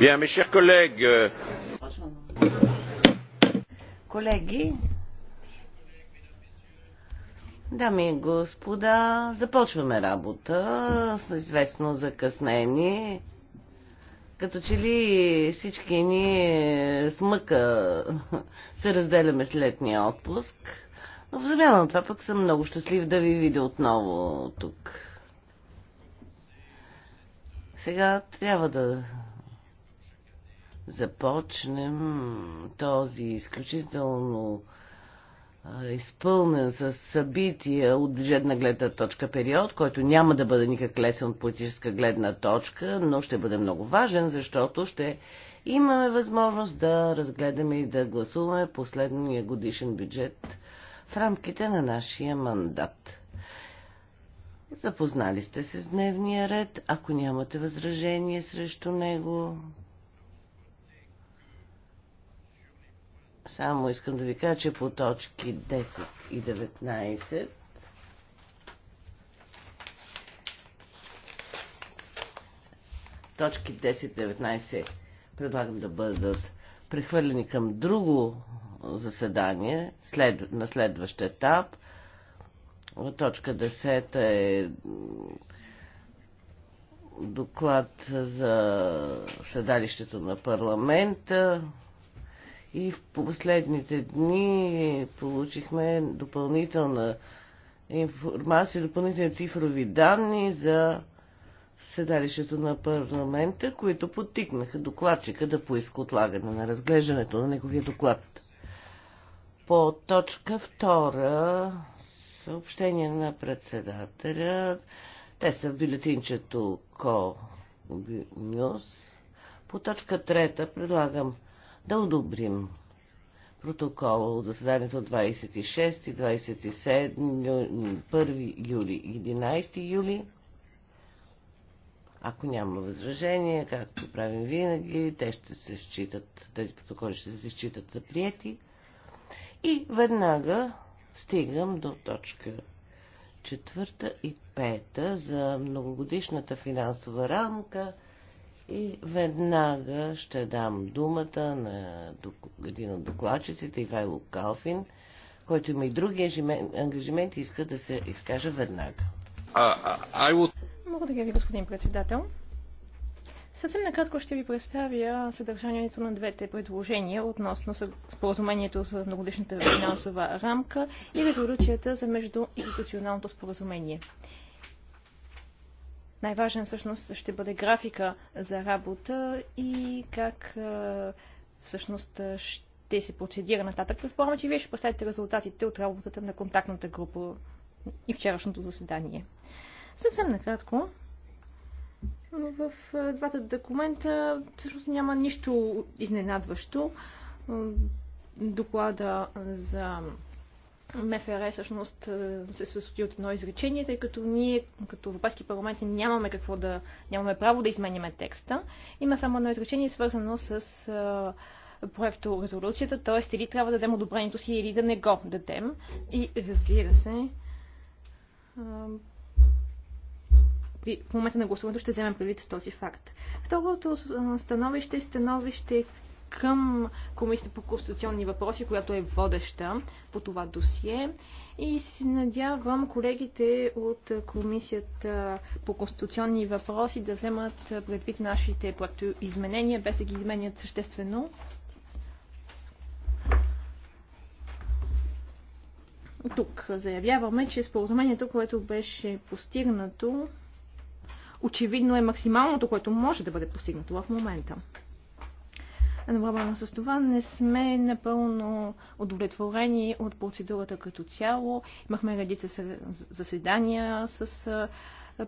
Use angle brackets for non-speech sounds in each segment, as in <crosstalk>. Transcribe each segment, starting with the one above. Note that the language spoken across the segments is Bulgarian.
mes chers collègues. Euh, Колеги, дами и господа, започваме работа с известно закъснение. Като че ли всички ние с мъка се разделяме с летния отпуск. Но в замяна на това пък съм много щастлив да ви видя отново тук. Сега трябва да започнем този изключително изпълнен с събития от бюджетна гледна точка период, който няма да бъде никак лесен от политическа гледна точка, но ще бъде много важен, защото ще имаме възможност да разгледаме и да гласуваме последния годишен бюджет в рамките на нашия мандат. Запознали сте се с дневния ред, ако нямате възражение срещу него, Само искам да ви кажа, че по точки 10 и 19 точки 10-19 предлагам да бъдат прехвърлени към друго заседание след, на следващ етап. Точка 10 е доклад за седалището на парламента. И в последните дни получихме допълнителна информация, допълнителни цифрови данни за седалището на парламента, които потикнаха докладчика да поиска отлагане на разглеждането на неговия доклад. По точка втора съобщение на председателя. Те са в бюлетинчето КО Нюс. По точка трета предлагам да одобрим протокола от заседанието 26 27, 1 юли, 11 юли. Ако няма възражение, както правим винаги, те ще се считат, тези протоколи ще се считат за прияти. И веднага стигам до точка четвърта и пета за многогодишната финансова рамка 2014-2020 и веднага ще дам думата на един от докладчиците, Ивайло Калфин, който има и други ангажименти, иска да се изкаже веднага. Благодаря ви, господин председател. Съвсем накратко ще ви представя съдържанието на двете предложения относно споразумението за многодишната финансова рамка и резолюцията за междуинституционалното споразумение. Най-важен всъщност ще бъде графика за работа и как всъщност ще се процедира нататък. Предполагам, че вие ще представите резултатите от работата на контактната група и вчерашното заседание. Съвсем накратко, в двата документа всъщност няма нищо изненадващо. Доклада за МФР всъщност е, се състои от едно изречение, тъй като ние като Европейски парламент нямаме какво да, нямаме право да изменяме текста. Има само едно изречение, свързано с а, е, проекто резолюцията, т.е. или трябва да дадем одобрението си, или да не го дадем. И разбира се, а, е, в момента на гласуването ще вземем предвид този факт. Второто становище е становище към Комисията по конституционни въпроси, която е водеща по това досие. И се надявам колегите от Комисията по конституционни въпроси да вземат предвид нашите изменения, без да ги изменят съществено. Тук заявяваме, че споразумението, което беше постигнато, очевидно е максималното, което може да бъде постигнато в момента. Едновременно с това не сме напълно удовлетворени от процедурата като цяло. Имахме редица заседания с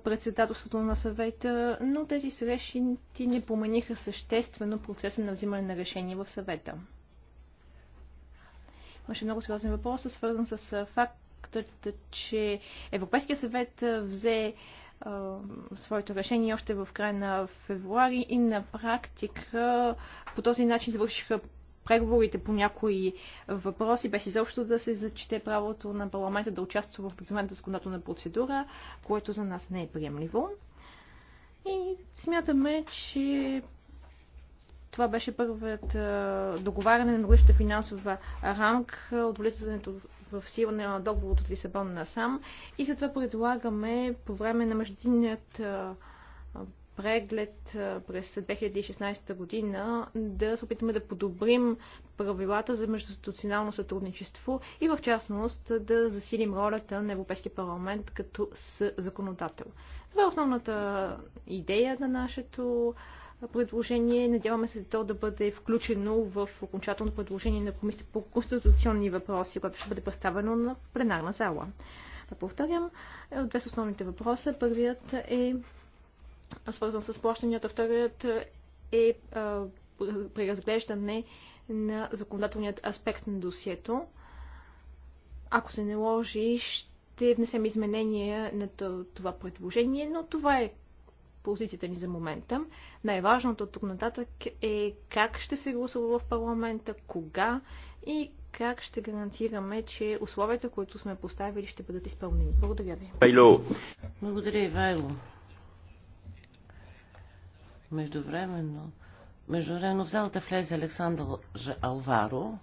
председателството на съвета, но тези срещи не помениха съществено процеса на взимане на решение в съвета. Имаше много сериозни въпроса, свързан с факт, че Европейския съвет взе своето решение още в края на февруари и на практика по този начин завършиха преговорите по някои въпроси беше заобщо да се зачете правото на парламента да участва в обикновената законодателна процедура, което за нас не е приемливо. И смятаме, че това беше първият договаряне на годишната финансова рамка от влизането в сила на договорът от Лисабон насам и затова предлагаме по време на междинният преглед през 2016 година да се опитаме да подобрим правилата за междуституционално сътрудничество и в частност да засилим ролята на Европейския парламент като законодател. Това е основната идея на нашето предложение. Надяваме се то да бъде включено в окончателно предложение на Комисията по конституционни въпроси, което ще бъде представено на пленарна зала. Да повторям, е, две са основните въпроса. Първият е свързан с плащанията, вторият е преразглеждане на законодателният аспект на досието. Ако се наложи, ще внесем изменения на това предложение, но това е позицията ни за момента. Най-важното тук нататък е как ще се гласува в парламента, кога и как ще гарантираме, че условията, които сме поставили, ще бъдат изпълнени. Благодаря ви. Вайло. Благодаря, Вайло. Междувременно, междувременно в залата влезе Александър Алваро.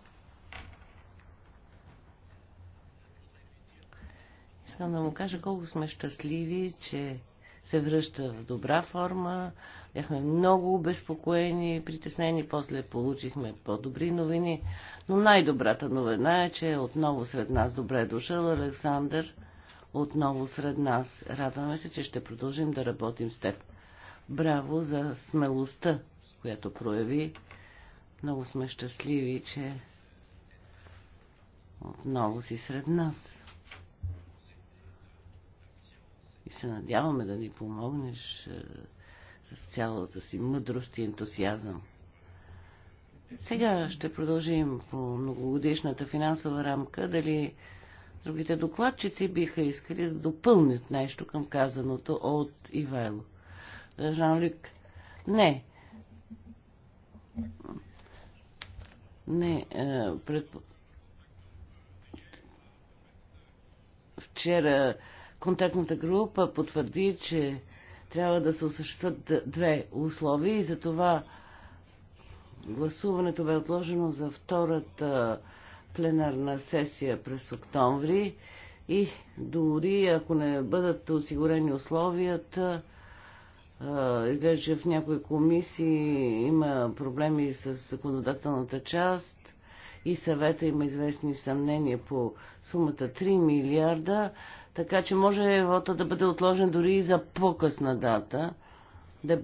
Искам да му кажа колко сме щастливи, че се връща в добра форма. Бяхме много обезпокоени, притеснени, после получихме по-добри новини. Но най-добрата новина е, че отново сред нас добре е дошъл Александър. Отново сред нас. Радваме се, че ще продължим да работим с теб. Браво за смелостта, която прояви. Много сме щастливи, че отново си сред нас и се надяваме да ни помогнеш е, с цялата си мъдрост и ентусиазъм. Сега ще продължим по многогодишната финансова рамка. Дали другите докладчици биха искали да допълнят нещо към казаното от Ивайло? Жан-Люк? Не. Не, е, предпо... Вчера Контактната група потвърди, че трябва да се осъществят две условия и затова гласуването бе отложено за втората пленарна сесия през октомври и дори ако не бъдат осигурени условията, изглежда, че в някои комисии има проблеми с законодателната част и съвета има известни съмнения по сумата 3 милиарда. Така че може вота да бъде отложен дори и за по-късна дата. Да...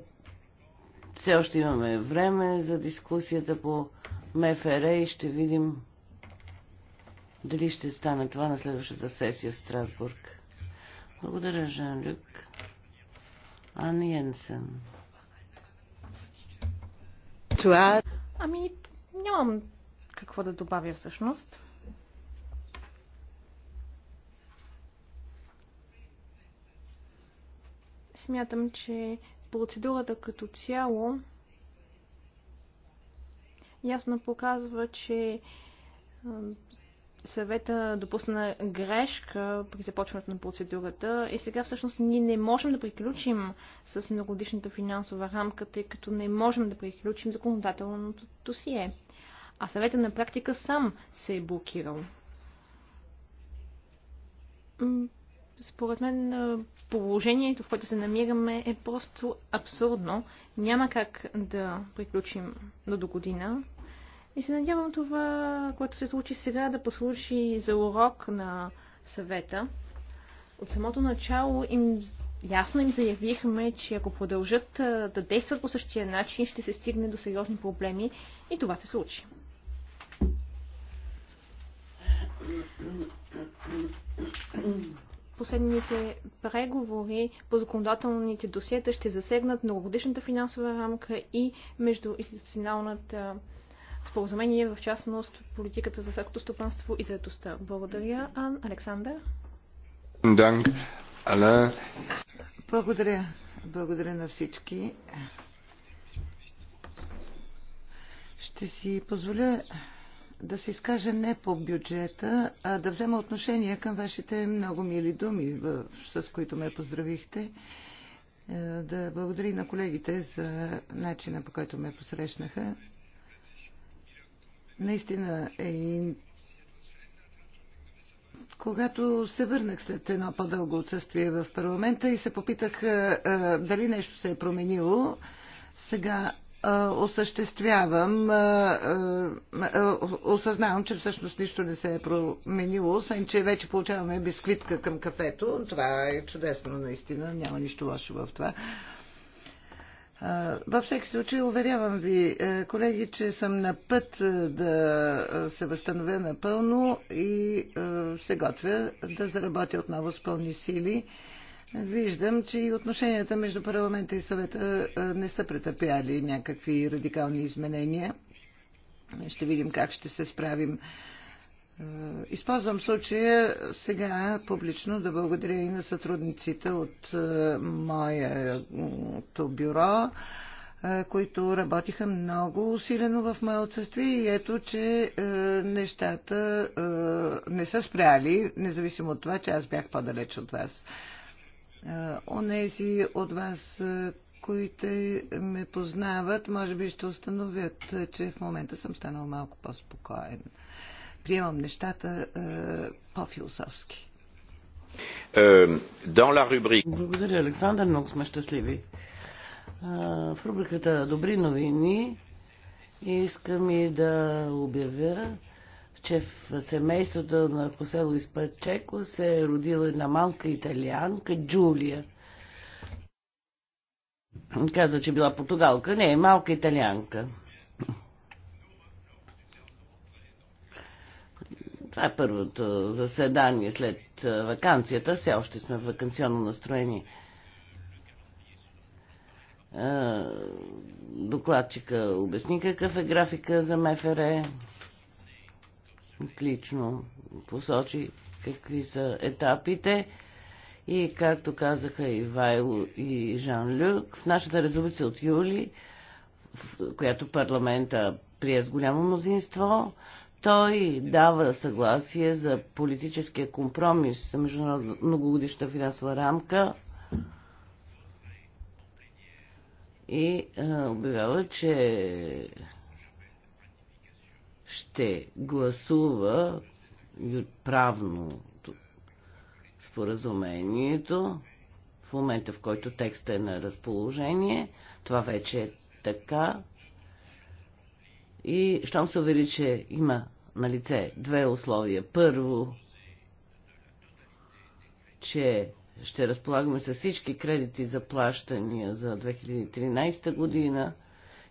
Все още имаме време за дискусията по МФР и ще видим дали ще стане това на следващата сесия в Страсбург. Благодаря, Жан-Люк. Ани Йенсен. Ами, нямам какво да добавя всъщност. смятам, че процедурата като цяло ясно показва, че съвета допусна грешка при започването на процедурата и сега всъщност ние не можем да приключим с многодишната финансова рамка, тъй като не можем да приключим законодателното досие. А съвета на практика сам се е блокирал. Според мен положението, в което се намираме, е просто абсурдно. Няма как да приключим до до година. И се надявам това, което се случи сега, да послужи за урок на съвета. От самото начало им ясно им заявихме, че ако продължат да действат по същия начин, ще се стигне до сериозни проблеми и това се случи последните преговори по законодателните досиета ще засегнат многогодишната финансова рамка и междуинституционалната споразумение, в частност политиката за сектото стопанство и заедостта. Благодаря, Ан Александър. Благодаря. Благодаря на всички. Ще си позволя да се изкажа не по бюджета, а да взема отношение към вашите много мили думи, с които ме поздравихте. Е, да благодаря и на колегите за начина по който ме посрещнаха. Наистина е когато се върнах след едно по-дълго отсъствие в парламента и се попитах а, е, е, дали нещо се е променило, сега осъществявам, осъзнавам, че всъщност нищо не се е променило, освен че вече получаваме бисквитка към кафето. Това е чудесно, наистина, няма нищо лошо в това. Във всеки случай, уверявам ви, колеги, че съм на път да се възстановя напълно и се готвя да заработя отново с пълни сили. Виждам, че и отношенията между парламента и съвета не са претърпяли някакви радикални изменения. Ще видим как ще се справим. Използвам случая сега публично да благодаря и на сътрудниците от моето бюро, които работиха много усилено в мое отсъствие и ето, че нещата не са спряли, независимо от това, че аз бях по-далеч от вас. Онези от вас, които ме познават, може би ще установят, че в момента съм станал малко по-спокоен. Приемам нещата по-философски. Е, Благодаря, Александър. Много сме щастливи. В рубриката Добри новини искам и да обявя, че в семейството на Косело Испачеко се е родила една малка италианка Джулия. Каза, че била португалка. Не, малка италианка. Това е първото заседание след вакансията. Все още сме в вакансионно настроение. Докладчика обясни какъв е графика за МФР отлично посочи какви са етапите. И както казаха и Вайло и Жан-Люк, в нашата резолюция от юли, в която парламента прие с голямо мнозинство, той дава съгласие за политическия компромис за международна многогодишна финансова рамка и е, обявява, че ще гласува правно споразумението в момента, в който текстът е на разположение. Това вече е така. И щом се увери, че има на лице две условия. Първо, че ще разполагаме с всички кредити за плащания за 2013 година –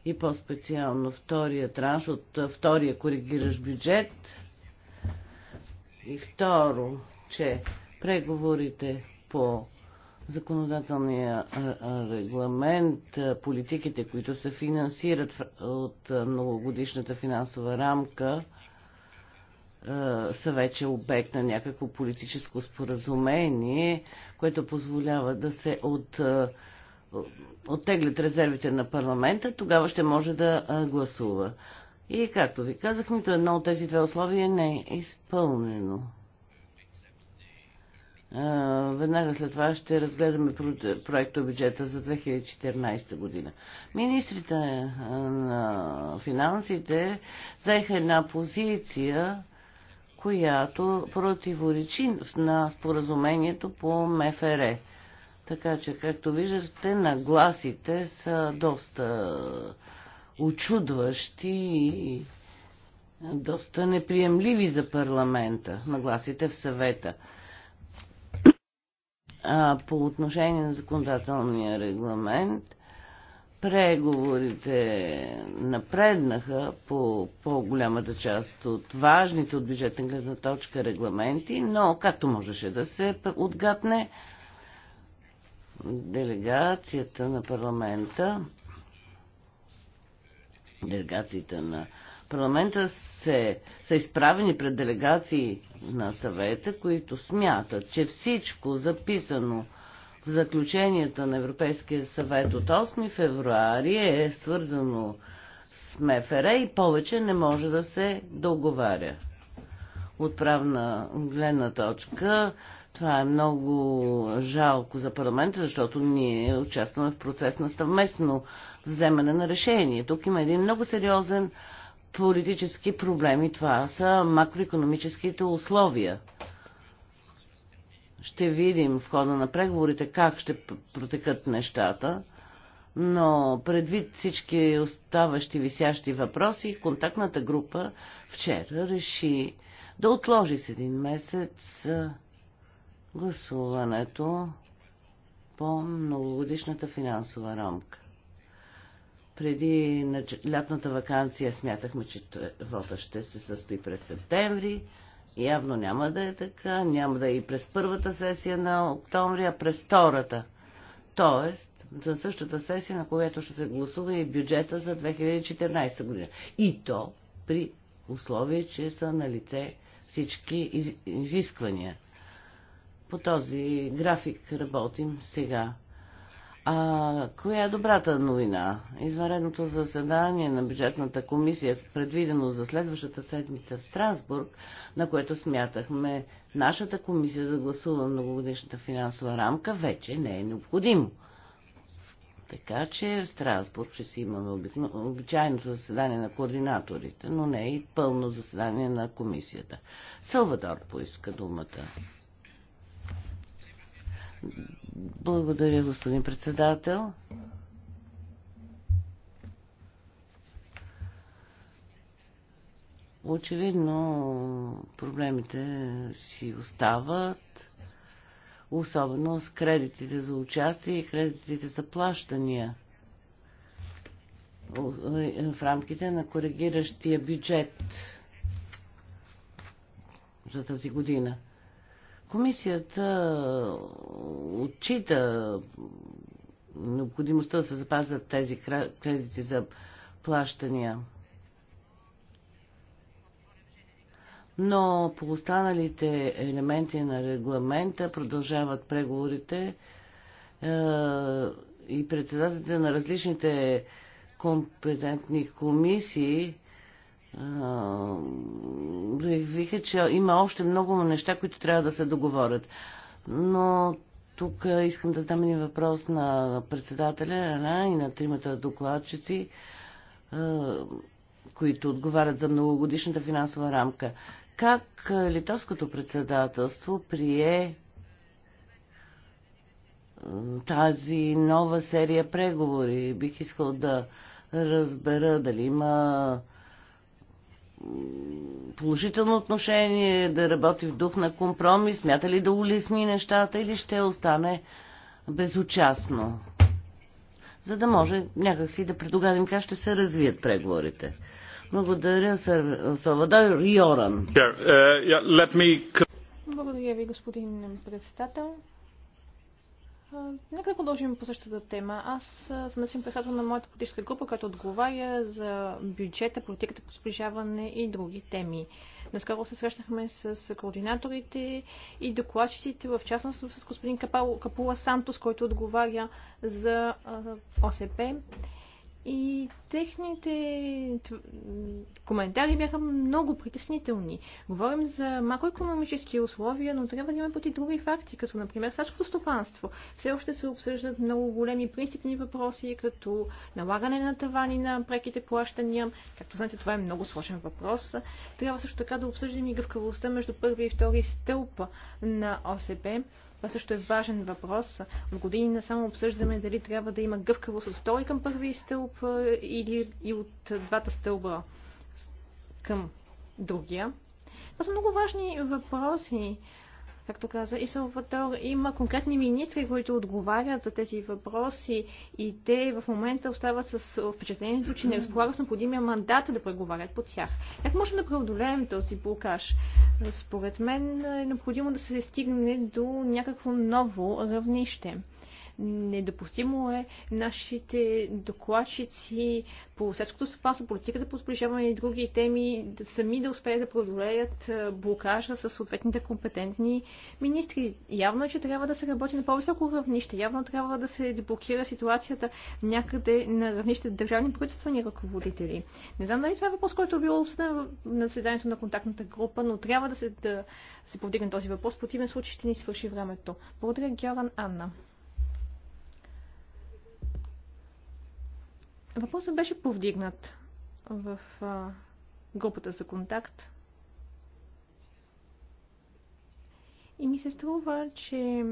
и по-специално втория транш от втория коригиращ бюджет. И второ, че преговорите по законодателния регламент, политиките, които се финансират от многогодишната финансова рамка, са вече обект на някакво политическо споразумение, което позволява да се от оттеглят резервите на парламента, тогава ще може да гласува. И както ви казах, нито едно от тези две условия не е изпълнено. Веднага след това ще разгледаме проекта бюджета за 2014 година. Министрите на финансите заеха една позиция, която противоречи на споразумението по МФР. Така че, както виждате, нагласите са доста очудващи и доста неприемливи за парламента, нагласите в съвета. А, по отношение на законодателния регламент, преговорите напреднаха по по-голямата част от важните от бюджетна гледна точка регламенти, но както можеше да се отгадне, делегацията на парламента, Делегацията на парламента се, са изправени пред делегации на съвета, които смятат, че всичко записано в заключенията на Европейския съвет от 8 февруари е свързано с МФР и повече не може да се договаря. От правна гледна точка това е много жалко за парламента, защото ние участваме в процес на съвместно вземане на решение. Тук има един много сериозен политически проблем и това са макроекономическите условия. Ще видим в хода на преговорите как ще протекат нещата, но предвид всички оставащи висящи въпроси, контактната група вчера реши да отложи с един месец гласуването по многогодишната финансова рамка. Преди лятната вакансия смятахме, че вода ще се състои през септември. Явно няма да е така, няма да е и през първата сесия на октомври, а през втората. Тоест, за същата сесия, на която ще се гласува и бюджета за 2014 година. И то при условие, че са на лице всички изисквания – по този график работим сега. А коя е добрата новина? Извънредното заседание на бюджетната комисия, предвидено за следващата седмица в Страсбург, на което смятахме нашата комисия да гласува многогодишната финансова рамка, вече не е необходимо. Така че в Страсбург ще си имаме обичайното заседание на координаторите, но не и пълно заседание на комисията. Салвадор поиска думата. Благодаря, господин председател. Очевидно проблемите си остават, особено с кредитите за участие и кредитите за плащания е, е, в рамките на коригиращия бюджет за тази година. Комисията отчита необходимостта да се запазят тези кредити за плащания. Но по останалите елементи на регламента продължават преговорите и председателите на различните компетентни комисии заявиха, че има още много неща, които трябва да се договорят. Но тук искам да задам един въпрос на председателя на, и на тримата докладчици, които отговарят за многогодишната финансова рамка. Как литовското председателство прие тази нова серия преговори? Бих искал да разбера дали има положително отношение, да работи в дух на компромис, смята ли да улесни нещата или ще остане безучастно? За да може някакси да предугадим как ще се развият преговорите. Благодаря, Салвадор Йоран. Uh, Благодаря ви, господин председател. Нека да продължим по същата тема. Аз съм председател на моята политическа група, която отговаря за бюджета, политиката по сближаване и други теми. Наскоро се срещнахме с координаторите и докладчиците, в частност с господин Капула Сантос, който отговаря за ОСП и техните коментари бяха много притеснителни. Говорим за макроекономически условия, но трябва да имаме поти други факти, като например сачкото стопанство. Все още се обсъждат много големи принципни въпроси, като налагане на тавани на преките плащания. Както знаете, това е много сложен въпрос. Трябва също така да обсъждаме и гъвкавостта между първи и втори стълб на ОСП. Това също е важен въпрос. От години насам обсъждаме дали трябва да има гъвкавост от втори към първи стълб или и от двата стълба към другия. Това са много важни въпроси. Както каза и Салватор, има конкретни министри, които отговарят за тези въпроси и те в момента остават с впечатлението, че не разполагат с необходимия мандат да преговарят по тях. Как можем да преодолеем този блокаж? Според мен е необходимо да се стигне до някакво ново равнище. Недопустимо е нашите докладчици по следското стопанство, политиката по сближаване и други теми да сами да успеят да продолеят блокажа с съответните компетентни министри. Явно е, че трябва да се работи на по-високо равнище. Явно трябва да се деблокира ситуацията някъде на равнище държавни правителствени ръководители. Не знам дали това е въпрос, който е бил обсъден на заседанието на контактната група, но трябва да се, да се повдигне този въпрос. В противен случай ще ни свърши времето. Благодаря, Георан Анна. Въпросът беше повдигнат в а, групата за контакт. И ми се струва, че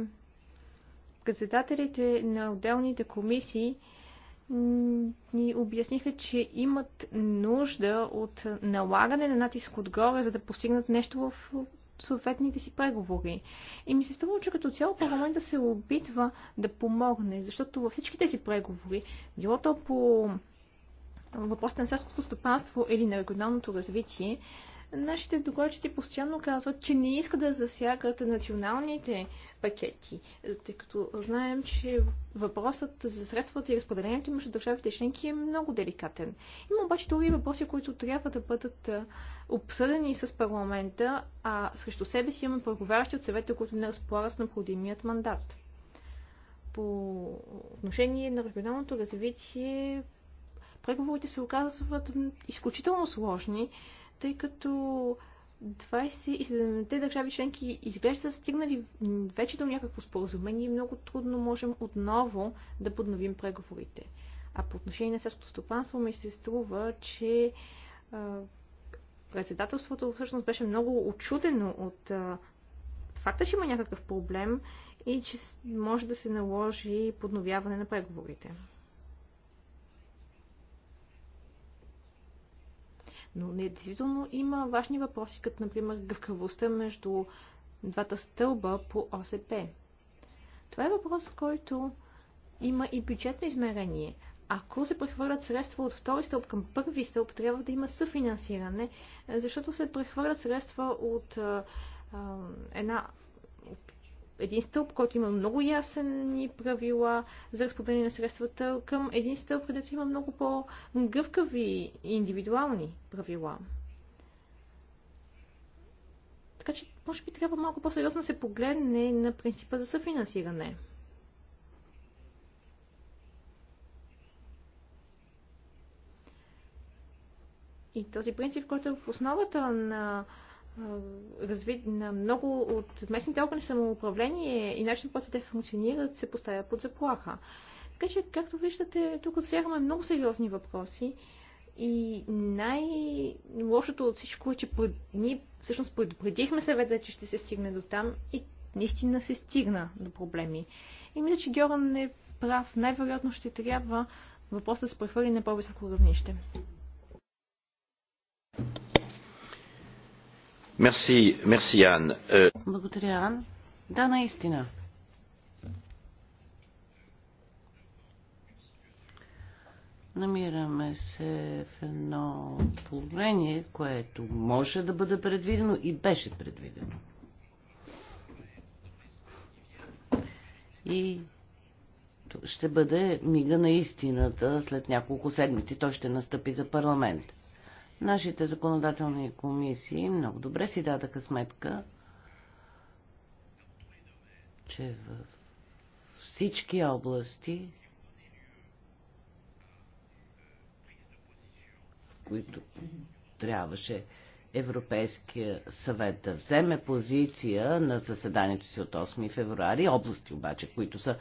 председателите на отделните комисии ни обясниха, че имат нужда от налагане на натиск отгоре, за да постигнат нещо в съответните си преговори. И ми се струва, че като цяло парламента се опитва да помогне, защото във всички тези преговори, било то по въпросите на селското стопанство или на регионалното развитие, Нашите докладчици постоянно казват, че не искат да засягат националните пакети, тъй като знаем, че въпросът за средствата и разпределението между държавите членки е много деликатен. Има обаче други въпроси, които трябва да бъдат обсъдени с парламента, а срещу себе си имаме преговарящи от съвета, които не разполагат с необходимият мандат. По отношение на регионалното развитие, преговорите се оказват изключително сложни, тъй като 27-те държави членки изглежда са стигнали вече до някакво споразумение и много трудно можем отново да подновим преговорите. А по отношение на селското стопанство ми се струва, че председателството всъщност беше много очудено от факта, че има някакъв проблем и че може да се наложи подновяване на преговорите. Но не, действително има важни въпроси, като например гъвкавостта между двата стълба по ОСП. Това е въпрос, който има и бюджетно измерение. Ако се прехвърлят средства от втори стълб към първи стълб, трябва да има съфинансиране, защото се прехвърлят средства от а, една един стълб, който има много ясни правила за разпределение на средствата, към един стълб, където има много по-гъвкави и индивидуални правила. Така че, може би трябва малко по-сериозно да се погледне на принципа за съфинансиране. И този принцип, който е в основата на развит на много от местните органи самоуправление и начин, по който те функционират, се поставя под заплаха. Така че, както виждате, тук засягаме много сериозни въпроси и най-лошото от всичко е, че пред... ние всъщност предупредихме съвета, че ще се стигне до там и наистина се стигна до проблеми. И мисля, че Георан е прав. Най-вероятно ще трябва въпросът да се прехвърли на по-високо равнище. Euh, Благодаря, Ан. Да, наистина. Намираме се в едно положение, което може да бъде предвидено и беше предвидено. И ще бъде мига на истината след няколко седмици. Той ще настъпи за парламент. Нашите законодателни комисии много добре си дадаха сметка, че в всички области, в които трябваше Европейския съвет да вземе позиция на заседанието си от 8 февруари, области обаче, които са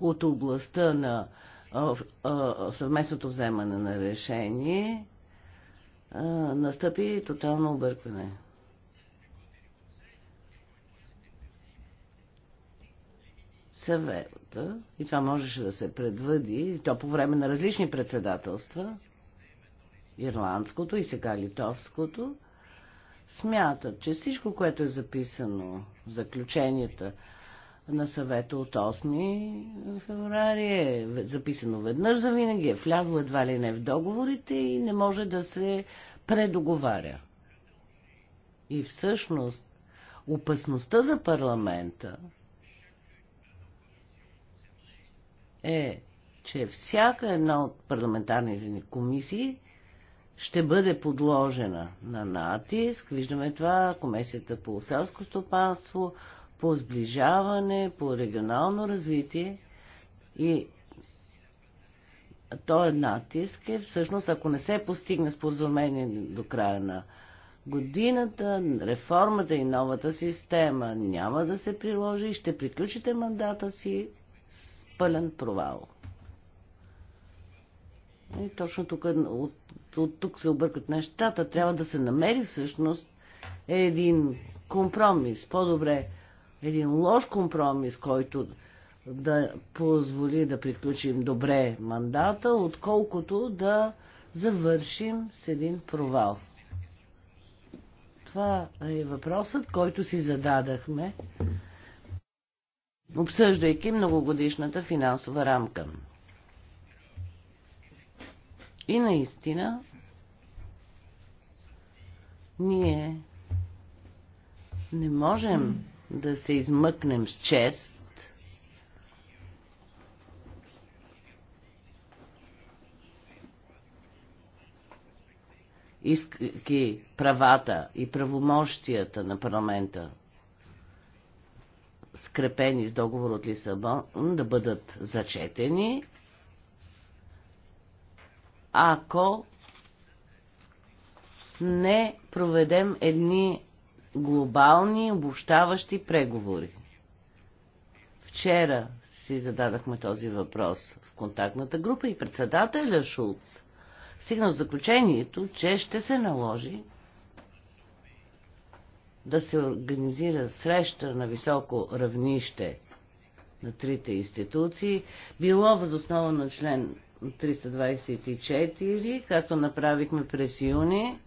от областта на съвместното вземане на решение, а, настъпи тотално объркване. Съвета, и това можеше да се предвъди, и то по време на различни председателства, ирландското и сега литовското, смятат, че всичко, което е записано в заключенията на съвета от 8 феврари е записано веднъж за винаги, е влязло едва ли не в договорите и не може да се предоговаря. И всъщност опасността за парламента е, че всяка една от парламентарните комисии ще бъде подложена на натиск. Виждаме това, Комисията по селско стопанство, по сближаване, по регионално развитие и този натиск е всъщност, ако не се постигне споразумение до края на годината, реформата и новата система няма да се приложи и ще приключите мандата си с пълен провал. И точно тук, от, от тук се объркат нещата. Трябва да се намери всъщност един компромис. По-добре един лош компромис, който да позволи да приключим добре мандата, отколкото да завършим с един провал. Това е въпросът, който си зададахме, обсъждайки многогодишната финансова рамка. И наистина, ние не можем да се измъкнем с чест искайки правата и правомощията на парламента, скрепени с договор от Лисабон, да бъдат зачетени, ако не проведем едни глобални обобщаващи преговори. Вчера си зададахме този въпрос в контактната група и председателя Шулц стигна до заключението, че ще се наложи да се организира среща на високо равнище на трите институции, било възоснова на член 324, както направихме през юни,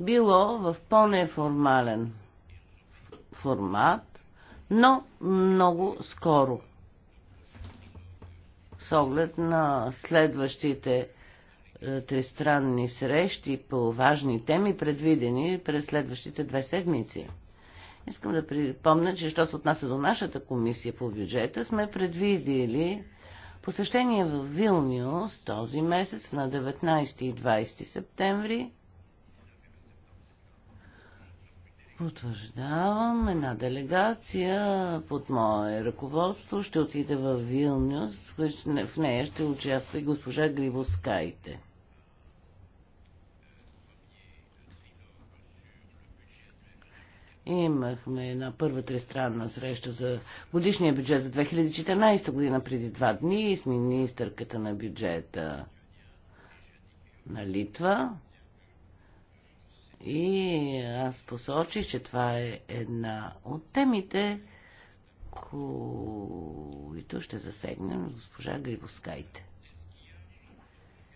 било в по-неформален формат, но много скоро. С оглед на следващите е, тристранни срещи по важни теми, предвидени през следващите две седмици. Искам да припомня, че що се отнася до нашата комисия по бюджета, сме предвидили посещение в Вилниус този месец на 19 и 20 септември Потвърждавам, една делегация под мое ръководство ще отиде в Вилнюс, в нея ще участва и госпожа Грибоскайте. Имахме една първа тристранна среща за годишния бюджет за 2014 година преди два дни с министърката на бюджета на Литва. И аз посочих, че това е една от темите, които ще засегнем с госпожа Грибоскайте.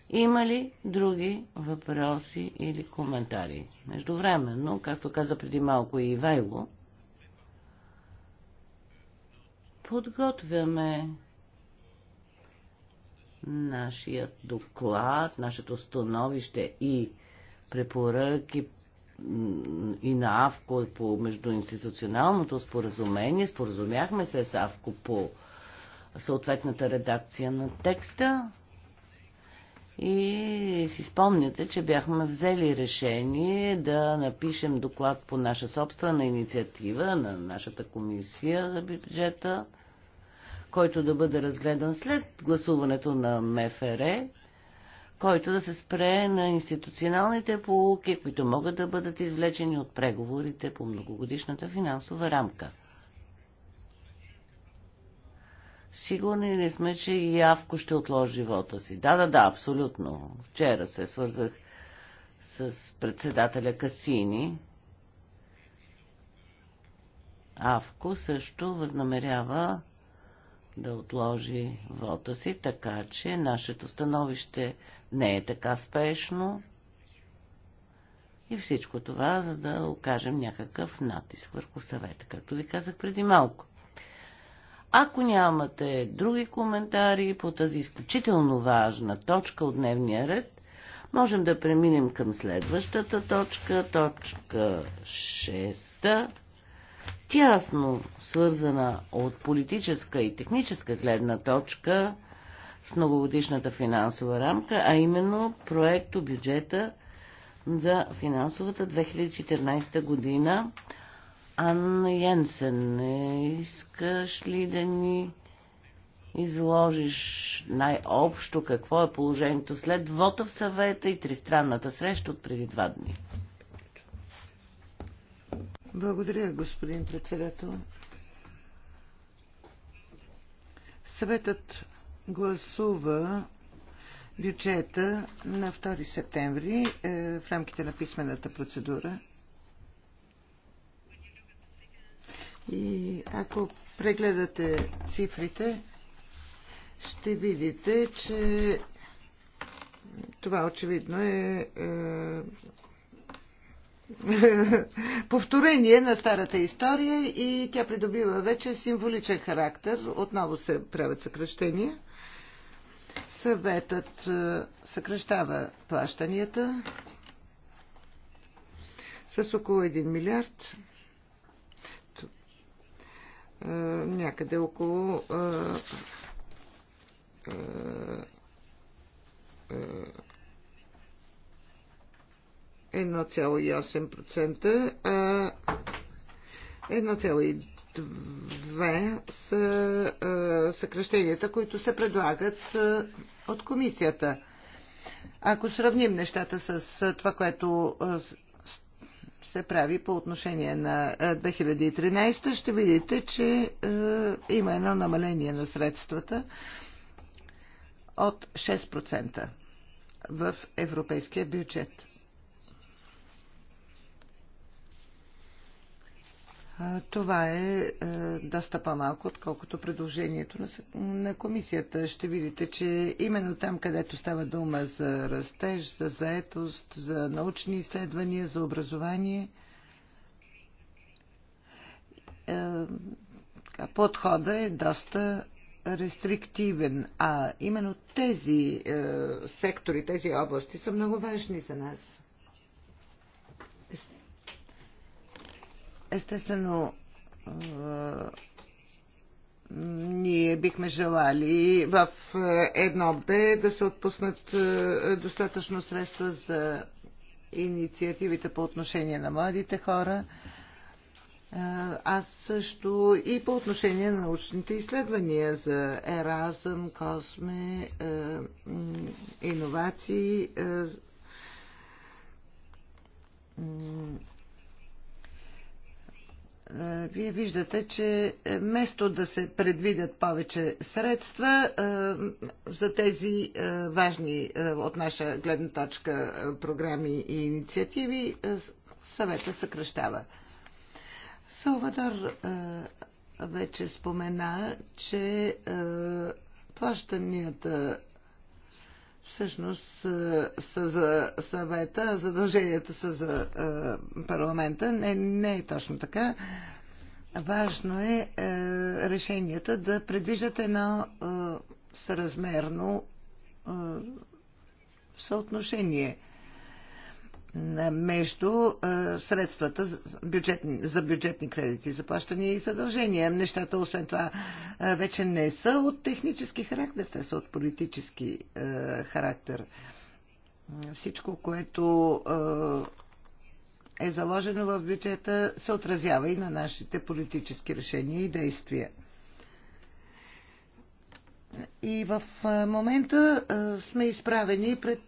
Има ли други въпроси или коментари? Междувременно, както каза преди малко и Ивайло, подготвяме нашият доклад, нашето становище и препоръки и на АВКО и по междуинституционалното споразумение. Споразумяхме се с АВКО по съответната редакция на текста. И си спомняте, че бяхме взели решение да напишем доклад по наша собствена инициатива на нашата комисия за бюджета, който да бъде разгледан след гласуването на МФР който да се спре на институционалните полуки, които могат да бъдат извлечени от преговорите по многогодишната финансова рамка. Сигурни ли сме, че и Явко ще отложи живота си? Да, да, да, абсолютно. Вчера се свързах с председателя Касини. Авко също възнамерява да отложи вота си, така че нашето становище не е така спешно. И всичко това, за да окажем някакъв натиск върху съвета, както ви казах преди малко. Ако нямате други коментари по тази изключително важна точка от дневния ред, можем да преминем към следващата точка, точка 6, тясно свързана от политическа и техническа гледна точка – с многогодишната финансова рамка, а именно проекто бюджета за финансовата 2014 година. Ан Йенсен, искаш ли да ни изложиш най-общо какво е положението след вота в съвета и тристранната среща от преди два дни? Благодаря, господин председател. Съветът гласува бюджета на 2 септември е, в рамките на писмената процедура. И ако прегледате цифрите, ще видите, че това очевидно е, е, е повторение на старата история и тя придобива вече символичен характер. Отново се правят съкръщения. Съветът е, съкръщава плащанията с около 1 милиард е, някъде около 1,8%, е, 1,2% две са е, съкръщенията, които се предлагат е, от комисията. Ако сравним нещата с е, това, което е, се прави по отношение на 2013, е, ще видите, че е, има едно намаление на средствата от 6% в европейския бюджет. Това е, е доста по-малко, отколкото предложението на комисията. Ще видите, че именно там, където става дума за растеж, за заетост, за научни изследвания, за образование, е, подхода е доста рестриктивен, а именно тези е, сектори, тези области са много важни за нас. Естествено, е, ние бихме желали в е, едно б да се отпуснат е, достатъчно средства за инициативите по отношение на младите хора. Аз също и по отношение на научните изследвания за еразъм, косме, иновации, е, вие виждате, че вместо да се предвидят повече средства е, за тези е, важни от наша гледна точка програми и инициативи, съвета съкръщава. Салвадор вече спомена, че плащанията всъщност е, са за съвета, задълженията са за е, парламента. Не, не е точно така. Важно е, е решенията да предвиждат едно съразмерно съотношение – е, между е, средствата за бюджетни, за бюджетни кредити, заплащания и задължения. Нещата, освен това, е, вече не са от технически характер, те са от политически характер. Всичко, което е заложено в бюджета, се отразява и на нашите политически решения и действия. И в момента сме изправени пред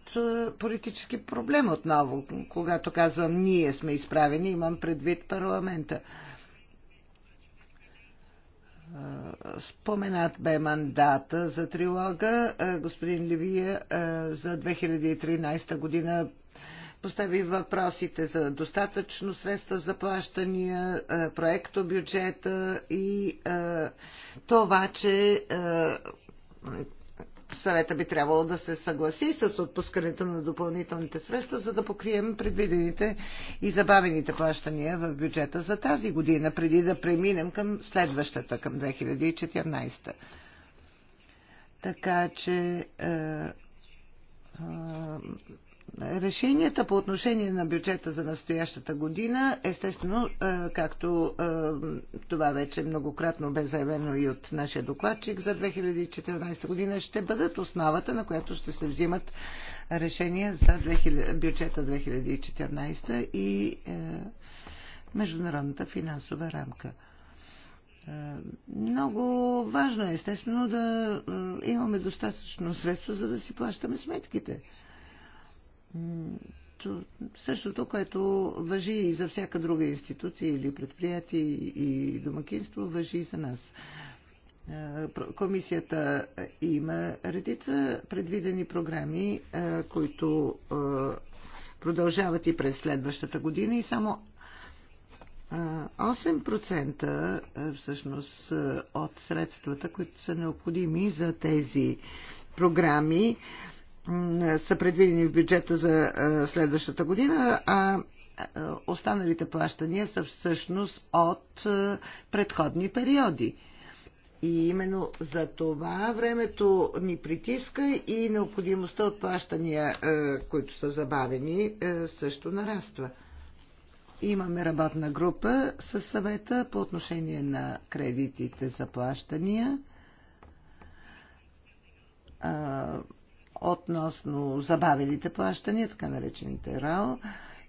политически проблем отново. Когато казвам ние сме изправени, имам предвид парламента. Споменат бе мандата за трилога. Господин Ливия за 2013 година постави въпросите за достатъчно средства за плащания, проекто бюджета и това, че съвета би трябвало да се съгласи с отпускането на допълнителните средства, за да покрием предвидените и забавените плащания в бюджета за тази година, преди да преминем към следващата, към 2014. Така че е, е, решенията по отношение на бюджета за настоящата година, естествено, е, както е, това вече многократно бе заявено и от нашия докладчик за 2014 година, ще бъдат основата, на която ще се взимат решения за 2000, бюджета 2014 и е, международната финансова рамка. Много важно е, естествено, да имаме достатъчно средства, за да си плащаме сметките. Същото, което въжи и за всяка друга институция или предприятие и домакинство, въжи и за нас. Е, комисията има редица предвидени програми, е, които е, продължават и през следващата година и само 8% всъщност от средствата, които са необходими за тези програми, са предвидени в бюджета за следващата година, а останалите плащания са всъщност от предходни периоди. И именно за това времето ни притиска и необходимостта от плащания, които са забавени, също нараства. Имаме работна група със съвета по отношение на кредитите за плащания относно забавените плащания, така наречените РАО,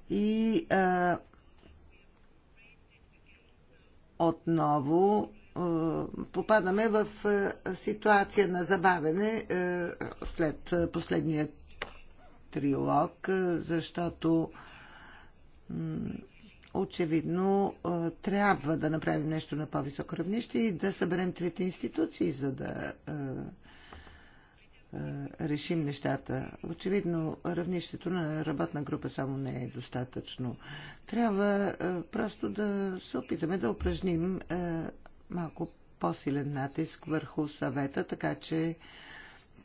и а, отново а, попадаме в а, ситуация на забавене а, след последния трилог, а, защото очевидно трябва да направим нещо на по-високо равнище и да съберем трите институции, за да решим нещата. Очевидно, равнището на работна група само не е достатъчно. Трябва просто да се опитаме да упражним малко по-силен натиск върху съвета, така че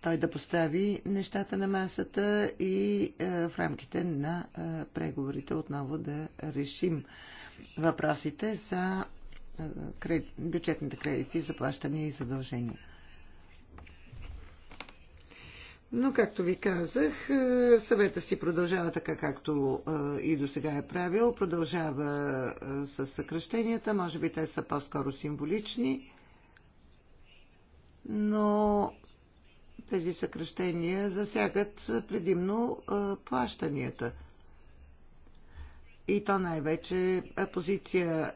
той да постави нещата на масата и в рамките на преговорите отново да решим въпросите за бюджетните кредити, заплащания и задължения. Но, както ви казах, е, съвета си продължава така, както е, и до сега е правил. Продължава е, с съкръщенията. Може би те са по-скоро символични. Но тези съкръщения засягат предимно плащанията. И то най-вече позиция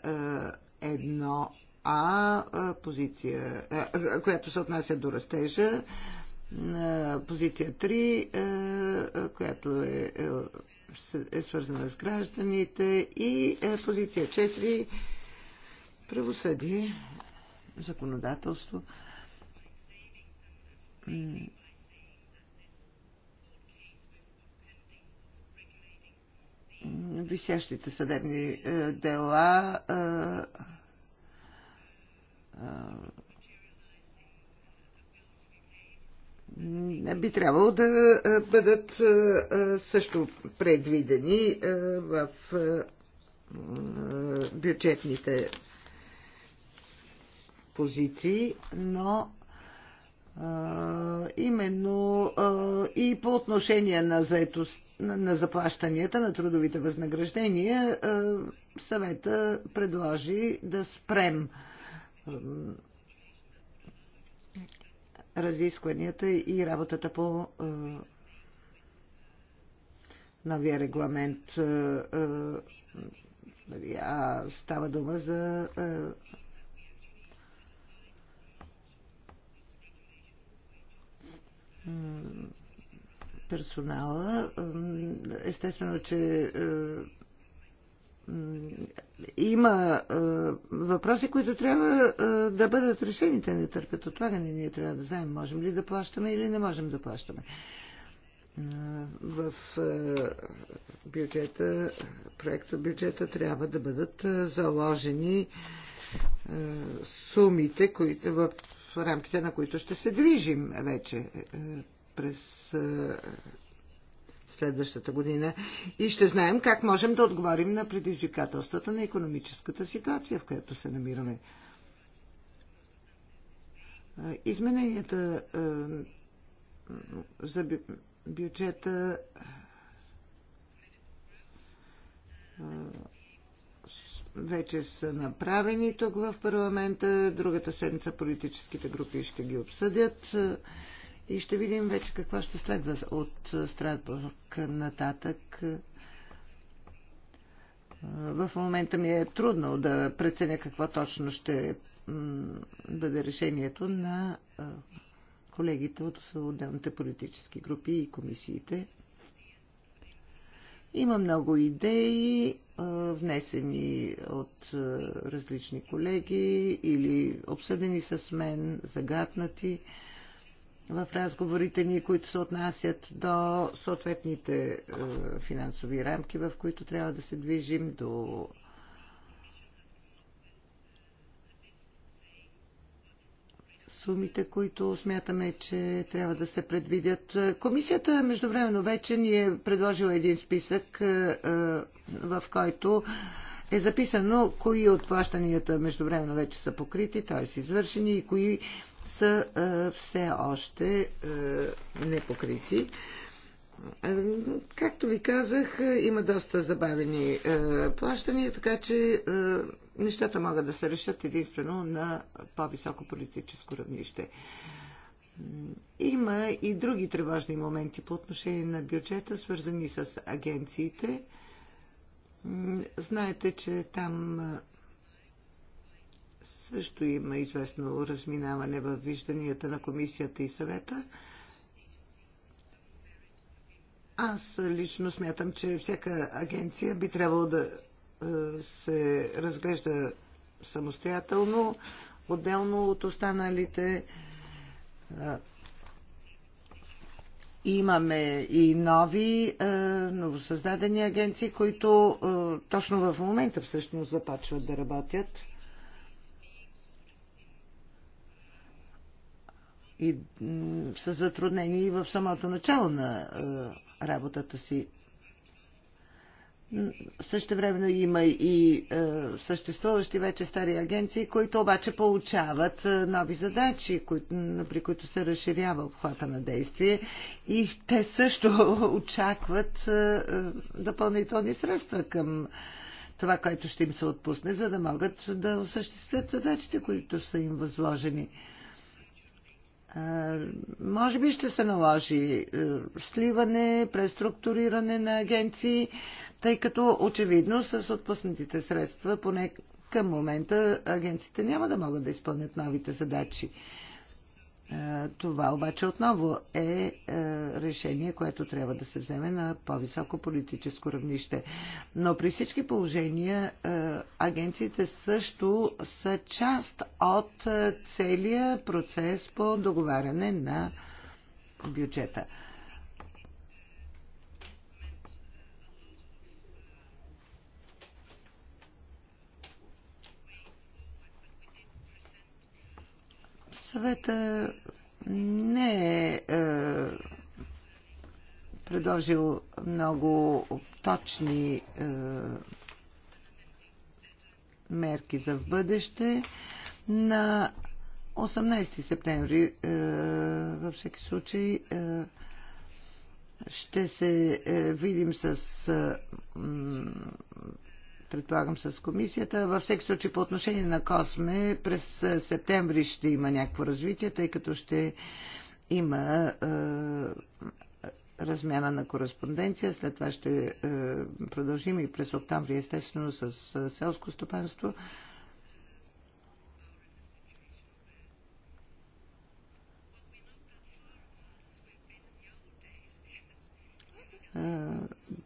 1А, позиция, която се отнася до растежа, на позиция 3, е, е, която е, е, е свързана с гражданите и позиция 4 правосъдие, законодателство. Висящите съдебни дела би трябвало да бъдат също предвидени в бюджетните позиции, но именно и по отношение на заетост на заплащанията на трудовите възнаграждения съвета предложи да спрем разискванията и работата по е, новия регламент. Е, е, нали, а става дума за персонала. Естествено, че има а, е, въпроси, които трябва а, е, да бъдат решени. Те не търпят отлагане. Ние трябва да знаем, можем ли да плащаме или не можем да плащаме. А, е, в а, бюджета, проекта бюджета трябва да бъдат а, заложени а, сумите, които, в рамките на които ще се движим вече а, през а, следващата година и ще знаем как можем да отговорим на предизвикателствата на економическата ситуация, в която се намираме. Измененията за бюджета вече са направени тук в парламента. Другата седмица политическите групи ще ги обсъдят. И ще видим вече какво ще следва от Страсбург нататък. В момента ми е трудно да преценя какво точно ще бъде решението на колегите от отделните политически групи и комисиите. Има много идеи, внесени от различни колеги или обсъдени с мен, загатнати в разговорите ни, които се отнасят до съответните е, финансови рамки, в които трябва да се движим, до сумите, които смятаме, че трябва да се предвидят. Комисията междувременно вече ни е предложила един списък, е, е, в който е записано кои от плащанията междувременно вече са покрити, т.е. извършени и кои са все още непокрити. Както ви казах, има доста забавени плащания, така че нещата могат да се решат единствено на по-високо политическо равнище. Има и други тревожни моменти по отношение на бюджета, свързани с агенциите. Знаете, че там също има известно разминаване в вижданията на комисията и съвета. Аз лично смятам, че всяка агенция би трябвало да е, се разглежда самостоятелно, отделно от останалите. Е, имаме и нови, е, новосъздадени агенции, които точно в момента всъщност започват да работят. и са затруднени и в самото начало на е, работата си. Също времено има и е, съществуващи вече стари агенции, които обаче получават е, нови задачи, при които се разширява обхвата на действие и те също <laughs> очакват допълнителни средства към това, което ще им се отпусне, за да могат да осъществят задачите, които са им възложени може би ще се наложи е, сливане, преструктуриране на агенции, тъй като очевидно с отпуснатите средства, поне към момента, агенциите няма да могат да изпълнят новите задачи. Е, това обаче отново е, е решение, което трябва да се вземе на по-високо политическо равнище. Но при всички положения е, агенциите също са част от целия процес по договаряне на бюджета. Съвета не е, е предложил много точни е, мерки за в бъдеще. На 18 септември е, във всеки случай е, ще се е, видим с е, предполагам, с комисията. Във всеки случай по отношение на Косме през септември ще има някакво развитие, тъй като ще има е, размяна на кореспонденция. След това ще е, продължим и през октомври, естествено, с селско стопанство.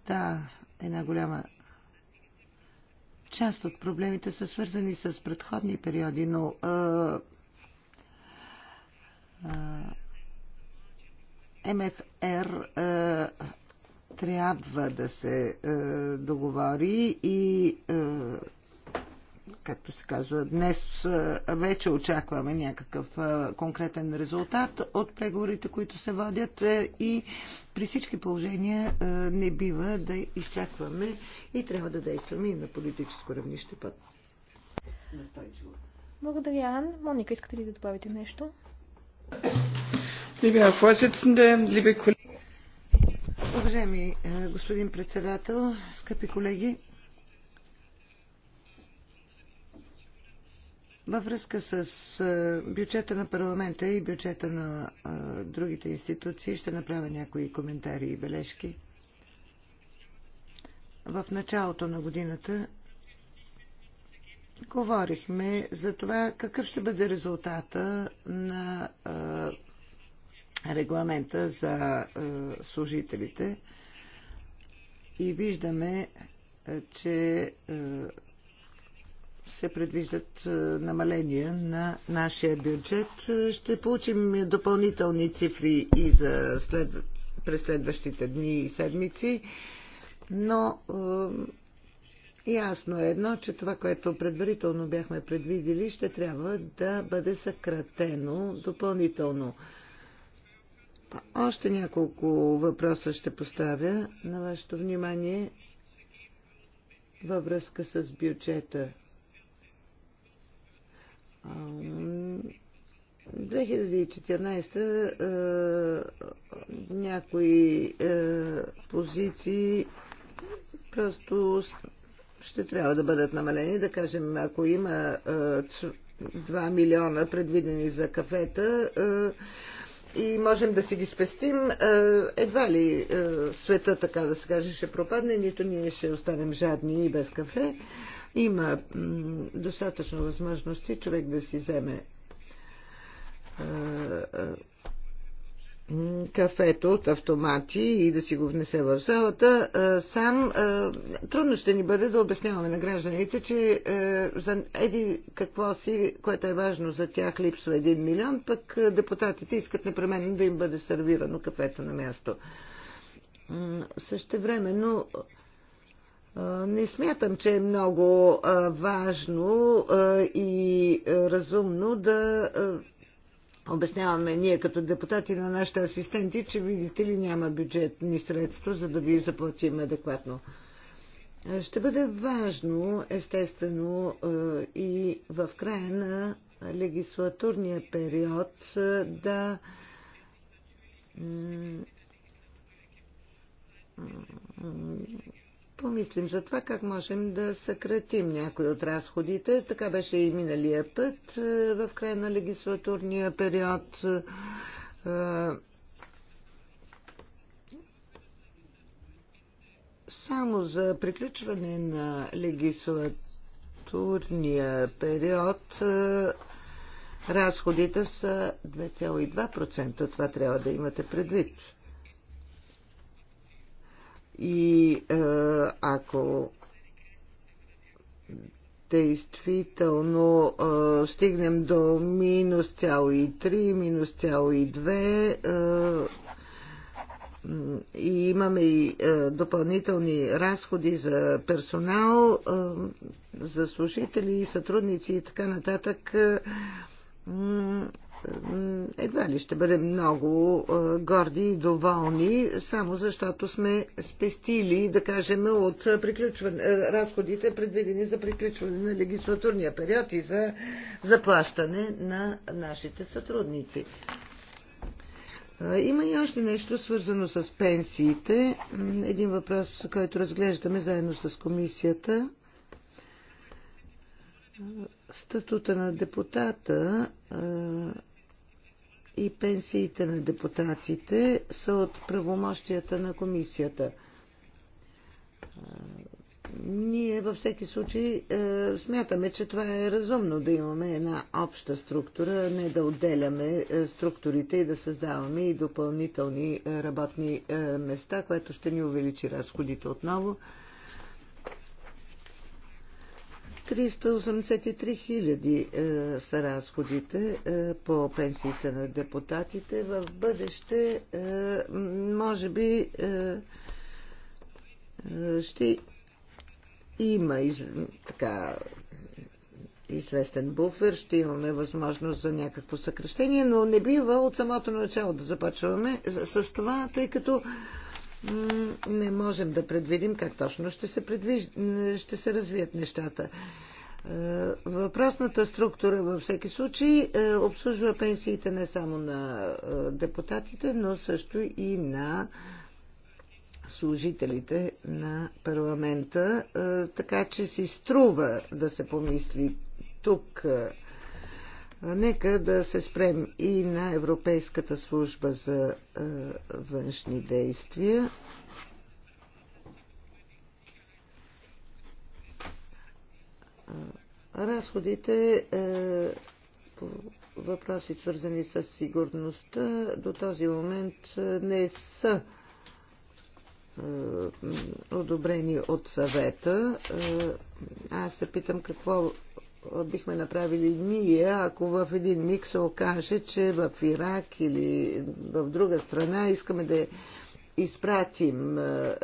да, една голяма Част от проблемите са свързани с предходни периоди, но МФР трябва да се договори и както се казва, днес вече очакваме някакъв конкретен резултат от преговорите, които се водят и при всички положения не бива да изчакваме и трябва да действаме и на политическо равнище път. Благодаря, Ан. Моника, искате ли да добавите нещо? Либе Vorsitzende, либе колеги. Уважаеми господин председател, скъпи колеги, Във връзка с бюджета на парламента и бюджета на другите институции ще направя някои коментари и бележки. В началото на годината говорихме за това какъв ще бъде резултата на регламента за служителите и виждаме, че се предвиждат е, намаления на нашия бюджет. Ще получим допълнителни цифри и за след... през следващите дни и седмици, но е, ясно е едно, че това, което предварително бяхме предвидели, ще трябва да бъде съкратено допълнително. Още няколко въпроса ще поставя на вашето внимание във връзка с бюджета 2014 е, някои е, позиции просто ще трябва да бъдат намалени. Да кажем, ако има 2 е, милиона предвидени за кафета, и можем да си ги спестим, едва ли света, така да се каже, ще пропадне, нито ние ще останем жадни и без кафе. Има достатъчно възможности човек да си вземе кафето от автомати и да си го внесе в залата, сам трудно ще ни бъде да обясняваме на гражданите, че за еди какво си, което е важно за тях, липсва един милион, пък депутатите искат непременно да им бъде сервирано кафето на място. Също време, но не смятам, че е много важно и разумно да обясняваме ние като депутати на нашите асистенти, че видите ли няма бюджетни средства, за да ви заплатим адекватно. Ще бъде важно, естествено, и в края на легислатурния период да помислим за това как можем да съкратим някои от разходите. Така беше и миналия път е, в края на легислатурния период. Е, само за приключване на легислатурния период е, разходите са 2,2%. Това трябва да имате предвид. И е, ако действително е, стигнем до минус цяло и 3, минус цяло и 2 е, и имаме и е, допълнителни разходи за персонал, е, за служители и сътрудници и така нататък. Е, едва ли ще бъдем много горди и доволни, само защото сме спестили, да кажем, от разходите, предвидени за приключване на легислатурния период и за заплащане на нашите сътрудници. Има и още нещо свързано с пенсиите. Един въпрос, който разглеждаме заедно с комисията. Статута на депутата и пенсиите на депутатите са от правомощията на комисията. Ние във всеки случай е, смятаме, че това е разумно да имаме една обща структура, не да отделяме е, структурите и да създаваме и допълнителни е, работни места, което ще ни увеличи разходите отново. 383 хиляди е, са разходите е, по пенсиите на депутатите. В бъдеще, е, може би, е, е ще има из, така, известен буфер, ще имаме възможност за някакво съкрещение, но не бива от самото начало да започваме с, това, тъй като е, не можем да предвидим как точно ще се, предвиж... ще се развият нещата. Е, въпросната структура във всеки случай е, обслужва пенсиите не само на е, депутатите, но също и на служителите на парламента, така че си струва да се помисли тук Нека да се спрем и на Европейската служба за е, външни действия. Разходите е, по въпроси, свързани с сигурността, до този момент е, не са одобрени от съвета. Аз се питам какво бихме направили ние, ако в един миг се окаже, че в Ирак или в друга страна искаме да изпратим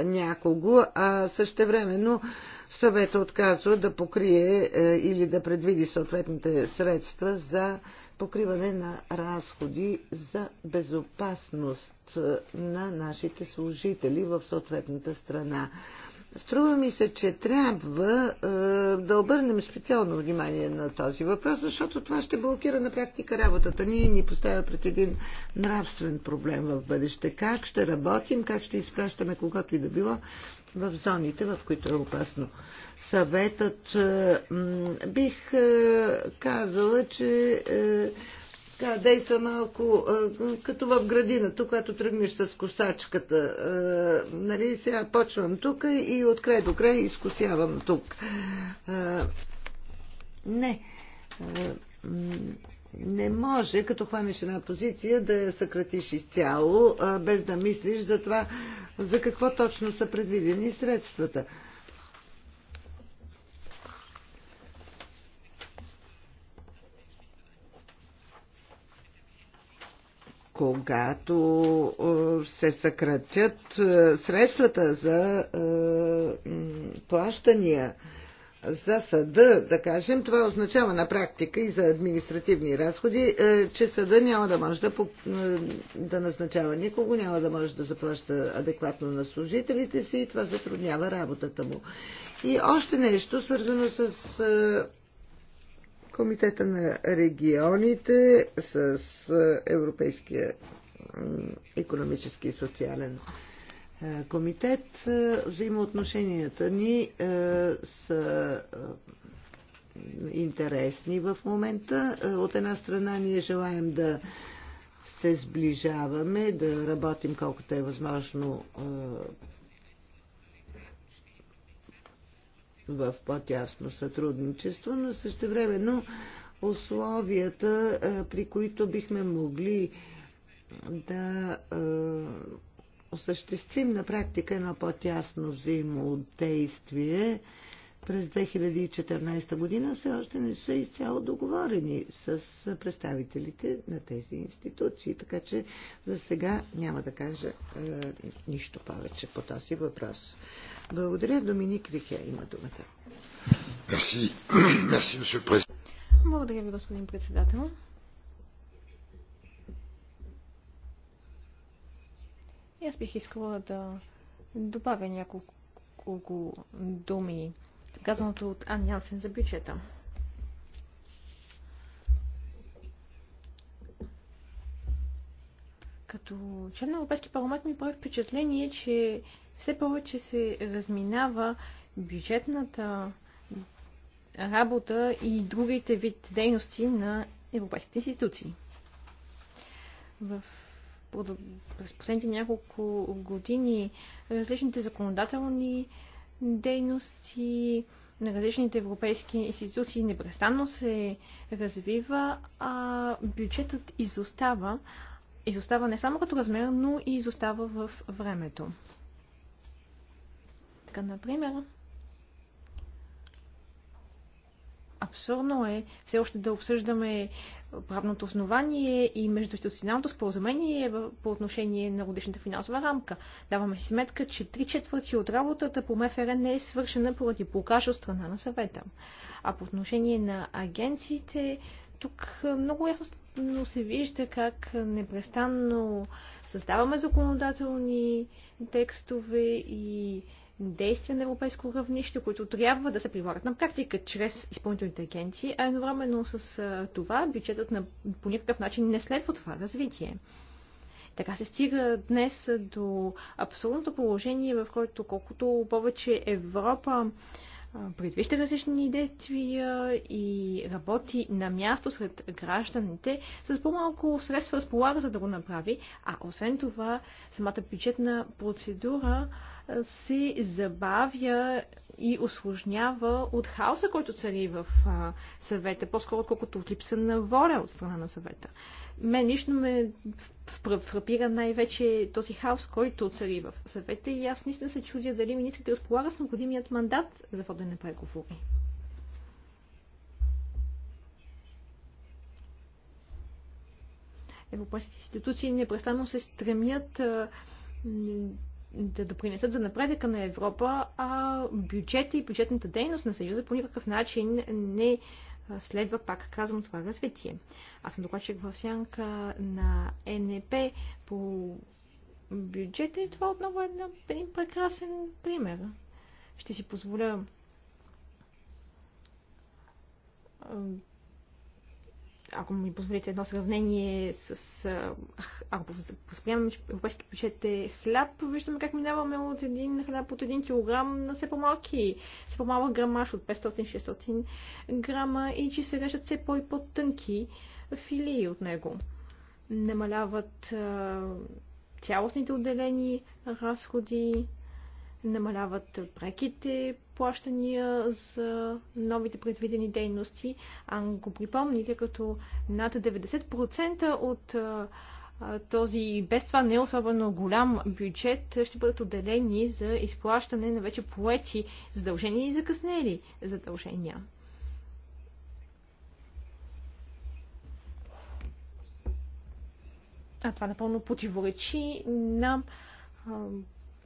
някого, а същевременно съвета отказва да покрие или да предвиди съответните средства за покриване на разходи за безопасност на нашите служители в съответната страна. Струва ми се, че трябва е, да обърнем специално внимание на този въпрос, защото това ще блокира на практика работата Ние ни поставя пред един нравствен проблем в бъдеще. Как ще работим, как ще изпращаме когато и да било в зоните, в които е опасно. Съветът е, бих е, казала, че. Е, така, е, действа малко е, като в градината, когато тръгнеш с косачката. Е, нали, сега почвам тук и от край до край изкусявам тук. Не. Не може, като хванеш една позиция, да я съкратиш изцяло, без да мислиш за това, за какво точно са предвидени средствата. когато е, се съкратят е, средствата за е, плащания за съда, да кажем, това означава на практика и за административни разходи, че съда няма да може да, да назначава никого, няма да може да заплаща адекватно на служителите си и това затруднява работата му. И още нещо, свързано с Комитета на регионите с Европейския економически и социален комитет. Взаимоотношенията ни са интересни в момента. От една страна ние желаем да се сближаваме, да работим колкото е възможно в по-тясно сътрудничество, но времено условията, при които бихме могли да осъществим на практика едно по-тясно взаимодействие през 2014 година все още не са изцяло договорени с представителите на тези институции. Така че за сега няма да кажа е, нищо повече по този въпрос. Благодаря. Доминик Рихе има думата. Мерси. <clears throat> Благодаря ви, господин председател. И аз бих искала да добавя няколко думи, казаното от Ан Янсен за бюджета. Като член на Европейски парламент ми прави впечатление, че все повече се разминава бюджетната работа и другите вид дейности на европейските институции. В през последните няколко години различните законодателни дейности на различните европейски институции непрестанно се развива, а бюджетът изостава. Изостава не само като размер, но и изостава в времето сметка, например, абсурдно е все още да обсъждаме правното основание и междуинституционалното споразумение по отношение на годишната финансова рамка. Даваме си сметка, че три четвърти от работата по МФР не е свършена поради покажа от страна на съвета. А по отношение на агенциите, тук много ясно се вижда как непрестанно създаваме законодателни текстове и действия на европейско равнище, които трябва да се приворят на практика чрез изпълнителните агенции, а едновременно с това бюджетът на, по никакъв начин не следва това развитие. Така се стига днес до абсолютното положение, в което колкото повече Европа предвижда различни действия и работи на място сред гражданите, с по-малко средства разполага, за да го направи, а освен това самата бюджетна процедура се забавя и осложнява от хаоса, който цари в а, съвета, по-скоро отколкото от липса на воля от страна на съвета. Мен лично ме фрапира най-вече този хаос, който цари в съвета и аз наистина се чудя дали министрите разполага с необходимият мандат за на преговори. Европейските институции непрестанно се стремят а, да допринесат за напредъка на Европа, а бюджета и бюджетната дейност на Съюза по никакъв начин не следва, пак казвам, това развитие. Аз съм докладчик в сянка на НП по бюджета и това отново е един прекрасен пример. Ще си позволя ако ми позволите едно сравнение с... А, ако възприемаме, че европейски бюджет е хляб, виждаме как минаваме от един хляб от един килограм на все по-малки, все по-малък грамаш от 500-600 грама и че се режат все по- и по-тънки филии от него. Намаляват а, цялостните отделени разходи, намаляват преките плащания за новите предвидени дейности. А го припомните, като над 90% от този без това не особено голям бюджет ще бъдат отделени за изплащане на вече поети задължения и закъснели задължения. А това напълно противоречи на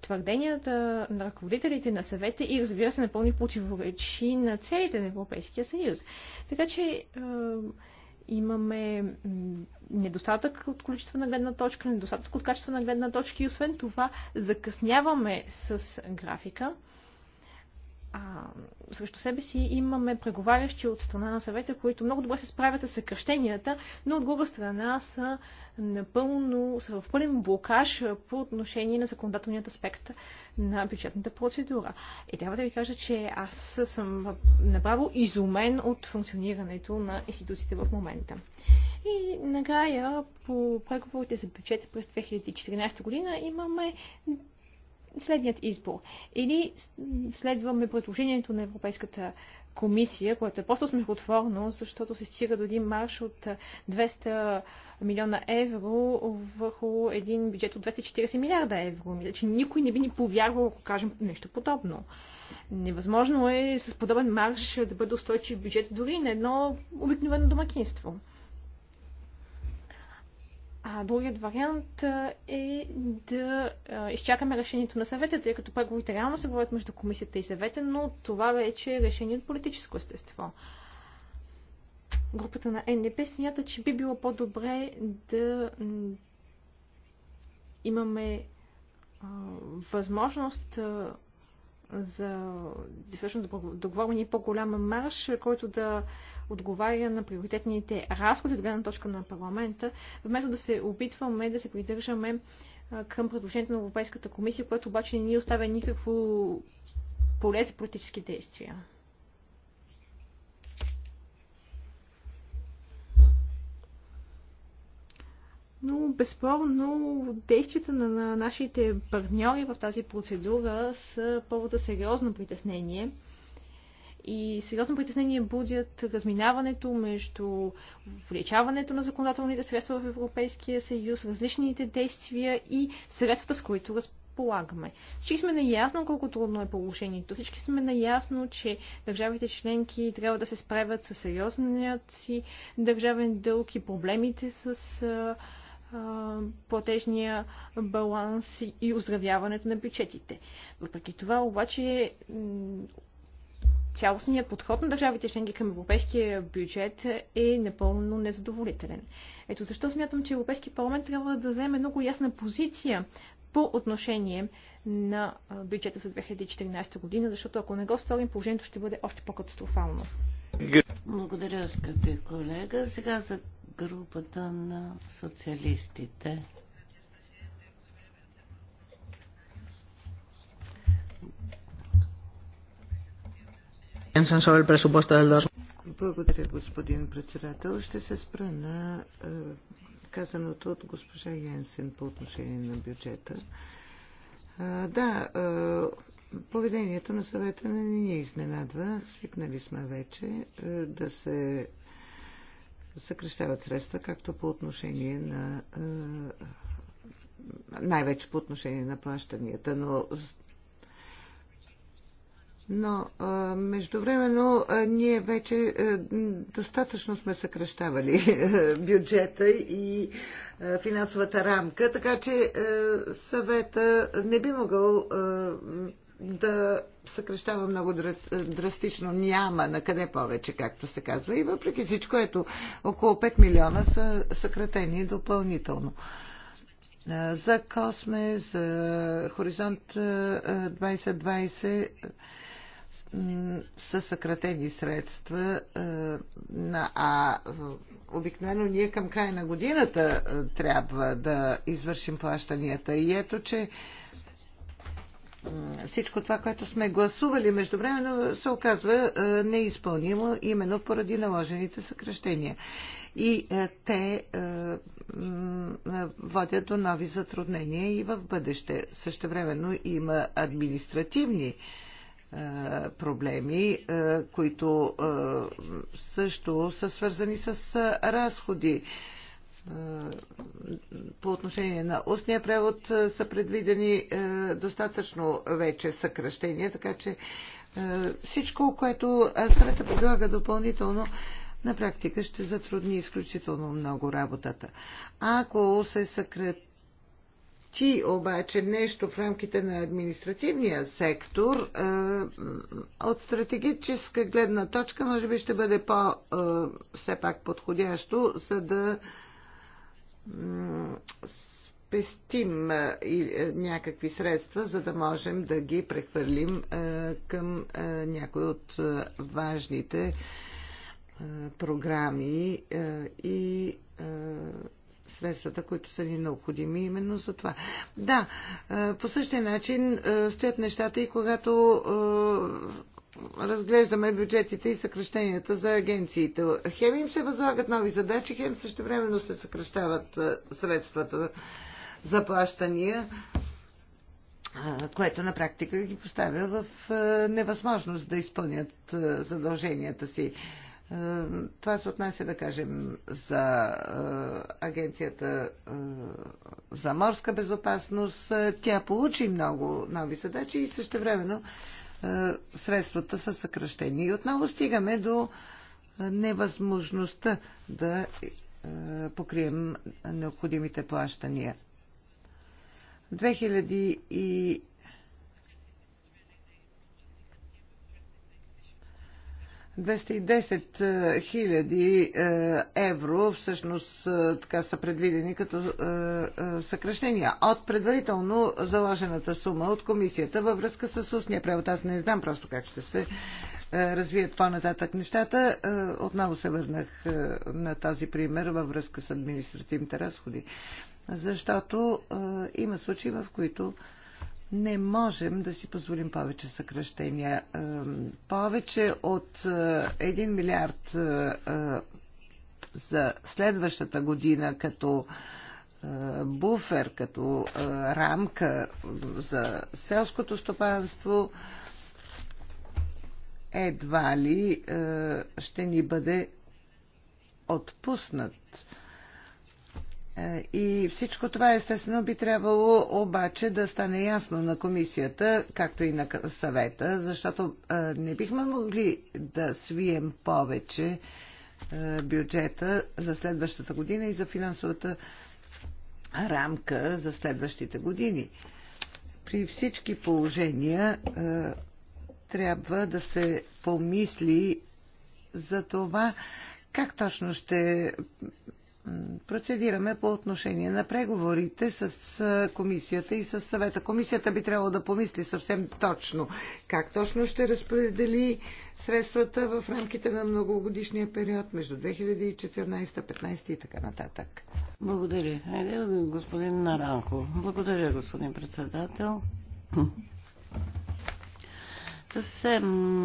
твърденията на ръководителите на съвета и разбира се напълни противоречи на целите на Европейския съюз. Така че имаме недостатък от количество на гледна точка, недостатък от качество на гледна точка и освен това закъсняваме с графика а, срещу себе си имаме преговарящи от страна на съвета, които много добре се справят с съкръщенията, но от друга страна са напълно, са в пълен блокаж по отношение на законодателният аспект на бюджетната процедура. И трябва да ви кажа, че аз съм направо изумен от функционирането на институциите в момента. И накрая по преговорите за бюджета през 2014 година имаме следният избор. Или следваме предложението на Европейската комисия, което е просто смехотворно, защото се стига до един марш от 200 милиона евро върху един бюджет от 240 милиарда евро. Мисля, че никой не би ни повярвал, ако кажем нещо подобно. Невъзможно е с подобен марш да бъде устойчив бюджет дори на едно обикновено домакинство. А другият вариант е да изчакаме решението на съвета, тъй като преговорите реално се водят между комисията и съвета, но това вече е решение от политическо естество. Групата на НДП смята, че би било по-добре да имаме възможност за всъщност да договорим и по-голям марш, който да отговаря на приоритетните разходи от гледна точка на парламента, вместо да се опитваме да се придържаме към предложението на Европейската комисия, което обаче не ни оставя никакво поле за политически действия. Но безспорно действията на, на нашите партньори в тази процедура са повод за сериозно притеснение. И сериозно притеснение будят разминаването между увеличаването на законодателните средства в Европейския съюз, различните действия и средствата, с които разполагаме. Всички сме наясно колко трудно е положението. Всички сме наясно, че държавите членки трябва да се справят с сериозният си държавен дълг и проблемите с платежния баланс и оздравяването на бюджетите. Въпреки това обаче цялостният подход на държавите членки към европейския бюджет е напълно незадоволителен. Ето защо смятам, че Европейски парламент трябва да вземе много ясна позиция по отношение на бюджета за 2014 година, защото ако не го сторим, положението ще бъде още по-катастрофално. Благодаря, скъпи колега. Сега за групата на социалистите. Благодаря, господин председател. Ще се спра на е, казаното от госпожа Янсен по отношение на бюджета. Е, да, е, поведението на съвета не ни изненадва. Свикнали сме вече да се съкрещават средства, както по отношение на най-вече по отношение на плащанията, но но а, междувременно а, ние вече а, достатъчно сме съкрещавали <laughs> бюджета и а, финансовата рамка, така че а, съвета не би могъл а, да съкрещава много драстично. Няма на къде повече, както се казва. И въпреки всичко, ето, около 5 милиона са съкратени допълнително за Косме, за Хоризонт 2020 са съкратени средства, е, а обикновено ние към края на годината е, трябва да извършим плащанията. И ето, че всичко това, което сме гласували междувременно, се оказва е, неизпълнимо именно поради наложените съкръщения. И те водят до нови затруднения и в бъдеще. Същевременно има административни е, проблеми, е, които е, също са свързани с разходи. По отношение на устния превод са предвидени достатъчно вече съкръщения, така че всичко, което съвета предлага допълнително, на практика ще затрудни изключително много работата. Ако се съкрат ти обаче нещо в рамките на административния сектор от стратегическа гледна точка може би ще бъде по все пак подходящо, за да спестим някакви средства, за да можем да ги прехвърлим към някои от важните програми и средствата, които са ни необходими именно за това. Да, е, по същия начин е, стоят нещата и когато е, разглеждаме бюджетите и съкръщенията за агенциите. Хем им се възлагат нови задачи, хем също времено се съкръщават средствата за плащания, което на практика ги поставя в невъзможност да изпълнят задълженията си. Е, това се отнася, да кажем, за е, Агенцията е, за морска безопасност. Тя получи много нови задачи и също времено средствата са съкръщени. И отново стигаме до невъзможността да покрием необходимите плащания. 210 е, хиляди е, евро всъщност е, така са предвидени като съкръщения от предварително заложената сума от комисията във връзка с устния превод. Аз не знам просто как ще се развият по-нататък нещата. Отново се върнах на този пример във връзка с административните разходи, защото има случаи, в които не можем да си позволим повече съкръщения. Е, повече от 1 е, милиард е, за следващата година като буфер, като рамка за селското стопанство едва ли ще ни бъде отпуснат е, и всичко това естествено би трябвало обаче да стане ясно на комисията, както и на съвета, защото е, не бихме могли да свием повече е, бюджета за следващата година и за финансовата рамка за следващите години. При всички положения трябва да се помисли за това как точно ще процедираме по отношение на преговорите с комисията и с съвета. Комисията би трябвало да помисли съвсем точно как точно ще разпредели средствата в рамките на многогодишния период между 2014, 2015 и така нататък. Благодаря. Айде, господин Наранко. Благодаря, господин председател. Съвсем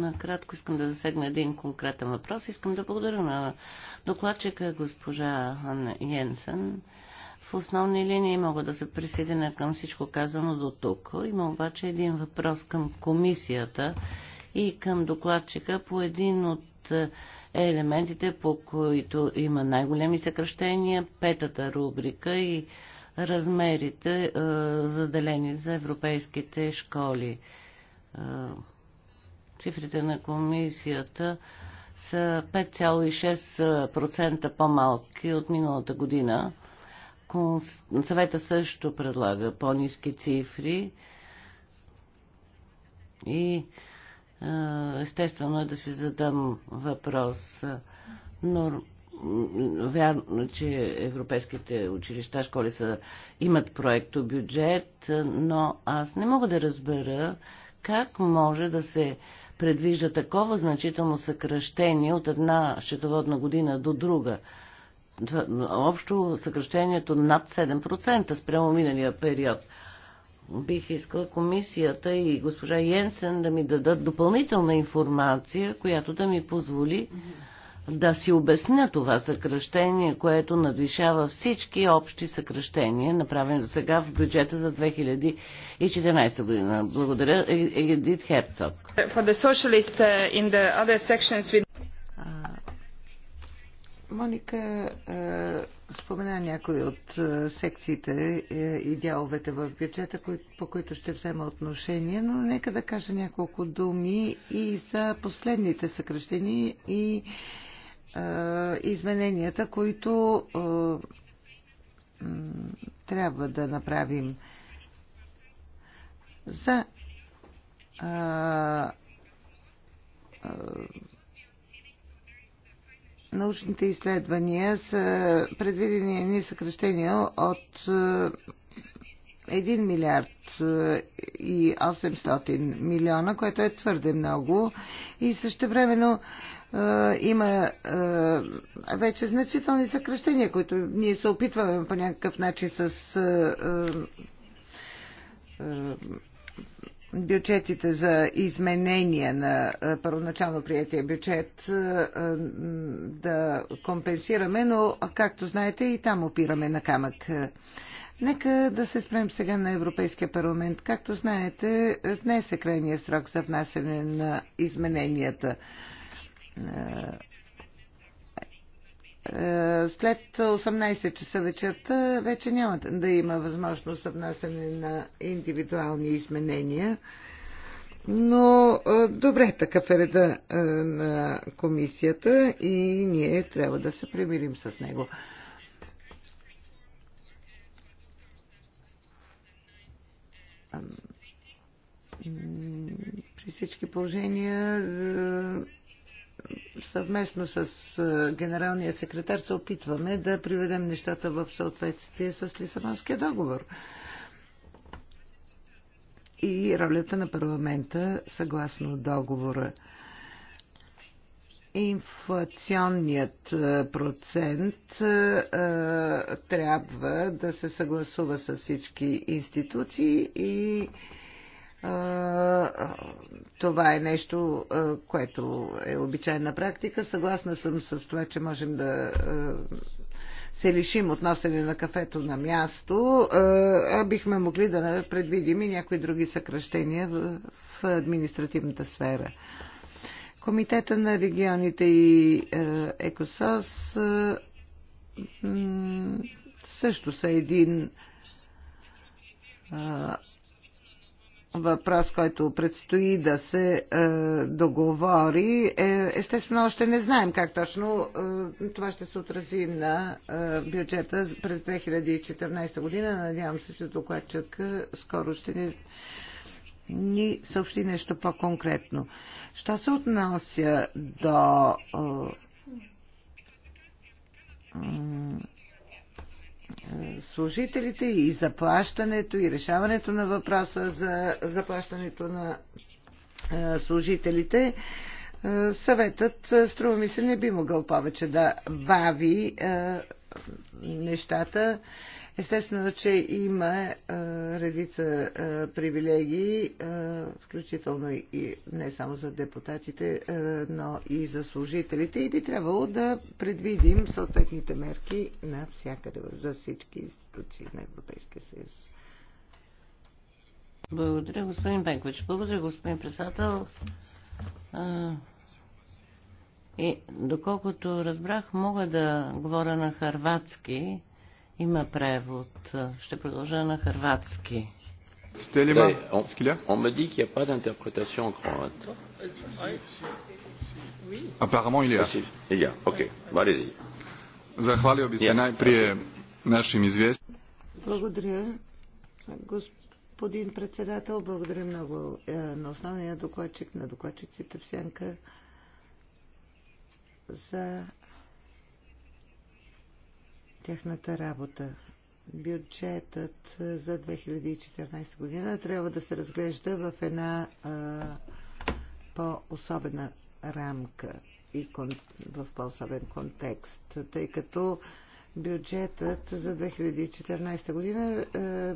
накратко искам да засегна един конкретен въпрос. Искам да благодаря на докладчика госпожа Анна Йенсен. В основни линии мога да се присъединя към всичко казано до тук. Има обаче един въпрос към комисията и към докладчика по един от елементите, по които има най-големи съкръщения, петата рубрика и размерите, заделени за европейските школи цифрите на комисията са 5,6% по-малки от миналата година. Съвета също предлага по-низки цифри и естествено е да си задам въпрос. Но вярно, че европейските училища, школи са, имат проекто бюджет, но аз не мога да разбера как може да се предвижда такова значително съкръщение от една счетоводна година до друга? Общо съкръщението над 7% спрямо миналия период. Бих искала комисията и госпожа Йенсен да ми дадат допълнителна информация, която да ми позволи mm-hmm да си обясня това съкръщение, което надвишава всички общи съкръщения, направени до сега в бюджета за 2014 година. Благодаря, е, Едит Херцог. Uh, Моника спомена някои от секциите е, и дяловете в бюджета, по които ще взема отношение, но нека да кажа няколко думи и за последните съкръщения и измененията, които трябва да направим за научните изследвания са предвидени ни съкръщения от 1 милиард и 800 милиона, което е твърде много и също времено е, има е, вече значителни съкръщения, които ние се опитваме по някакъв начин с е, бюджетите за изменения на първоначално приятия бюджет да компенсираме, но, както знаете, и там опираме на камък. Нека да се спрем сега на Европейския парламент. Както знаете, днес е крайният срок за внасяне на измененията. Е, след 18 часа вечерта вече няма да има възможност за внасяне на индивидуални изменения. Но е, добре, такъв е реда е, на комисията и ние трябва да се примирим с него. При всички положения съвместно с генералния секретар се опитваме да приведем нещата в съответствие с Лисабонския договор. И ролята на парламента съгласно договора. Инфлационният процент трябва да се съгласува с всички институции и това е нещо, което е обичайна практика. Съгласна съм с това, че можем да се лишим от носене на кафето на място, а бихме могли да предвидим и някои други съкръщения в административната сфера. Комитета на регионите и ЕКОСОС също са един въпрос, който предстои да се е, договори. Е, естествено, още не знаем как точно е, това ще се отрази на е, бюджета през 2014 година. Надявам се, че докладчик скоро ще ни, ни съобщи нещо по-конкретно. Що се отнася до. Е, служителите и заплащането и решаването на въпроса за заплащането на служителите. Съветът, струва ми се, не би могъл повече да бави нещата Естествено, че има а, е, редица а, е, привилегии, а, е, включително и не само за депутатите, а, но и за служителите и би трябвало да предвидим съответните мерки навсякъде, за всички институции на Европейския съюз. Благодаря, господин Бенкович. Благодаря, господин председател. А, и доколкото разбрах, мога да говоря на харватски. Има превод. Ще продължа на хрватски. Телема, on me dit qu'il n'y a pas d'interprétation en croate. Apparemment, il y a. Il y a, ok. Allez-y. Zahvalio bi se najprije našim izvjestiteljima. Благодаря, господин председател. Благодаря много е, на основния докладчик, на докладчиците в Сянка за тяхната работа. Бюджетът за 2014 година трябва да се разглежда в една по-особена рамка и в по-особен контекст, тъй като бюджетът за 2014 година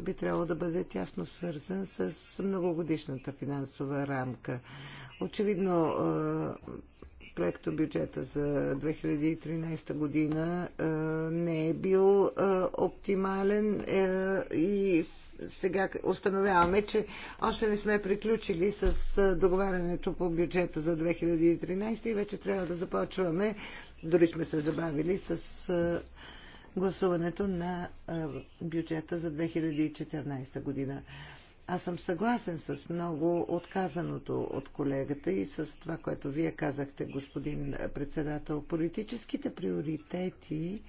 би трябвало да бъде тясно свързан с многогодишната финансова рамка. Очевидно проекто бюджета за 2013 година не е бил оптимален и сега установяваме, че още не сме приключили с договарянето по бюджета за 2013 и вече трябва да започваме, дори сме се забавили с гласуването на бюджета за 2014 година. Аз съм съгласен с много отказаното от колегата и с това, което вие казахте, господин председател. Политическите приоритети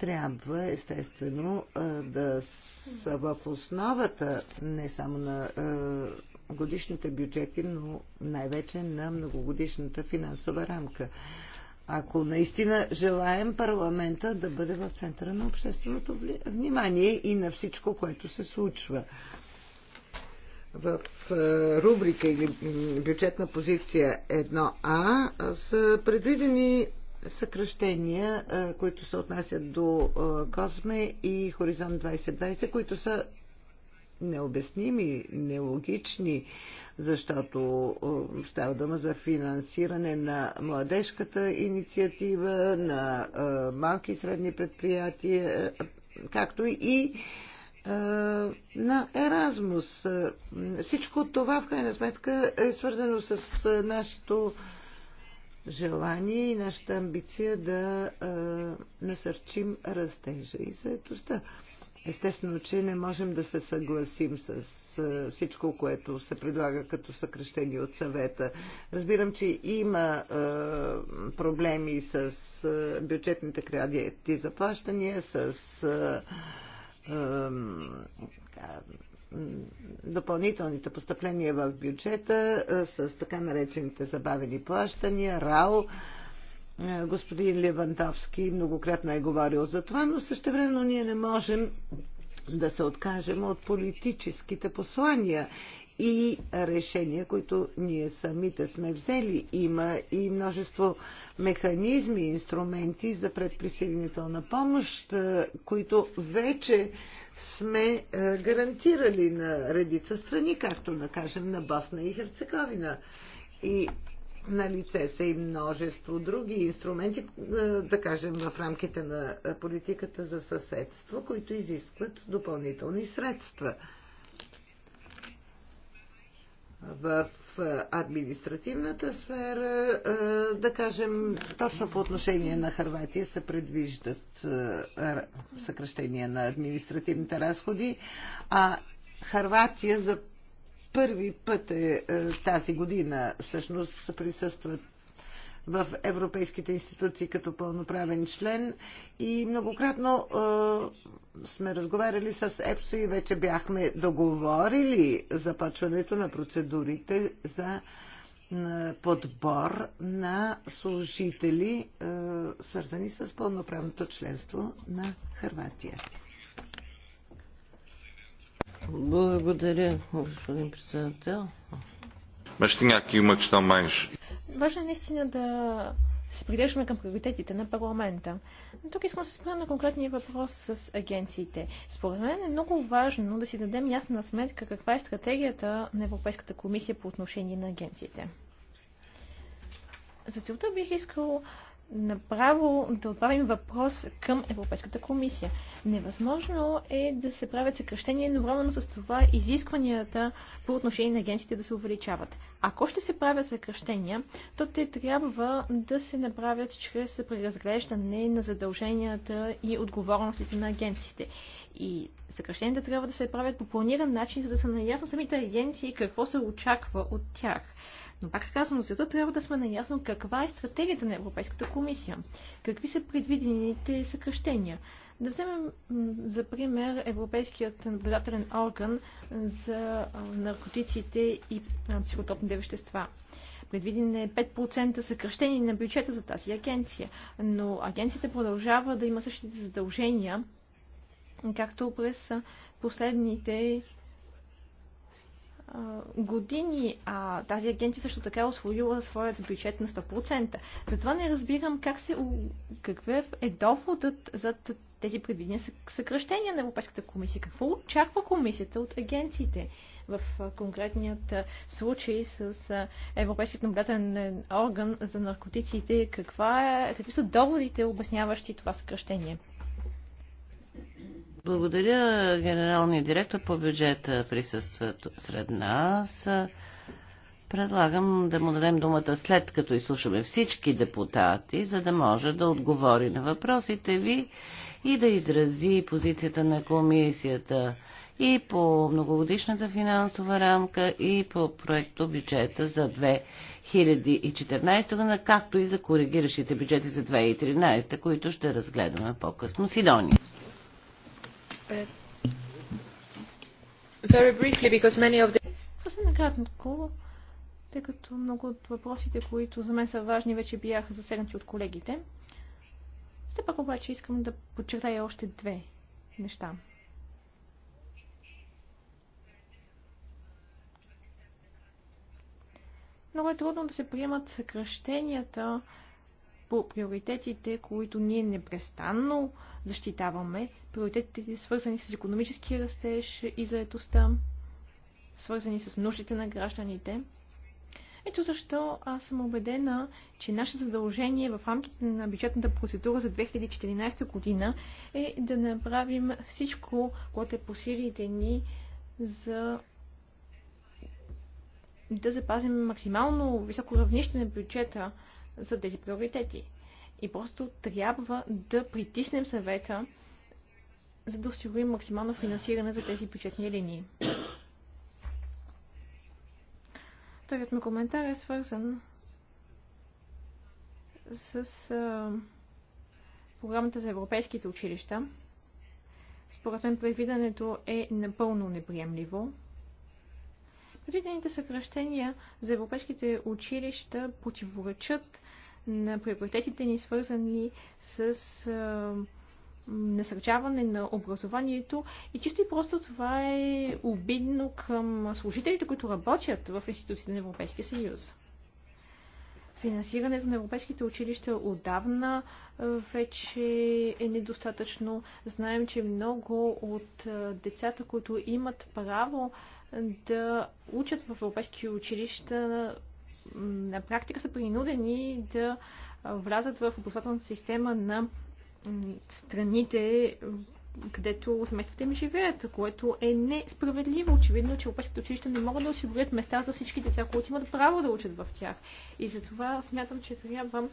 трябва, естествено, да са в основата не само на годишните бюджети, но най-вече на многогодишната финансова рамка. Ако наистина желаем парламента да бъде в центъра на общественото внимание и на всичко, което се случва в е, рубрика или бюджетна позиция 1А са предвидени съкръщения, е, които се отнасят до е, Козме и Хоризонт 2020, които са необясними, нелогични, защото става дума за финансиране на младежката инициатива, на малки и средни предприятия, както и е, на Еразмус. Всичко това в крайна сметка е свързано с е, нашето желание и нашата амбиция да е, насърчим растежа и заедостта. Естествено, че не можем да се съгласим с всичко, което се предлага като съкрещение от съвета. Разбирам, че има проблеми с бюджетните кредити за плащания, с допълнителните постъпления в бюджета с така наречените забавени плащания, РАО. Господин Левантовски многократно е говорил за това, но същевременно ние не можем да се откажем от политическите послания и решения, които ние самите сме взели. Има и множество механизми, инструменти за предприсъединителна помощ, които вече сме гарантирали на редица страни, както да кажем на Босна и Херцеговина. И на лице са и множество други инструменти, да кажем в рамките на политиката за съседство, които изискват допълнителни средства в административната сфера, да кажем, точно по отношение на Харватия се предвиждат съкръщения на административните разходи, а Харватия за първи път е тази година всъщност присъстват в европейските институции като пълноправен член и многократно е, сме разговаряли с ЕПСО и вече бяхме договорили започването на процедурите за е, подбор на служители, е, свързани с пълноправното членство на Харватия. Благодаря, господин председател. Mas tinha aqui uma важно е наистина да се придържаме към приоритетите на парламента. Но тук искам да се спра на конкретния въпрос с агенциите. Според мен е много важно да си дадем ясна сметка каква е стратегията на Европейската комисия по отношение на агенциите. За целта бих искал направо да отправим въпрос към Европейската комисия. Невъзможно е да се правят съкръщения, но с това изискванията по отношение на агенциите да се увеличават. Ако ще се правят съкръщения, то те трябва да се направят чрез преразглеждане на задълженията и отговорностите на агенциите. И съкръщенията трябва да се правят по планиран начин, за да са наясно самите агенции какво се очаква от тях. Но пак казвам, за трябва да сме наясно каква е стратегията на Европейската комисия. Какви са предвидените съкръщения. Да вземем за пример Европейският наблюдателен орган за наркотиците и психотопните вещества. Предвиден е 5% съкръщение на бюджета за тази агенция, но агенцията продължава да има същите задължения, както през последните години, а тази агенция също така е освоила своят бюджет на 100%. Затова не разбирам как се, какъв е доводът за тези предвидени съкръщения на Европейската комисия. Какво очаква комисията от агенциите в конкретният случай с Европейският наблюдателен орган за наркотиците? Каква е, какви са доводите, обясняващи това съкръщение? Благодаря. Генералният директор по бюджета присъства сред нас. Предлагам да му дадем думата след като изслушаме всички депутати, за да може да отговори на въпросите ви и да изрази позицията на комисията и по многогодишната финансова рамка и по проекто бюджета за 2014 година, както и за коригиращите бюджети за 2013, които ще разгледаме по-късно. Сидони. Uh, very briefly, because many of the... Съвсем накратко, тъй като много от въпросите, които за мен са важни, вече бяха засегнати от колегите. Все пак обаче искам да подчертая още две неща. Много е трудно да се приемат съкръщенията по приоритетите, които ние непрестанно защитаваме, приоритетите свързани с економически растеж и заетостта, свързани с нуждите на гражданите. Ето защо аз съм убедена, че наше задължение в рамките на бюджетната процедура за 2014 година е да направим всичко, което е по силите ни за да запазим максимално високо равнище на бюджета за тези приоритети. И просто трябва да притиснем съвета, за да осигурим максимално финансиране за тези бюджетни линии. Вторият ми коментар е свързан с а, програмата за европейските училища. Според мен предвиденето е напълно неприемливо. Предвидените съкръщения за европейските училища противоречат на приоритетите ни, свързани с насърчаване на образованието и чисто и просто това е обидно към служителите, които работят в институциите на Европейския съюз. Финансирането на европейските училища отдавна вече е недостатъчно. Знаем, че много от децата, които имат право да учат в европейски училища, на практика са принудени да влязат в образователната система на страните, където семействата им живеят, което е несправедливо. Очевидно, е, че европейските училища не могат да осигурят места за всички деца, които имат право да учат в тях. И затова смятам, че трябва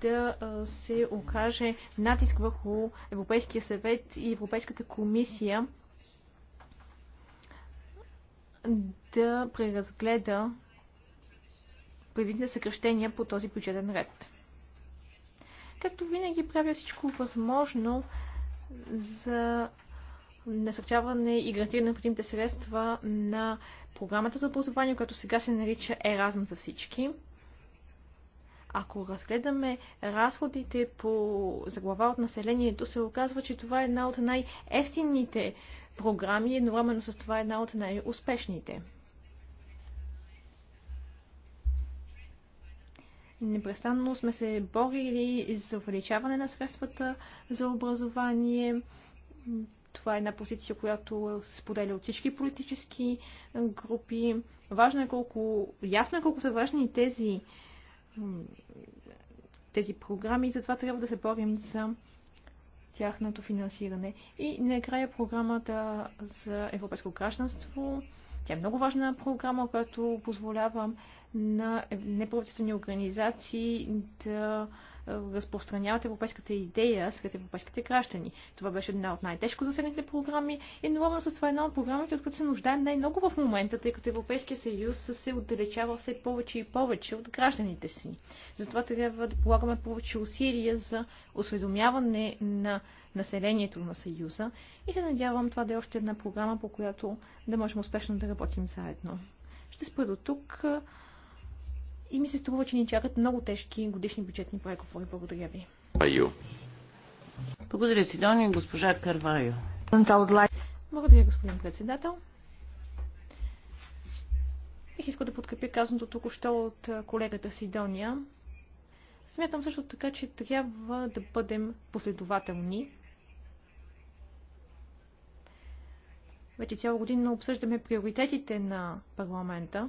да се окаже натиск върху Европейския съвет и Европейската комисия да преразгледа предвидните съкръщения по този бюджетен ред. Както винаги правя всичко възможно за насърчаване и гарантиране на предимите средства на програмата за образование, която сега се нарича Еразъм за всички. Ако разгледаме разходите по заглава от населението, се оказва, че това е една от най-ефтините програми едновременно с това е една от най-успешните. Непрестанно сме се борили за увеличаване на средствата за образование. Това е една позиция, която се споделя от всички политически групи. Важно е колко, ясно е колко са важни тези, тези програми, затова трябва да се борим за тяхното финансиране. И накрая програмата за европейско гражданство. Тя е много важна програма, която позволява на неправителствени организации да разпространяват европейската идея сред европейските граждани. Това беше една от най-тежко засегнатите програми и едновременно с това е една от програмите, от които се нуждаем най-много в момента, тъй като Европейския съюз се отдалечава все повече и повече от гражданите си. Затова трябва да полагаме повече усилия за осведомяване на населението на Съюза и се надявам това да е още една програма, по която да можем успешно да работим заедно. Ще спра до тук и ми се струва, че ни чакат много тежки годишни бюджетни преговори. Благодаря ви. Благодаря си, Дони, госпожа Карвайо. Благодаря, господин председател. Бих искал да подкрепя казаното току-що от колегата Сидония. Смятам също така, че трябва да бъдем последователни. Вече цяла година обсъждаме приоритетите на парламента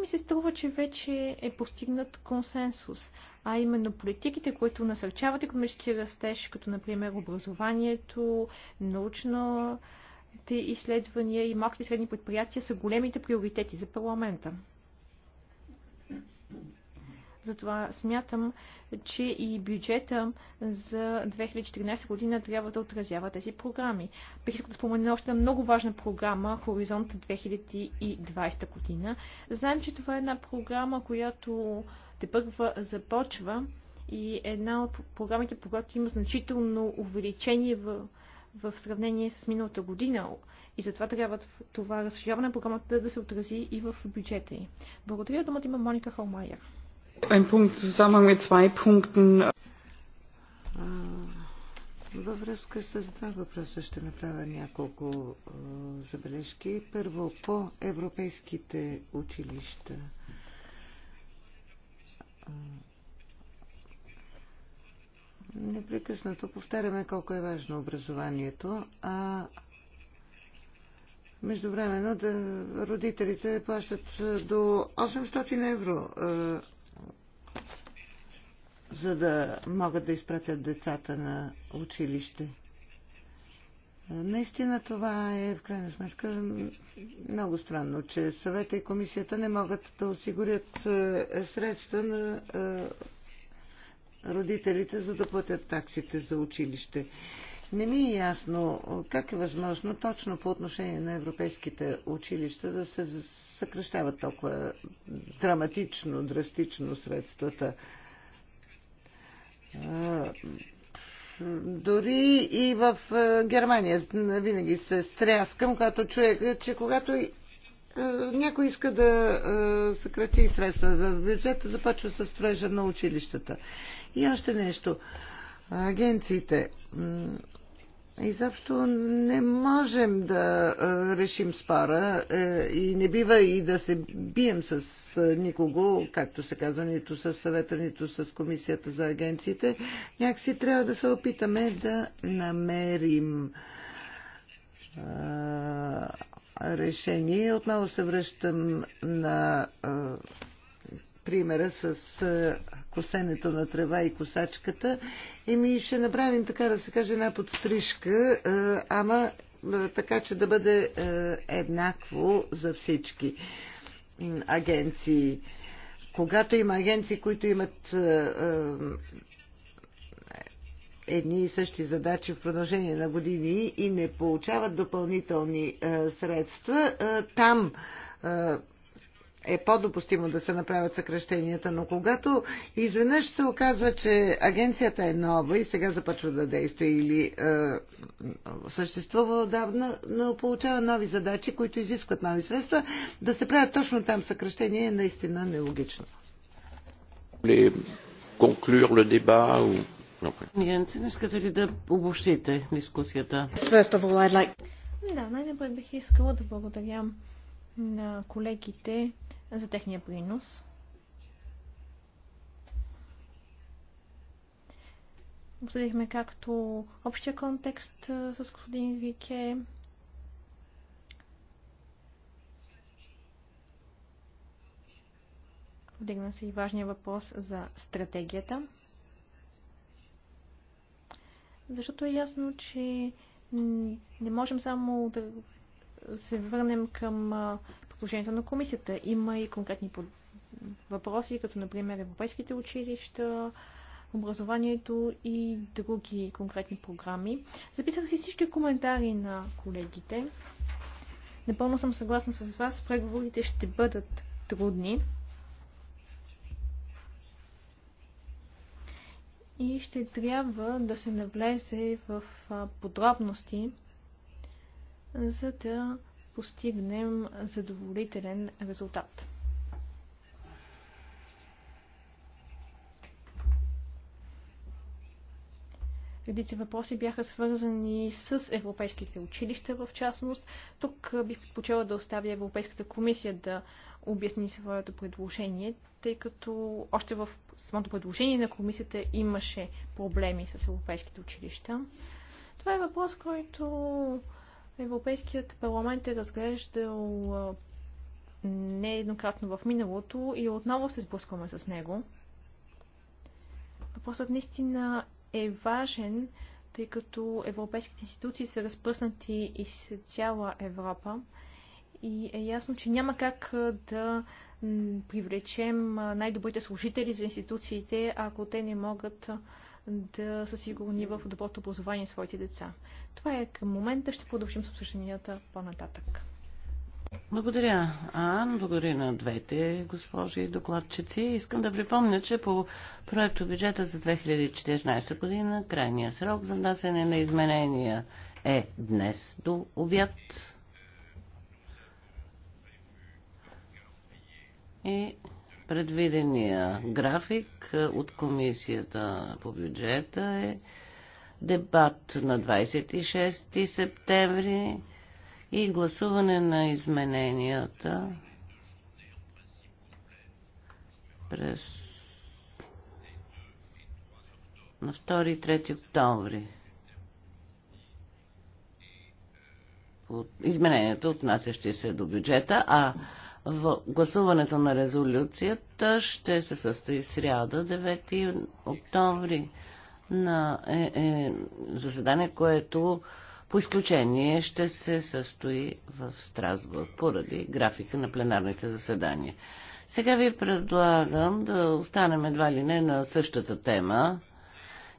ми се струва, че вече е постигнат консенсус, а именно политиките, които насърчават економически растеж, като например образованието, научно изследвания и малките и средни предприятия са големите приоритети за парламента. Затова смятам, че и бюджета за 2014 година трябва да отразява тези програми. Бих искал да спомена още много важна програма Хоризонт 2020 година. Знаем, че това е една програма, която те първа започва и една от програмите, по която има значително увеличение в, в сравнение с миналата година. И затова трябва това разширяване на програмата да се отрази и в бюджета й. Благодаря. Думата има Моника Холмайер. Във връзка с два въпроса ще направя няколко забележки. Първо, по европейските училища. Непрекъснато повтаряме колко е важно образованието, а междувременно да родителите плащат до 800 евро за да могат да изпратят децата на училище. Наистина това е в крайна сметка много странно, че съвета и комисията не могат да осигурят средства на родителите, за да платят таксите за училище. Не ми е ясно как е възможно точно по отношение на европейските училища да се съкръщават толкова драматично, драстично средствата дори и в Германия винаги се стряскам, когато човек, че когато някой иска да съкрати средства в бюджета, започва с строежа на училищата. И още нещо. Агенциите. Изобщо не можем да решим спора и не бива и да се бием с никого, както се казва, нито с съвета, нито с комисията за агенциите. Някакси трябва да се опитаме да намерим решение. Отново се връщам на примера с косенето на трева и косачката. Еми ще направим, така да се каже, една подстрижка, ама така, че да бъде еднакво за всички агенции. Когато има агенции, които имат едни и същи задачи в продължение на години и не получават допълнителни средства, там е по-допустимо да се направят съкрещенията, но когато изведнъж се оказва, че агенцията е нова и сега започва да действа или е, съществува отдавна, но получава нови задачи, които изискват нови средства, да се правят точно там съкрещение е наистина нелогично. искате ли да обобщите дискусията? Да, най-напред бих искала да благодаря на колегите за техния принос. Обсъдихме както общия контекст с господин Рике, Вдигна се и важния въпрос за стратегията. Защото е ясно, че не можем само да се върнем към положението на комисията. Има и конкретни въпроси, като например европейските училища, образованието и други конкретни програми. Записах си всички коментари на колегите. Напълно съм съгласна с вас. Преговорите ще бъдат трудни. И ще трябва да се навлезе в подробности, за да постигнем задоволителен резултат. Редици въпроси бяха свързани с европейските училища в частност. Тук бих предпочела да оставя Европейската комисия да обясни своето предложение, тъй като още в самото предложение на комисията имаше проблеми с европейските училища. Това е въпрос, който Европейският парламент е разглеждал нееднократно в миналото и отново се сблъскваме с него. Въпросът наистина е важен, тъй като европейските институции са разпръснати из цяла Европа и е ясно, че няма как да привлечем най-добрите служители за институциите, ако те не могат да са сигурни в доброто образование на своите деца. Това е към момента. Ще продължим с обсъжданията по-нататък. Благодаря, Ан. Благодаря на двете госпожи и докладчици. Искам да припомня, че по проекто бюджета за 2014 година крайния срок за внасяне на изменения е днес до обяд. И Предвидения график е, от комисията по бюджета е дебат на 26 септември и гласуване на измененията през на 2 и 3 октомври. Измененията, отнасящи се до бюджета, а в гласуването на резолюцията ще се състои сряда, 9 октомври, на е, е, заседание, което по изключение ще се състои в Страсбург, поради графика на пленарните заседания. Сега ви предлагам да останем едва ли не на същата тема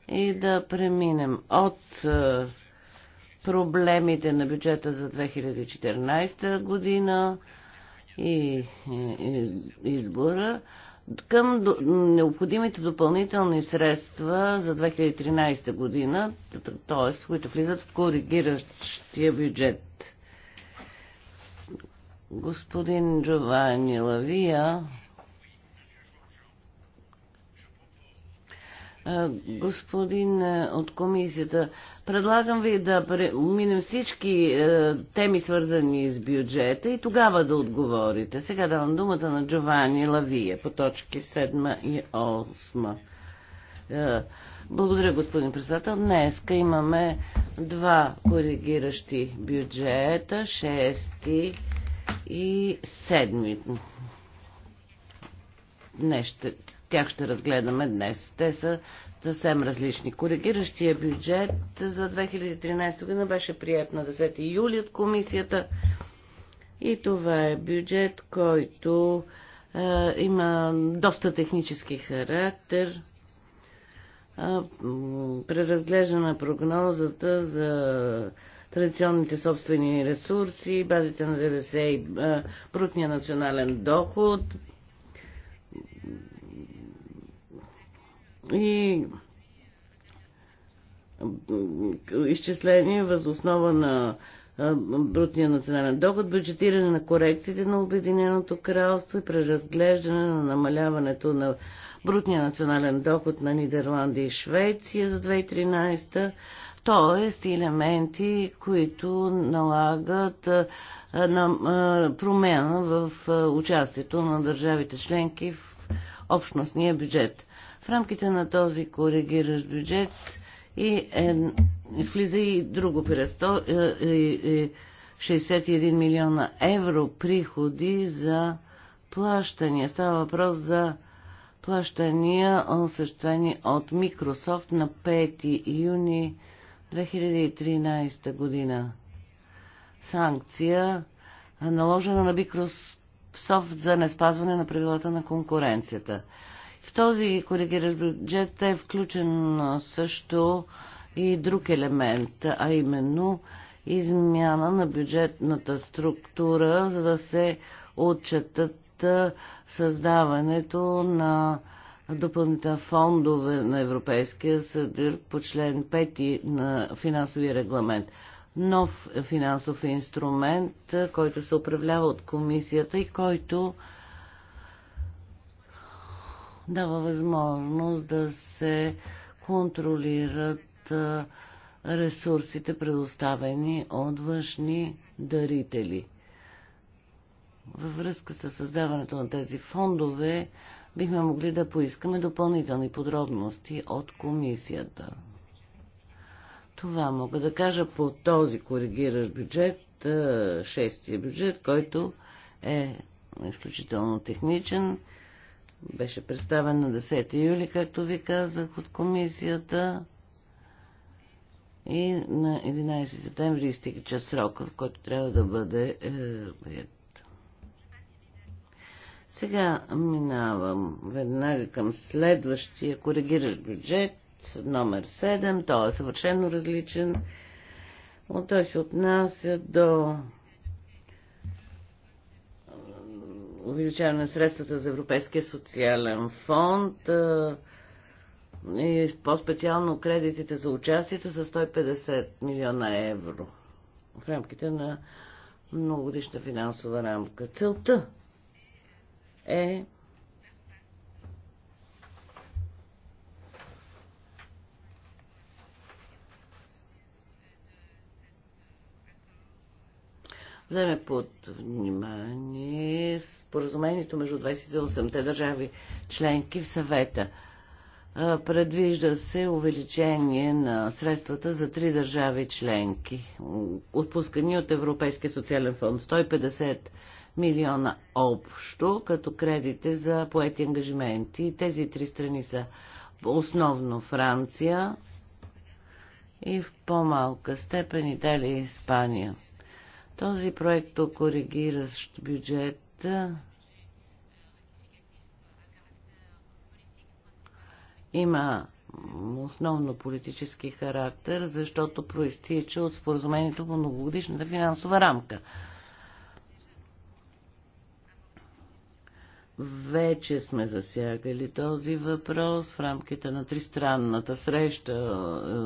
и да преминем от е, проблемите на бюджета за 2014 година и избора към необходимите допълнителни средства за 2013 година, т.е. които влизат в коригиращия бюджет. Господин Джованни Лавия Господин от комисията, предлагам ви да минем всички теми, свързани с бюджета и тогава да отговорите. Сега давам думата на Джовани Лавие по точки 7 и 8. Благодаря, господин председател. Днеска имаме два коригиращи бюджета, шести и 7 днес ще, тях ще разгледаме днес. Те са съвсем различни. Коригиращия бюджет за 2013 година беше прият на 10 юли от комисията. И това е бюджет, който е, има доста технически характер. Е, преразглеждаме прогнозата за традиционните собствени ресурси, базите на ДДС и брутния национален доход, и изчисление възоснова на брутния национален доход, бюджетиране на корекциите на Обединеното кралство и преразглеждане на намаляването на брутния национален доход на Нидерландия и Швеция за 2013, т.е. елементи, които налагат на промяна в участието на държавите членки в общностния бюджет. В рамките на този коригиращ бюджет и е, влиза и друго пера. 61 е, е, е, милиона евро приходи за плащания. Става въпрос за плащания, осъществени от Microsoft на 5 юни 2013 година. Санкция наложена на Microsoft за неспазване на правилата на конкуренцията. В този коригиращ бюджет е включен също и друг елемент, а именно измяна на бюджетната структура, за да се отчетат създаването на допълнителни фондове на Европейския съд по член 5 на финансовия регламент. Нов финансов инструмент, който се управлява от комисията и който дава възможност да се контролират ресурсите, предоставени от външни дарители. Във връзка с създаването на тези фондове, бихме могли да поискаме допълнителни подробности от комисията. Това мога да кажа по този коригиращ бюджет, шестия бюджет, който е изключително техничен беше представен на 10 юли, както ви казах, от комисията. И на 11 септември час срока, в който трябва да бъде е, прият. Сега минавам веднага към следващия коригиращ бюджет, номер 7. Той е съвършено различен. Той се отнася до увеличаване на средствата за Европейския социален фонд и по-специално кредитите за участието са 150 милиона евро в рамките на многогодишна финансова рамка. Целта е вземе под внимание споразумението между 28-те държави членки в съвета. Предвижда се увеличение на средствата за три държави членки, отпускани от Европейския социален фонд 150 милиона общо, като кредите за поети ангажименти. Тези три страни са основно Франция и в по-малка степен Италия и Испания. Този проект коригиращ бюджет има основно политически характер, защото проистича от споразумението по многогодишната финансова рамка. Вече сме засягали този въпрос в рамките на тристранната среща,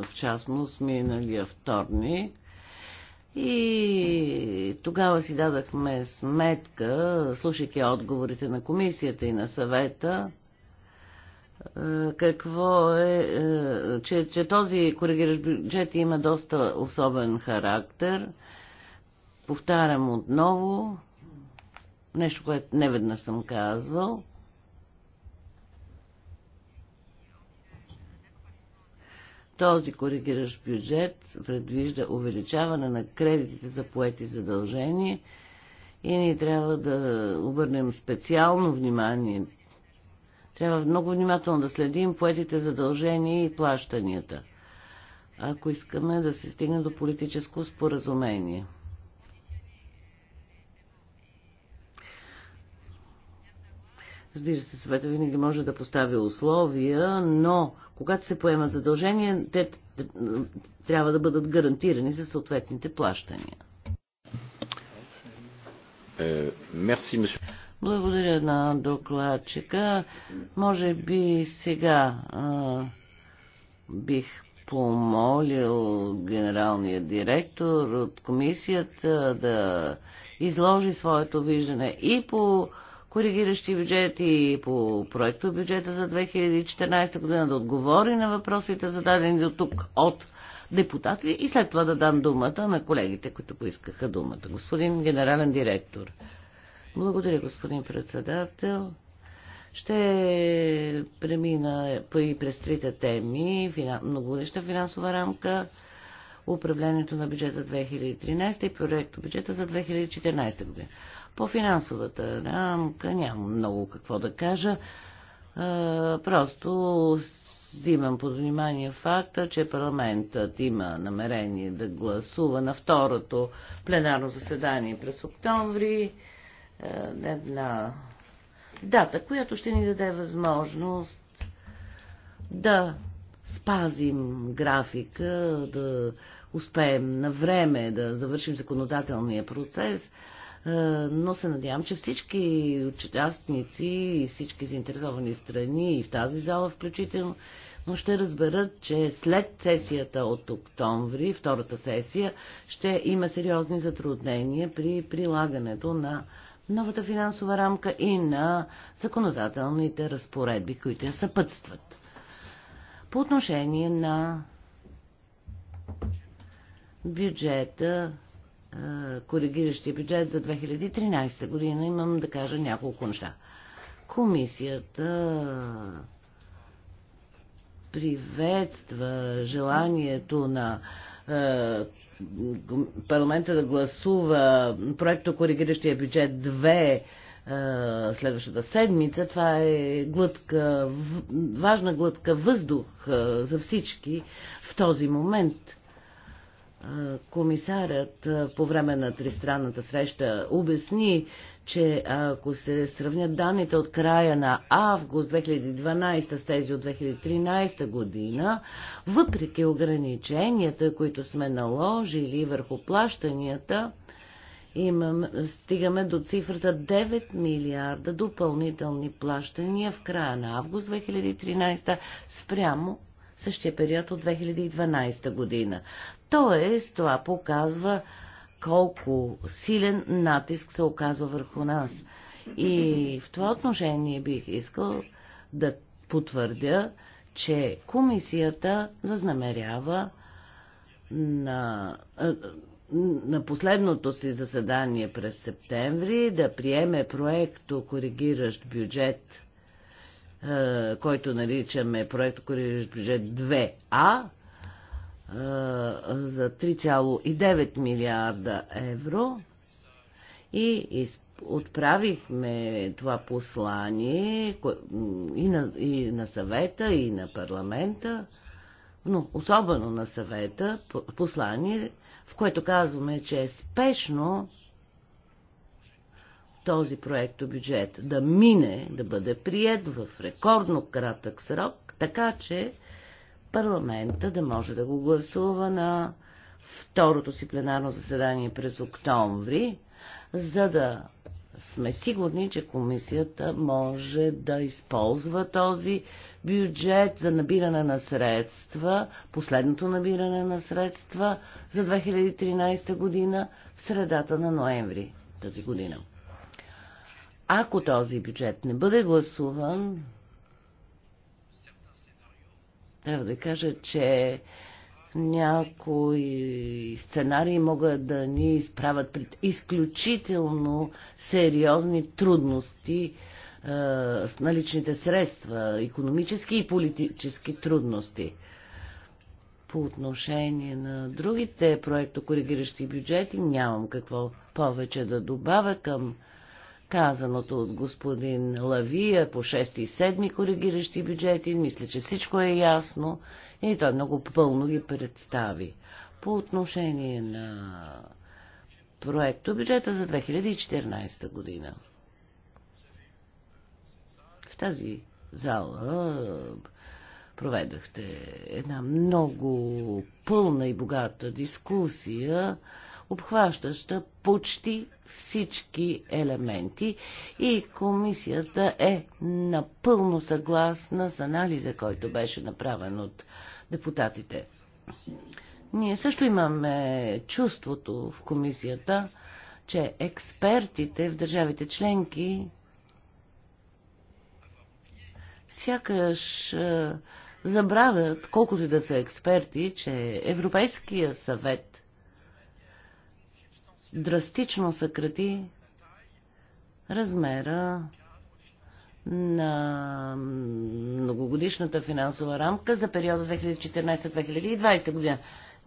в частност миналия вторник. И тогава си дадахме сметка, слушайки отговорите на комисията и на съвета, е, какво е, е, че, че този коригиращ бюджет има доста особен характер. Повтарям отново, нещо, което неведнъж съм казвал – Този коригиращ бюджет предвижда увеличаване на кредитите за поети задължения и ние трябва да обърнем специално внимание. Трябва много внимателно да следим поетите задължения и плащанията, ако искаме да се стигне до политическо споразумение. Разбира се, съвета винаги може да постави условия, но когато се поемат задължения, те трябва да бъдат гарантирани за съответните плащания. Е, Благодаря на докладчика. Може би сега а, бих помолил генералния директор от комисията да изложи своето виждане и по коригиращи бюджети по проекто бюджета за 2014 година, да отговори на въпросите зададени до тук от депутати и след това да дам думата на колегите, които поискаха думата. Господин генерален директор. Благодаря, господин председател. Ще премина и през трите теми. Финан... Многогодишна финансова рамка, управлението на бюджета 2013 и проекто бюджета за 2014 година. По финансовата рамка нямам много какво да кажа. Просто взимам под внимание факта, че парламентът има намерение да гласува на второто пленарно заседание през октомври една дата, която ще ни даде възможност да спазим графика, да успеем на време да завършим законодателния процес, е, но се надявам, че всички участници и всички заинтересовани страни и в тази зала включително но ще разберат, че след сесията от октомври, втората сесия, ще има сериозни затруднения при прилагането на новата финансова рамка и на законодателните разпоредби, които я съпътстват. По отношение на бюджета коригиращия бюджет за 2013 година имам да кажа няколко неща. Комисията приветства желанието на парламента да гласува проекто коригиращия бюджет 2 следващата седмица. Това е глътка, важна глътка въздух за всички в този момент Комисарят по време на тристранната среща обясни, че ако се сравнят данните от края на август 2012 с тези от 2013 година, въпреки ограниченията, които сме наложили върху плащанията, имам, стигаме до цифрата 9 милиарда допълнителни плащания в края на август 2013 спрямо същия период от 2012 година. Тоест, това показва колко силен натиск се оказва върху нас. И в това отношение бих искал да потвърдя, че комисията възнамерява на, на последното си заседание през септември да приеме проекто коригиращ бюджет е, който наричаме проект Корираш бюджет 2А е, за 3,9 милиарда евро и отправихме това послание и на, и на съвета, и на парламента, но особено на съвета, послание, в което казваме, че е спешно този проект бюджет да мине, да бъде прият в рекордно кратък срок, така че парламента да може да го гласува на второто си пленарно заседание през октомври, за да сме сигурни, че комисията може да използва този бюджет за набиране на средства, последното набиране на средства за 2013 година в средата на ноември тази година. Ако този бюджет не бъде гласуван, трябва да кажа, че някои сценарии могат да ни изправят пред изключително сериозни трудности е, с наличните средства, економически и политически трудности. По отношение на другите проекто коригиращи бюджети нямам какво повече да добавя към казаното от господин Лавия по 6 и 7 коригиращи бюджети. Мисля, че всичко е ясно и той много пълно ги представи. По отношение на проекто бюджета за 2014 година. В тази зала проведахте една много пълна и богата дискусия обхващаща почти всички елементи и комисията е напълно съгласна с анализа, който беше направен от депутатите. Ние също имаме чувството в комисията, че експертите в държавите членки сякаш забравят, колкото и да са експерти, че Европейския съвет драстично съкрати размера на многогодишната финансова рамка за периода 2014-2020 година.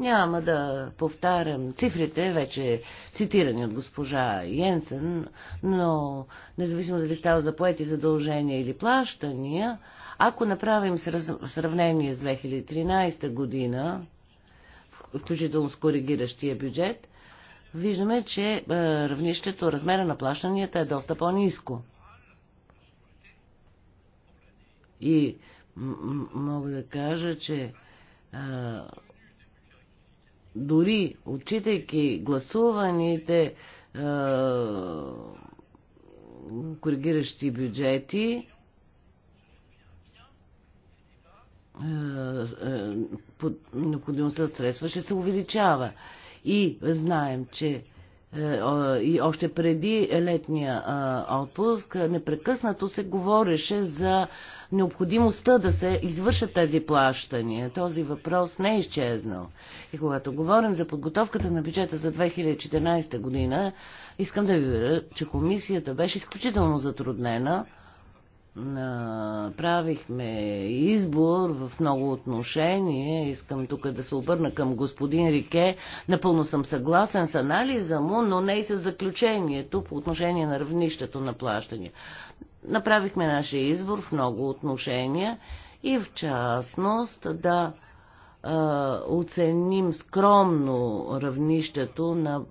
Няма да повтарям цифрите, вече цитирани от госпожа Йенсен, но независимо дали става за поети задължения или плащания, ако направим сравнение с 2013 година, включително с коригиращия бюджет, виждаме, че е, равнището, размера на плащанията е доста по-низко. И мога да кажа, че а, е, дори отчитайки гласуваните а, е, коригиращи бюджети, а, а, необходимостта от средства ще се увеличава. И знаем, че е, и още преди летния е, отпуск непрекъснато се говореше за необходимостта да се извършат тези плащания. Този въпрос не е изчезнал. И когато говорим за подготовката на бюджета за 2014 година, искам да ви уверя, че комисията беше изключително затруднена правихме избор в много отношение. Искам тук да се обърна към господин Рике. Напълно съм съгласен с анализа му, но не и с заключението по отношение на равнището на плащания. Направихме нашия избор в много отношения и в частност да е, оценим скромно равнището на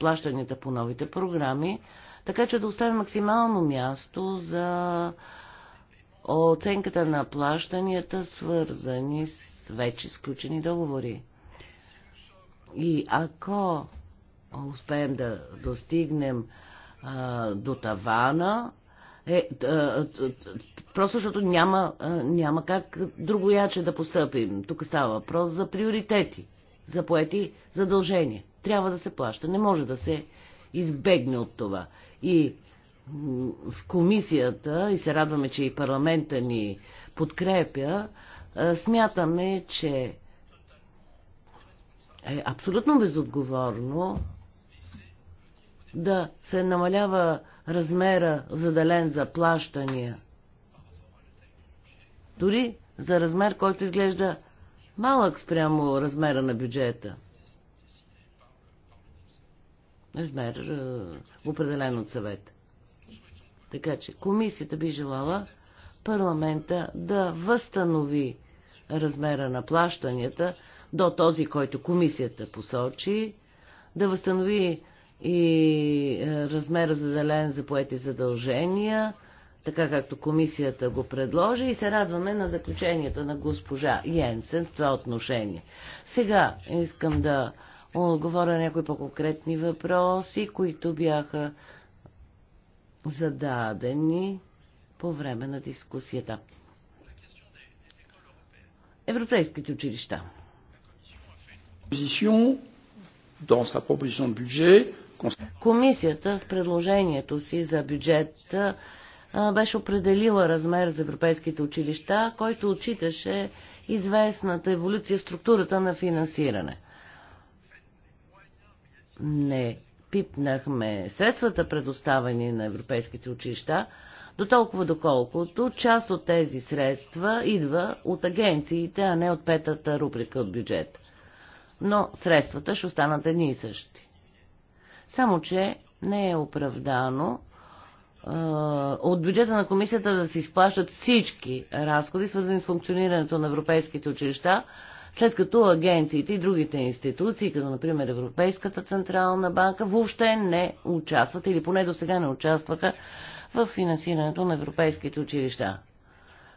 плащанията по новите програми, така че да оставим максимално място за оценката на плащанията, свързани с вече сключени договори. И ако успеем да достигнем а, до тавана, е, а, просто защото няма, а, няма как другояче да постъпим. Тук става въпрос за приоритети, за поети задължения. Трябва да се плаща. Не може да се избегне от това и в комисията, и се радваме, че и парламента ни подкрепя, смятаме, че е абсолютно безотговорно да се намалява размера заделен за плащания. Дори за размер, който изглежда малък спрямо размера на бюджета размер, е, определен от съвет. Така че комисията би желала парламента да възстанови размера на плащанията до този, който комисията посочи, да възстанови и е, размера заделен за поети задължения, така както комисията го предложи и се радваме на заключението на госпожа Йенсен в това отношение. Сега искам да отговоря на някои по-конкретни въпроси, които бяха зададени по време на дискусията. Европейските училища. Комисията в предложението си за бюджет беше определила размер за европейските училища, който отчиташе известната еволюция в структурата на финансиране – не пипнахме средствата, предоставени на европейските училища, до толкова доколкото част от тези средства идва от агенциите, а не от петата рубрика от бюджета. Но средствата ще останат едни и същи. Само, че не е оправдано е, от бюджета на комисията да се изплащат всички разходи, свързани с функционирането на европейските училища, след като агенциите и другите институции, като например Европейската централна банка, въобще не участват или поне до сега не участваха в финансирането на европейските училища.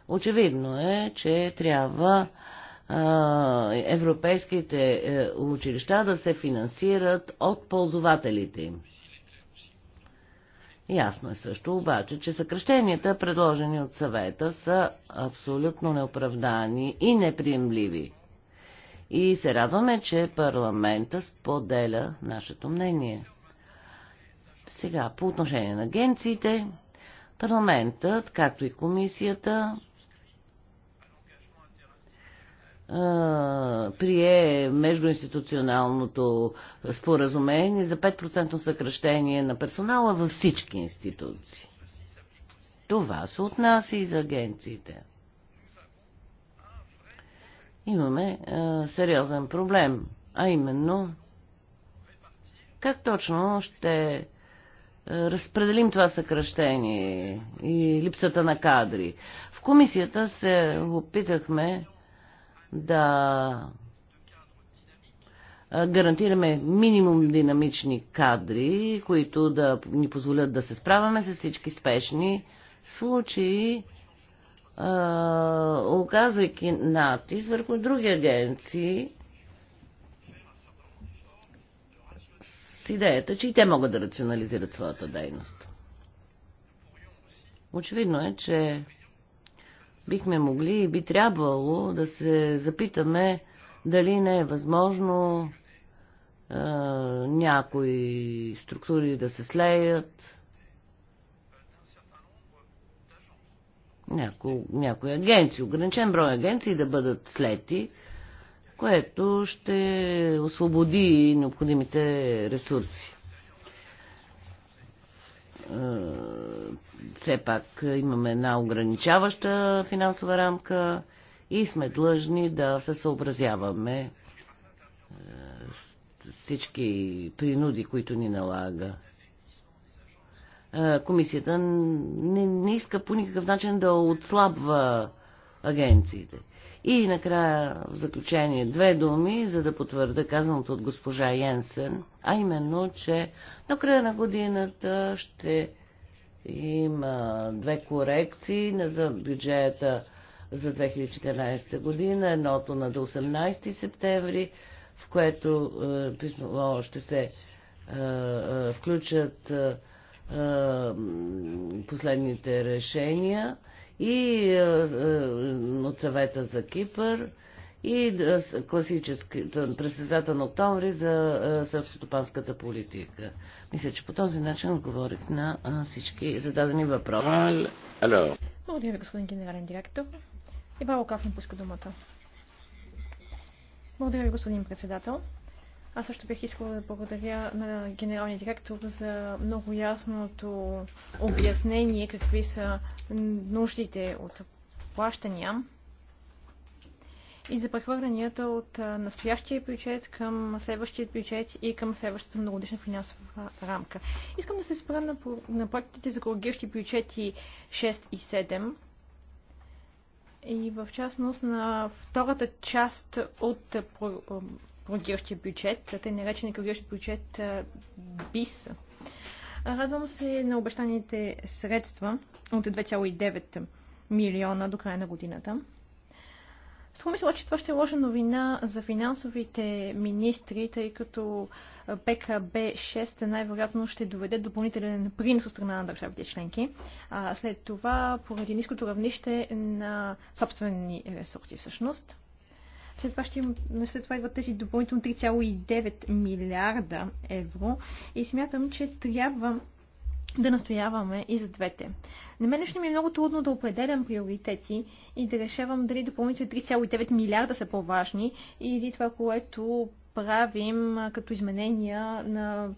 Очевидно е, че трябва европейските е, училища да се финансират от ползвателите им. Ясно е също обаче, че съкръщенията, предложени от съвета, са абсолютно неоправдани и неприемливи. И се радваме, че парламента споделя нашето мнение. Сега, по отношение на агенциите, парламентът, както и комисията, прие междуинституционалното споразумение за 5% съкръщение на персонала във всички институции. Това се отнася и за агенциите имаме а, сериозен проблем, а именно как точно ще разпределим това съкръщение и липсата на кадри. В комисията се опитахме да гарантираме минимум динамични кадри, които да ни позволят да се справяме с всички спешни случаи оказвайки натиск върху други агенции с идеята, че и те могат да рационализират своята дейност. Очевидно е, че бихме могли и би трябвало да се запитаме дали не е възможно е, някои структури да се слеят, някои, някои агенции, ограничен брой агенции да бъдат слети, което ще освободи необходимите ресурси. Все пак имаме една ограничаваща финансова рамка и сме длъжни да се съобразяваме с всички принуди, които ни налага е, комисията не, не иска по никакъв начин да отслабва агенциите. И накрая, в заключение, две думи, за да потвърда казаното от госпожа Йенсен, а именно, че до края на годината ще има две корекции за бюджета за 2014 година. Едното на до 18 септември, в което е, писно, ще се е, е, включат е, последните решения и от съвета за Кипър и класически председател на октомври за сърскостопанската политика. Мисля, че по този начин отговорих на всички зададени въпроси. Благодаря ви, господин генерален директор. Ивало Кафин пуска думата. Благодаря ви, господин председател. Аз също бих искала да благодаря на генералния директор за много ясното обяснение какви са нуждите от плащания и за прехвърлянията от настоящия бюджет към следващия бюджет и към следващата многодишна финансова рамка. Искам да се спра на, на проектите за коригиращи бюджети 6 и 7 и в частност на втората част от коригиращия бюджет, тъй наречен коригиращ бюджет БИС. Радвам се на обещаните средства от 2,9 милиона до края на годината. Схуми че това ще е лоша новина за финансовите министри, тъй като ПКБ-6 най-вероятно ще доведе допълнителен принос от страна на държавите членки. А след това, поради ниското равнище на собствени ресурси всъщност. След това, ще, след това идват тези допълнително 3,9 милиарда евро и смятам, че трябва да настояваме и за двете. На мен лично ми е много трудно да определям приоритети и да решавам дали допълнително 3,9 милиарда са по-важни или това, което правим като изменения на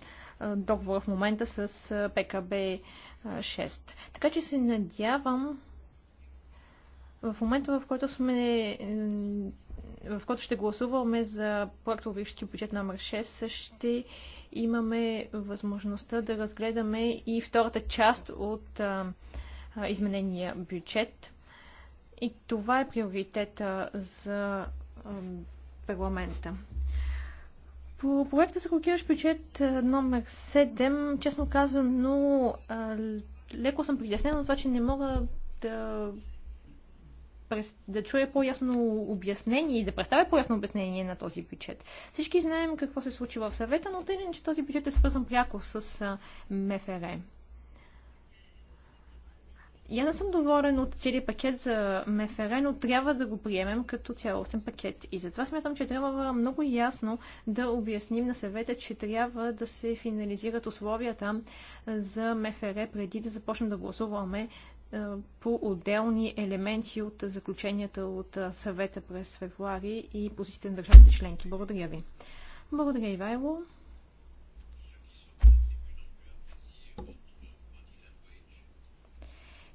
договора в момента с ПКБ 6. Така че се надявам в момента, в който сме в който ще гласуваме за проекторичния бюджет номер 6, ще имаме възможността да разгледаме и втората част от а, а, изменения бюджет. И това е приоритета за а, парламента. По проекта за блокираш бюджет номер 7, честно казано, леко съм притеснена от това, че не мога да да чуе по-ясно обяснение и да представя по-ясно обяснение на този бюджет. Всички знаем какво се случи в съвета, но тъй че този бюджет е свързан пряко с МФР. Я не съм доволен от целият пакет за МФР, но трябва да го приемем като цялостен пакет. И затова смятам, че трябва много ясно да обясним на съвета, че трябва да се финализират условията за МФР преди да започнем да гласуваме е, по отделни елементи от заключенията от е, съвета през февруари и позициите на държавите членки. Благодаря ви. Благодаря, Ивайло.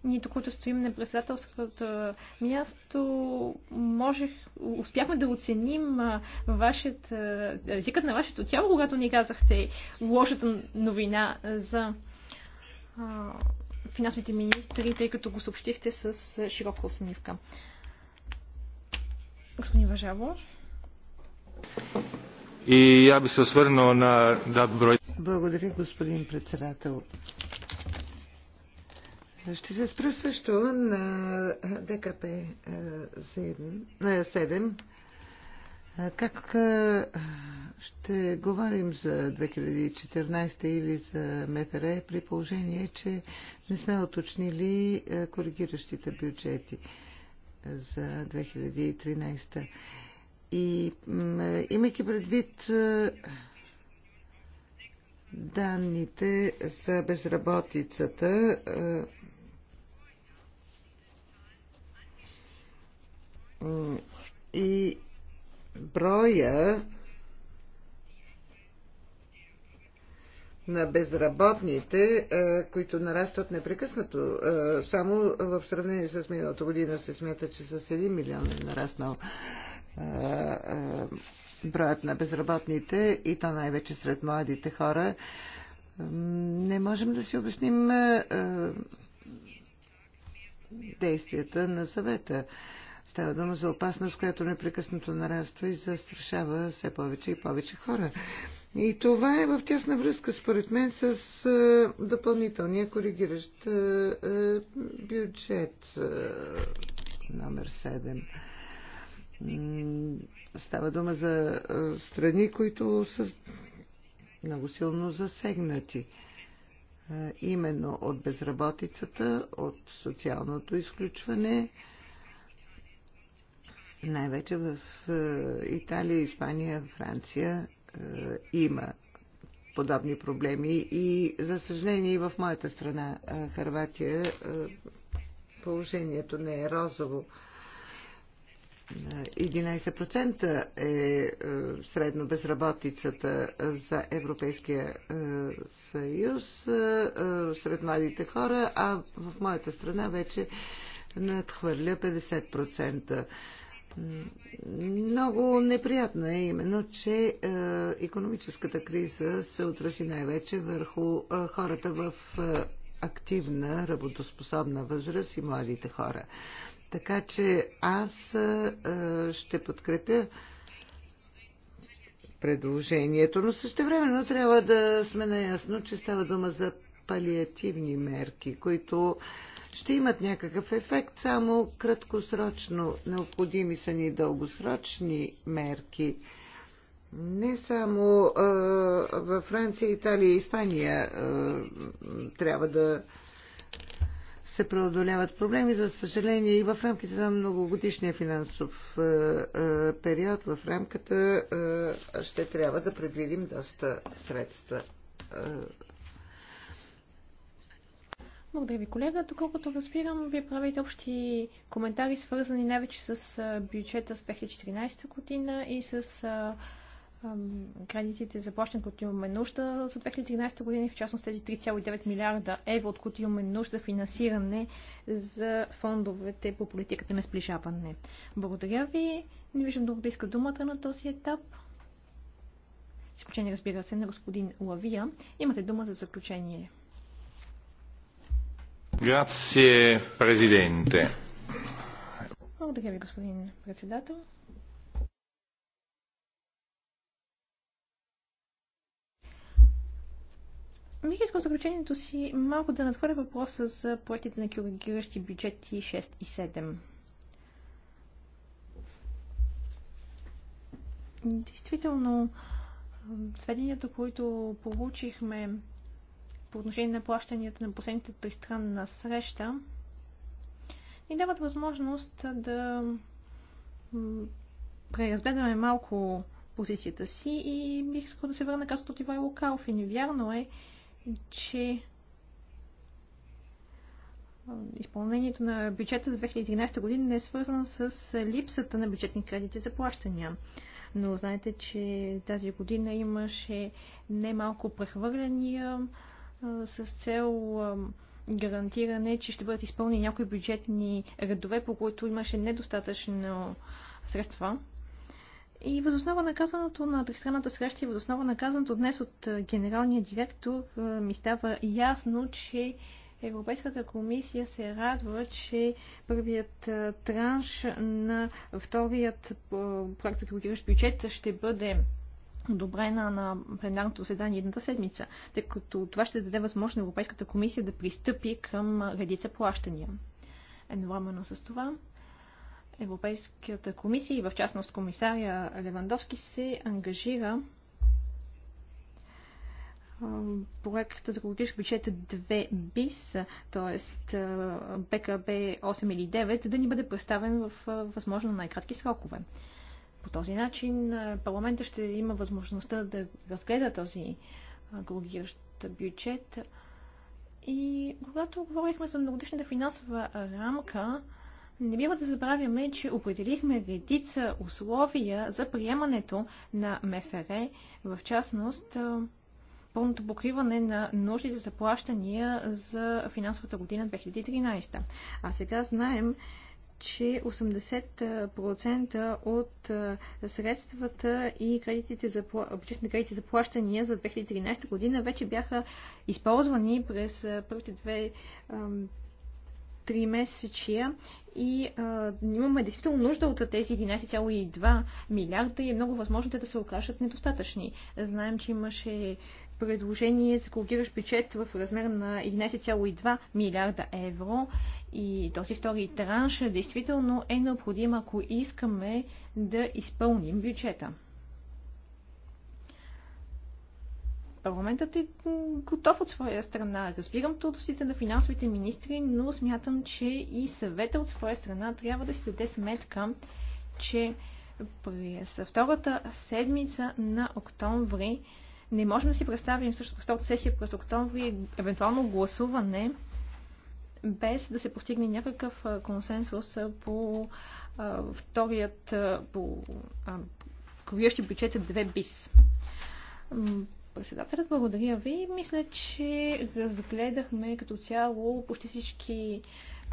ние тук, които стоим на председателското място, можех, успяхме да оценим е, вашият, езикът на вашето тяло, когато ни казахте лошата новина за а, финансовите министри, тъй като го съобщихте с е, широка усмивка. Господин Важаво. И я би се свърнал на да, брой. Благодаря, господин председател. Ще се спра също на ДКП 7. Е, как ще говорим за 2014 или за МФР при положение, че не сме оточнили коригиращите бюджети за 2013? И имайки предвид данните за безработицата, и броя на безработните, е, които нарастват непрекъснато. Е, само в сравнение с миналата година се смята, че с 1 милион е нараснал е, броят на безработните и то най-вече сред младите хора. Не можем да си обясним действията на съвета. Става дума за опасност, която непрекъснато нараства и застрашава все повече и повече хора. И това е в тясна връзка, според мен, с допълнителния коригиращ бюджет номер 7. Става дума за страни, които са много силно засегнати именно от безработицата, от социалното изключване, най-вече в е, Италия, Испания, Франция е, има подобни проблеми и за съжаление и в моята страна е, Харватия положението не е розово. 11% е средно безработицата за Европейския съюз сред младите хора, а в моята страна вече надхвърля 50%. Много неприятно е именно, че економическата криза се отрази най-вече върху е, хората в е, активна, работоспособна възраст и младите хора. Така че аз е, ще подкрепя предложението, но също времено трябва да сме наясно, че става дума за палиативни мерки, които е, ще имат някакъв ефект само краткосрочно. Необходими са ни дългосрочни мерки. Не само а, във Франция, Италия и Испания а, трябва да се преодоляват проблеми. За съжаление и в рамките на многогодишния финансов а, а, период, в рамката а, ще трябва да предвидим доста средства. Благодаря ви, колега. Доколкото разбирам, вие правите общи коментари, свързани най-вече с бюджета с 2014 година и с кредитите за плащане, които имаме нужда за 2013 година и в частност тези 3,9 милиарда евро, от които имаме нужда за финансиране за фондовете по политиката на сближаване. Благодаря ви. Не виждам друго да иска думата на този етап. Изключение, разбира се, на господин Лавия. Имате дума за заключение. Грация, президенте. Благодаря ви, господин председател. Бих искал заключението си малко да надхвърля въпроса за проектите на коригиращи бюджети 6 и 7. Действително, сведенията, които получихме по отношение на плащанията на последните тристранна среща, ни дават възможност да преразгледаме малко позицията си и бих искал да се върна казват от Ивайло Калфин. Вярно е, че изпълнението на бюджета за 2013 година не е свързано с липсата на бюджетни кредити за плащания. Но знаете, че тази година имаше немалко прехвърляния, с цел гарантиране, че ще бъдат изпълнени някои бюджетни редове, по които имаше недостатъчно средства. И възоснова на казаното на тристранната среща и възоснова на казаното днес от генералния директор ми става ясно, че Европейската комисия се радва, че първият транш на вторият проект за бюджет ще бъде одобрена на пленарното заседание едната седмица, тъй като това ще даде възможност на Европейската комисия да пристъпи към редица плащания. Едновременно с това Европейската комисия и в частност комисаря Левандовски се ангажира проекта за екологичен бюджет 2 бис, т.е. БКБ 8 или 9, да ни бъде представен в възможно най-кратки срокове. По този начин парламента ще има възможността да разгледа този агрогиращ бюджет. И когато говорихме за многодишната финансова рамка, не бива да забравяме, че определихме редица условия за приемането на МФР, в частност пълното покриване на нуждите за плащания за финансовата година 2013. А сега знаем, че 80% от средствата и кредитите за, бюджетни кредити за плащания за 2013 година вече бяха използвани през първите две три месечия и а, имаме действително нужда от тези 11,2 милиарда и е много възможно те да се окажат недостатъчни. Знаем, че имаше предложение за коригираш бюджет в размер на 11,2 милиарда евро и този втори транш действително е необходим, ако искаме да изпълним бюджета. парламентът е готов от своя страна. Разбирам трудностите на финансовите министри, но смятам, че и съвета от своя страна трябва да си даде сметка, че през втората седмица на октомври не можем да си представим също втората сесия през октомври, евентуално гласуване, без да се постигне някакъв консенсус по а, вторият, по коригиращи бюджет 2 бис. Председателят, благодаря ви. Мисля, че разгледахме като цяло почти всички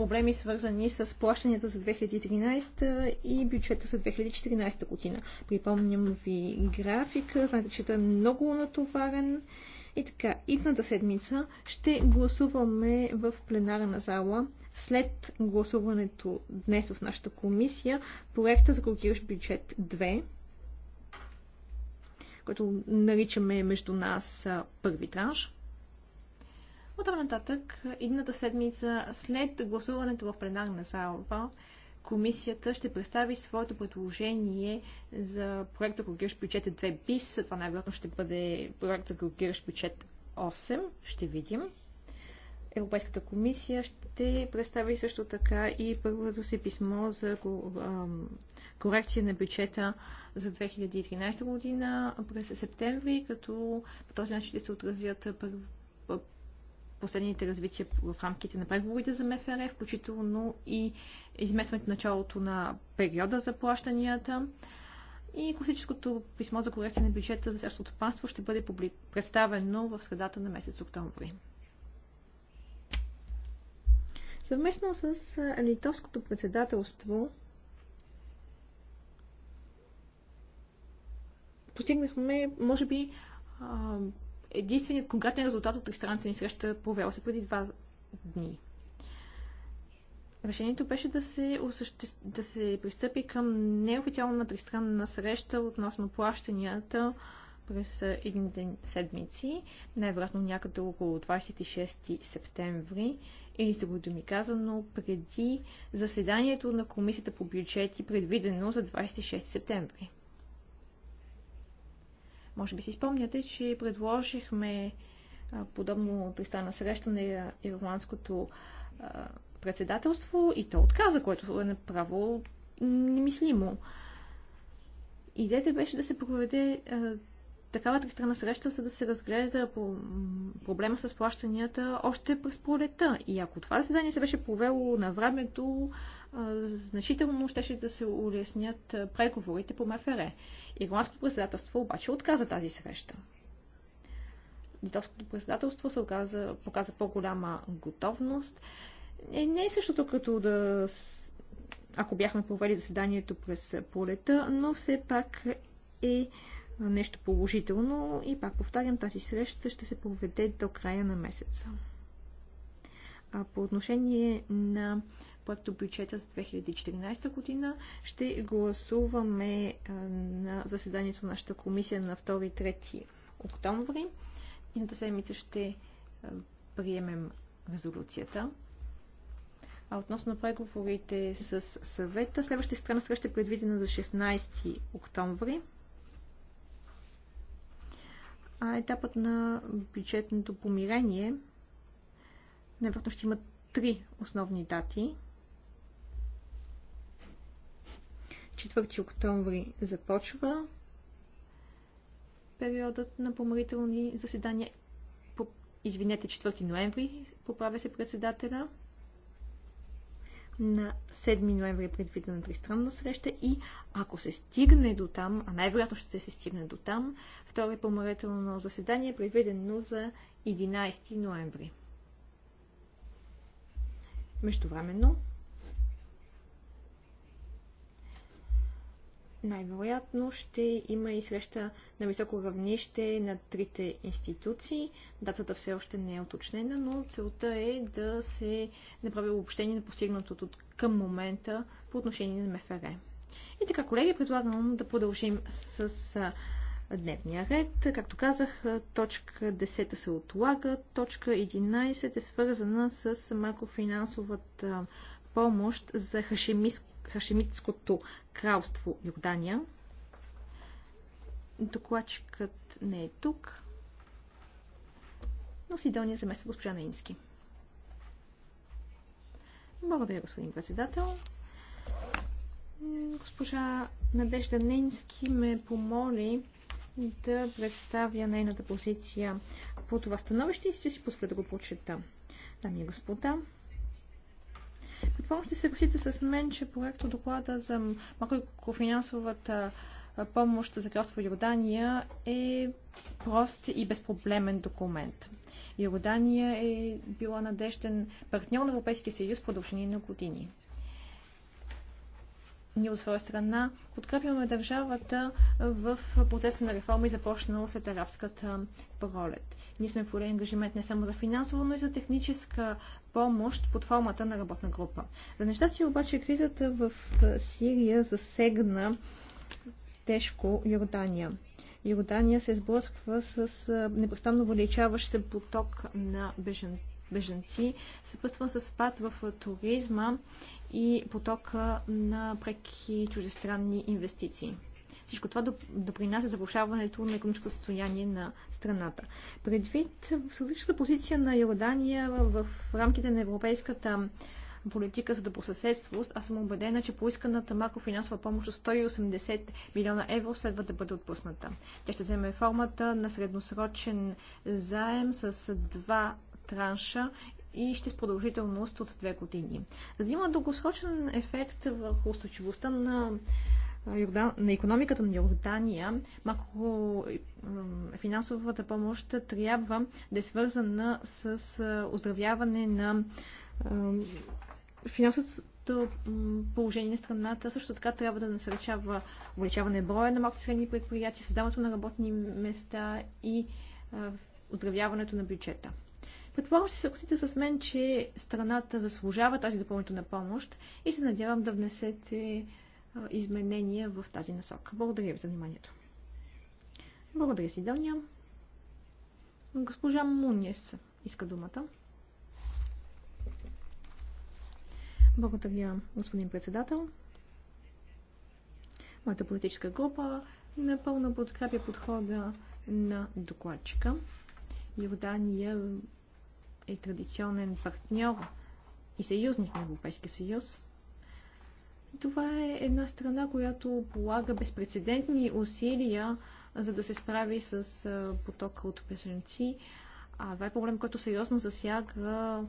проблеми, свързани с плащанията за 2013 и бюджета за 2014 година. Припомням ви графика, знаете, че той е много натоварен. И така, идната седмица ще гласуваме в пленарна зала след гласуването днес в нашата комисия проекта за коригиращ бюджет 2 който наричаме между нас първи транш. От нататък, едната седмица след гласуването в пленарна зала, комисията ще представи своето предложение за проект за коригиращ бюджет 2 БИС. Това най-вероятно ще бъде проект за коригиращ бюджет 8. Ще видим. Европейската комисия ще представи също така и първото си писмо за корекция на бюджета за 2013 година през септември, като по този начин ще се отразят последните развития в рамките на преговорите за МФР, включително и изместването началото на периода за плащанията. И класическото писмо за корекция на бюджета за следващото панство ще бъде представено в средата на месец октомври. Съвместно с литовското председателство постигнахме, може би, единственият конкретен резултат от тристранната ни среща провела се преди два дни. Решението беше да се, осъще... да се пристъпи към неофициална тристранна среща относно плащанията през едните седмици, най-вероятно някъде около 26 септември, или с други ми казано, преди заседанието на Комисията по бюджети, предвидено за 26 септември. Може би си спомняте, че предложихме подобно тристана среща на ирландското председателство и то отказа, което е направо немислимо. Идеята беше да се проведе такава тристрана среща, за да се разгледа по проблема с плащанията още през пролета. И ако това заседание се беше провело на времето, значително щеше да се улеснят преговорите по МФР. Ирландското председателство обаче отказа тази среща. Литовското председателство се оказа, показа по-голяма готовност. Е, не е същото като да ако бяхме провели заседанието през полета, но все пак е нещо положително и пак повтарям, тази среща ще се проведе до края на месеца. А по отношение на проекто бюджета за 2014 година. Ще гласуваме на заседанието на нашата комисия на 2 и 3 октомври. и на седмица ще приемем резолюцията. А относно преговорите с съвета, следващата страна среща е предвидена за 16 октомври. А етапът на бюджетното помирение най-вероятно ще има три основни дати. 4 октомври започва периодът на помирителни заседания. По, извинете, 4 ноември поправя се председателя. На 7 ноември е предвидена тристранна среща и ако се стигне до там, а най-вероятно ще се стигне до там, второ помирително заседание е предвидено за 11 ноември. Междувременно, Най-вероятно ще има и среща на високо равнище на трите институции. Датата все още не е уточнена, но целта е да се направи обобщение на постигнатото към момента по отношение на МФР. И така, колеги, предлагам да продължим с дневния ред. Както казах, точка 10 се отлага, точка 11 е свързана с макрофинансовата помощ за хашемиско Хашемитското кралство Йордания. Докладчикът не е тук, но Сидония замества госпожа Наински. Благодаря, господин председател. Госпожа Надежда Ненски ме помоли да представя нейната позиция по това становище и ще си позволя да го прочета. Дами и господа, какво ще се съгласите с мен, че проекто доклада за макрофинансовата помощ за кралство Йордания е прост и безпроблемен документ. Йордания е била надежден партньор на Европейския съюз в продължение на години. Ние от своя страна подкрепяме държавата в процеса на реформи, започнал след арабската пролет. Ние сме поели ангажимент не само за финансово, но и за техническа помощ под формата на работна група. За неща си обаче кризата в Сирия засегна тежко Йордания. Йордания се сблъсква с непрестанно увеличаващ се поток на беженци бежанци, съпътстван с спад в туризма и потока на преки чужестранни инвестиции. Всичко това допринася за влушаването на економическото състояние на страната. Предвид съдържащата позиция на Йордания в рамките на европейската политика за добросъседство, аз съм убедена, че поисканата макрофинансова помощ от 180 милиона евро следва да бъде отпусната. Тя ще вземе формата на средносрочен заем с два транша и ще с продължителност от две години. За да има дългосрочен ефект върху устойчивостта на на економиката на Йордания, макро финансовата помощ трябва да е свързана с оздравяване на финансовото положение на страната. Също така трябва да насърчава увеличаване броя на малки средни предприятия, създаването на работни места и оздравяването на бюджета. Предполагам, че се съгласите с мен, че страната заслужава тази допълнителна помощ и се надявам да внесете изменения в тази насока. Благодаря ви за вниманието. Благодаря си, Дания. Госпожа Мунес иска думата. Благодаря, господин председател. Моята политическа група напълно подкрепя подхода на докладчика. Йордания е традиционен партньор и съюзник на Европейския съюз. Това е една страна, която полага безпредседентни усилия, за да се справи с потока от беженци. А това е проблем, който сериозно засяга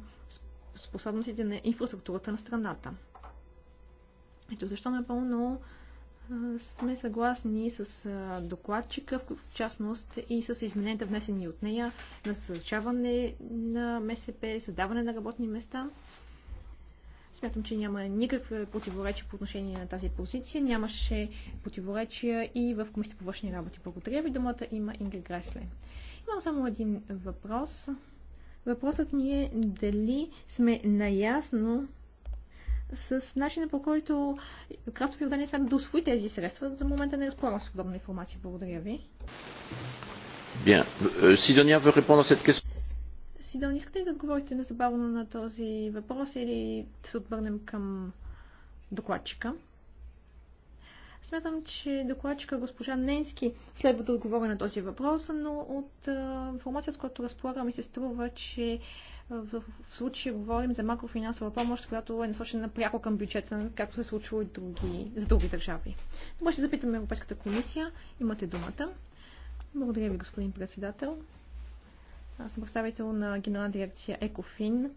способностите на инфраструктурата на страната. Ето защо напълно сме съгласни с докладчика, в частност и с измененията внесени от нея, насърчаване на МСП, създаване на работни места. Смятам, че няма никакви противоречия по отношение на тази позиция. Нямаше противоречия и в Комисията по външни работи. Благодаря ви. Думата има Инга Гресле. Имам само един въпрос. Въпросът ми е дали сме наясно с начина по който Красно Йордания смята да усвои тези средства. За момента не разполагам с подобна информация. Благодаря ви. Bien. Euh, Sidonia veut répondre à cette question. Сидон, искате ли да отговорите незабавно на този въпрос или да се отвърнем към докладчика? Смятам, че докладчика госпожа Ненски следва да отговори на този въпрос, но от информация, с която разполагам, ми се струва, че в, в случая говорим за макрофинансова помощ, която е насочена пряко към бюджета, както се случва и други, за други държави. Добре, ще запитаме Европейската комисия. Имате думата. Благодаря ви, господин председател. Аз съм представител на генерална дирекция ЕКОФИН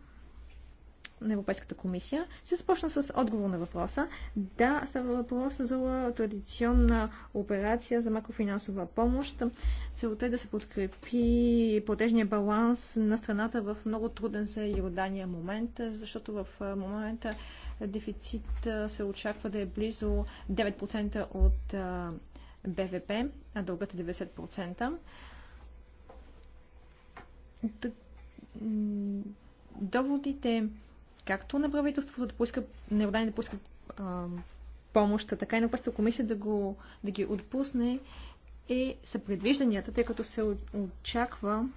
на Европейската комисия. Ще започна с отговор на въпроса. Да, става въпрос за традиционна операция за макрофинансова помощ. Целта е да се подкрепи платежния баланс на страната в много труден за Йордания момент, защото в момента дефицит се очаква да е близо 9% от БВП, а дългът е 90% доводите както на правителството да поиска, не да поиска а, помощ, така и на Европейската комисия да, го, да ги отпусне, е, са предвижданията, тъй като се очаква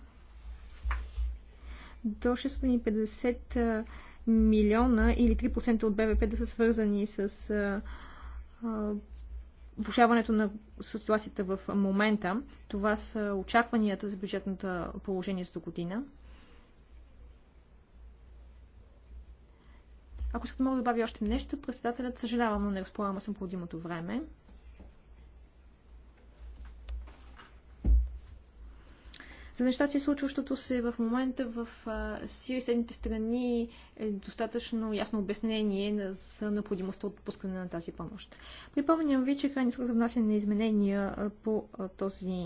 до 650 милиона или 3% от БВП да са свързани с а, а, влушаването на ситуацията в момента. Това са очакванията за бюджетната положение за до година. Ако искате, мога да добавя още нещо. Председателят съжалявам, но не разполагам с необходимото време. За нещата, е случващото се е в момента в Сирия и съседните страни е достатъчно ясно обяснение за необходимостта от отпускане на тази помощ. Припомням ви, че крайният срок за внасяне на изменения по този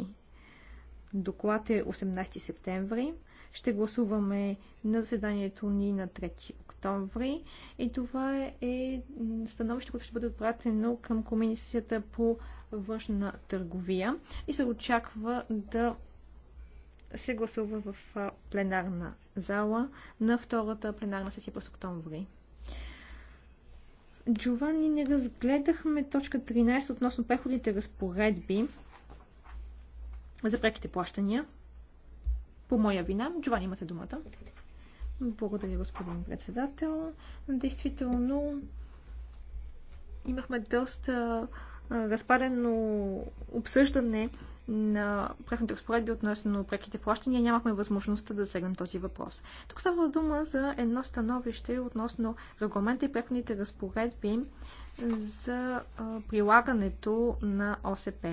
доклад е 18 септември. Ще гласуваме на заседанието ни на 3 октомври октомври и това е становище, което ще бъде отпратено към Комисията по външна търговия и се очаква да се гласува в пленарна зала на втората пленарна сесия през октомври. Джованни, не разгледахме точка 13 относно преходните разпоредби за преките плащания. По моя вина. Джованни, имате думата. Благодаря, господин председател. Действително, имахме доста разпадено обсъждане на прехните разпоредби относно преките плащания, нямахме възможността да засегнем този въпрос. Тук става дума за едно становище относно регламента и прекните разпоредби за прилагането на ОСП.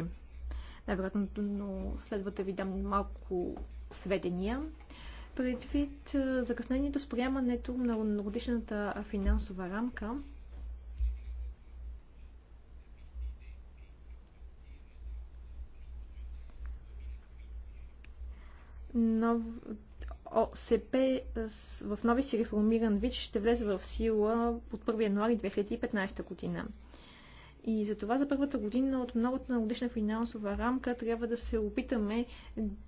Най-вероятно следва да ви дам малко сведения предвид закъснението с приемането на многодишната финансова рамка, нов... ОСП в нови си реформиран вид ще влезе в сила от 1 януари 2015 година. И затова за първата година от многото на годишна финансова рамка трябва да се опитаме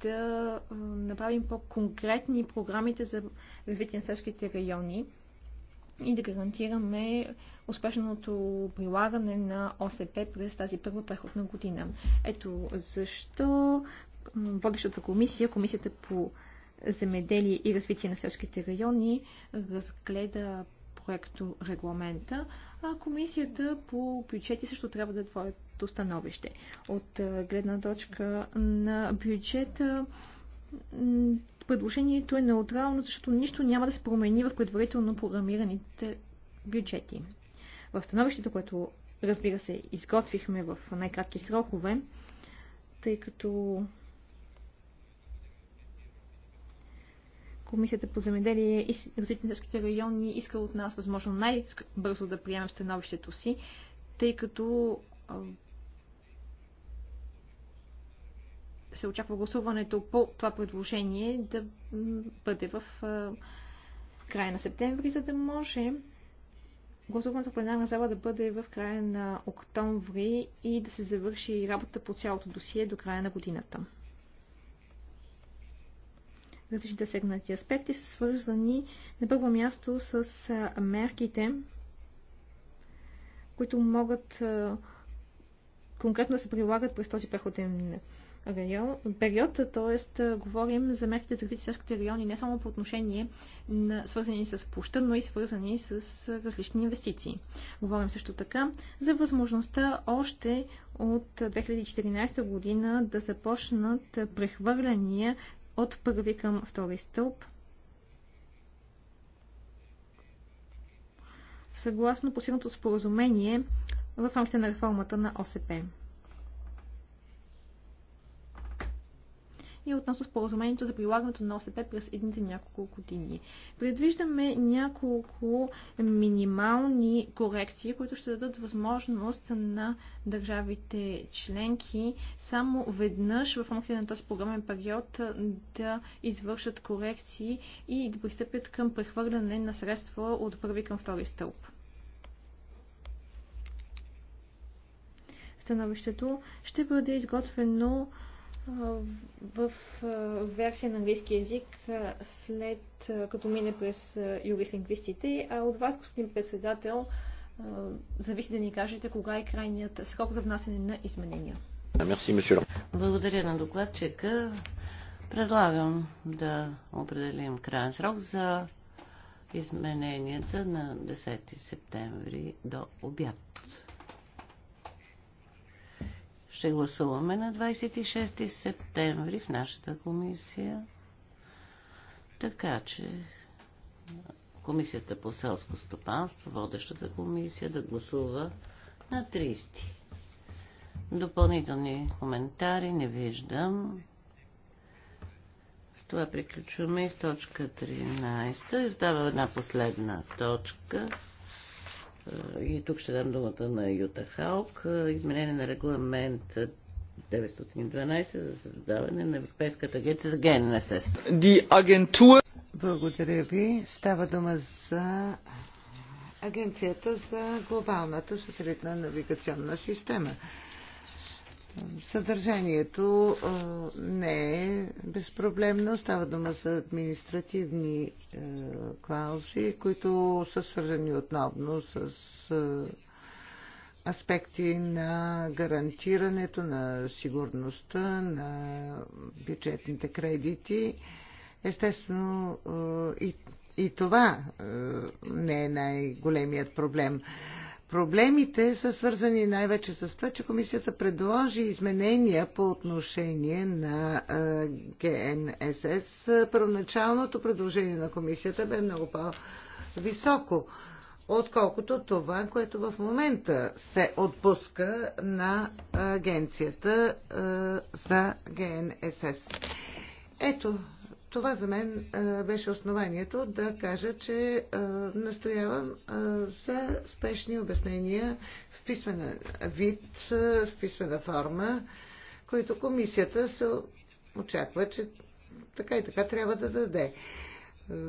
да направим по-конкретни програмите за развитие на селските райони и да гарантираме успешното прилагане на ОСП през тази първа преходна година. Ето защо водещата комисия, комисията по земеделие и развитие на селските райони, разгледа проекто регламента, а комисията по бюджети също трябва да е твоето становище. От гледна точка на бюджета предложението е неутрално, защото нищо няма да се промени в предварително програмираните бюджети. В становището, което разбира се изготвихме в най-кратки срокове, тъй като Комисията по земеделие и развитие на селските райони иска от нас възможно най-бързо да приемем становището си, тъй като се очаква гласуването по това предложение да бъде в края на септември, за да може гласуването в пленарна зала да бъде в края на октомври и да се завърши работа по цялото досие до края на годината различните сегнати аспекти са свързани на първо място с мерките, които могат конкретно да се прилагат през този преходен период, т.е. говорим за мерките за развитие селските райони не само по отношение на свързани с площа, но и свързани с различни инвестиции. Говорим също така за възможността още от 2014 година да започнат прехвърляния от първи към втори стълб. Съгласно постигнато споразумение в рамките на реформата на ОСП. и относно споразумението за прилагането на ОСП през едните няколко години. Предвиждаме няколко минимални корекции, които ще дадат възможност на държавите членки само веднъж в рамките на този програмен период да извършат корекции и да пристъпят към прехвърляне на средства от първи към втори стълб. становището ще бъде изготвено в, в, в версия на английски язик, след като мине през юрислингвистите, а от вас, господин председател, зависи да ни кажете кога е крайният срок за внасяне на изменения. Благодаря на докладчика. Предлагам да определим крайен срок за измененията на 10 септември до обяд. Ще гласуваме на 26 септември в нашата комисия. Така че Комисията по селско стопанство, водещата комисия, да гласува на 30. Допълнителни коментари не виждам. С това приключваме с точка 13. Остава една последна точка. И тук ще дам думата на Юта Халк. Изменение на регламент 912 за създаване на Европейската агенция за ГНСС. агентура... Благодаря ви. Става дума за Агенцията за глобалната сателитна навигационна система. Съдържанието не е безпроблемно. Става дума за административни клаузи, които са свързани отново с аспекти на гарантирането на сигурността на бюджетните кредити. Естествено, и, и това не е най-големият проблем. Проблемите са свързани най-вече с това, че комисията предложи изменения по отношение на ГНСС. Първоначалното предложение на комисията бе много по-високо, отколкото това, което в момента се отпуска на агенцията за ГНСС. Ето, това за мен беше основанието да кажа, че настоявам за спешни обяснения в писмена вид, в писмена форма, които комисията се очаква, че така и така трябва да даде.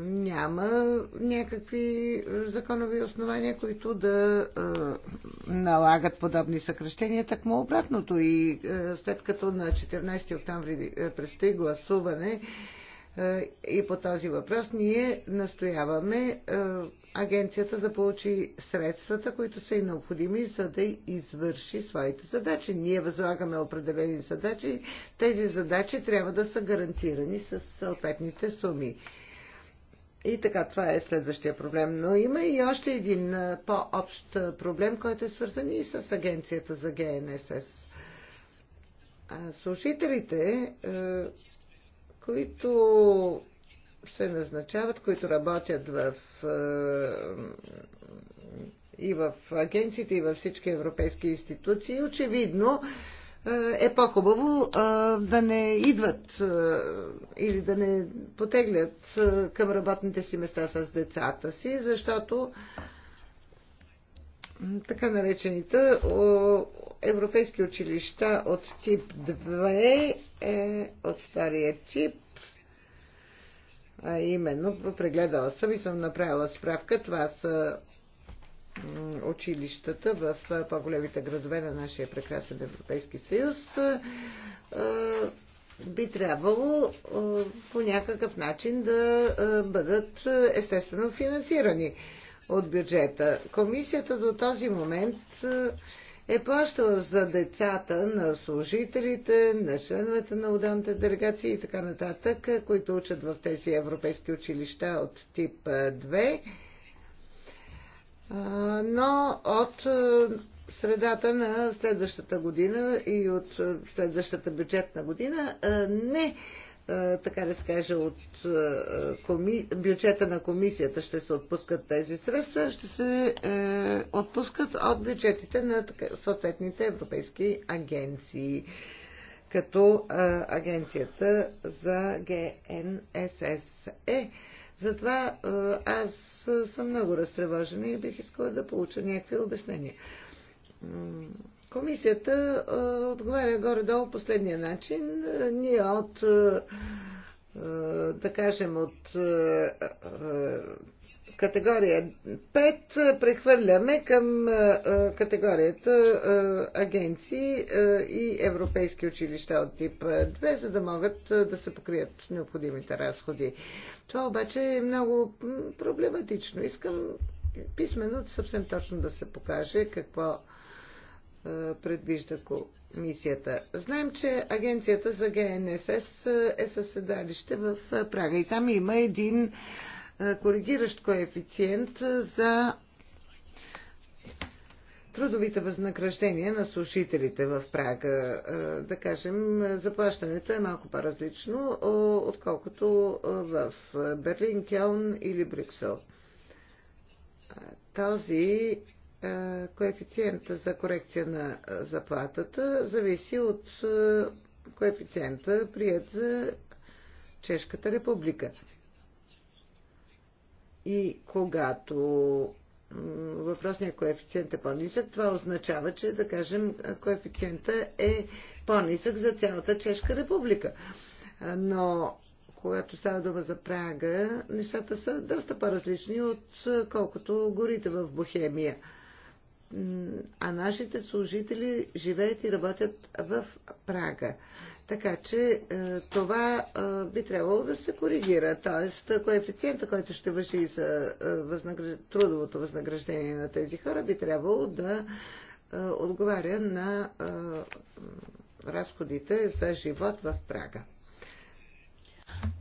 Няма някакви законови основания, които да е, налагат подобни съкрещения, так му обратното. И е, след като на 14 октомври предстои гласуване, е, е, и по този въпрос ние настояваме е, агенцията да получи средствата, които са и необходими, за да извърши своите задачи. Ние възлагаме определени задачи. Тези задачи трябва да са гарантирани с съответните суми. И така, това е следващия проблем. Но има и още един е, по-общ проблем, който е свързан и с агенцията за ГНСС. Служителите които се назначават, които работят в, е, и в агенциите, и във всички европейски институции. Очевидно е по-хубаво е, да не идват е, или да не потеглят към работните си места с децата си, защото така наречените европейски училища от тип 2, е, от втория тип, а именно, прегледала съм и съм направила справка, това са училищата в по-големите градове на нашия прекрасен Европейски съюз, би трябвало по някакъв начин да бъдат естествено финансирани от бюджета. Комисията до този момент е плащала за децата на служителите, на членовете на отделните делегации и така нататък, които учат в тези европейски училища от тип 2. Но от средата на следващата година и от следващата бюджетна година не е, така да се каже, от е, коми... бюджета на комисията ще се отпускат тези средства, ще се е, отпускат от бюджетите на така, съответните европейски агенции, като е, агенцията за ГНССЕ. Затова е, аз съм много разтревожена и бих искала да получа някакви обяснения Комисията а, отговаря горе-долу последния начин. Ние от, а, да кажем, от а, категория 5 прехвърляме към а, категорията а, агенции а, и европейски училища от тип 2, за да могат а, да се покрият необходимите разходи. Това обаче е много проблематично. Искам писменно съвсем точно да се покаже какво предвижда комисията. Знаем, че агенцията за ГНСС е със седалище в Прага и там има един коригиращ коефициент за трудовите възнаграждения на слушителите в Прага. Да кажем, заплащането е малко по-различно, отколкото в Берлин, Келн или Брюксел. Този е, коефициента за корекция на е, заплатата зависи от е, коефициента прият за Чешката република. И когато въпросният коефициент е по-нисък, това означава, че, да кажем, коефициента е по-нисък за цялата Чешка република. Но когато става дума за Прага, нещата са доста по-различни от колкото горите в Бохемия а нашите служители живеят и работят в Прага. Така че е, това е, би трябвало да се коригира, т.е. коефициента, който ще върши за е, възнагр... трудовото възнаграждение на тези хора, би трябвало да отговаря на разходите за живот в Прага.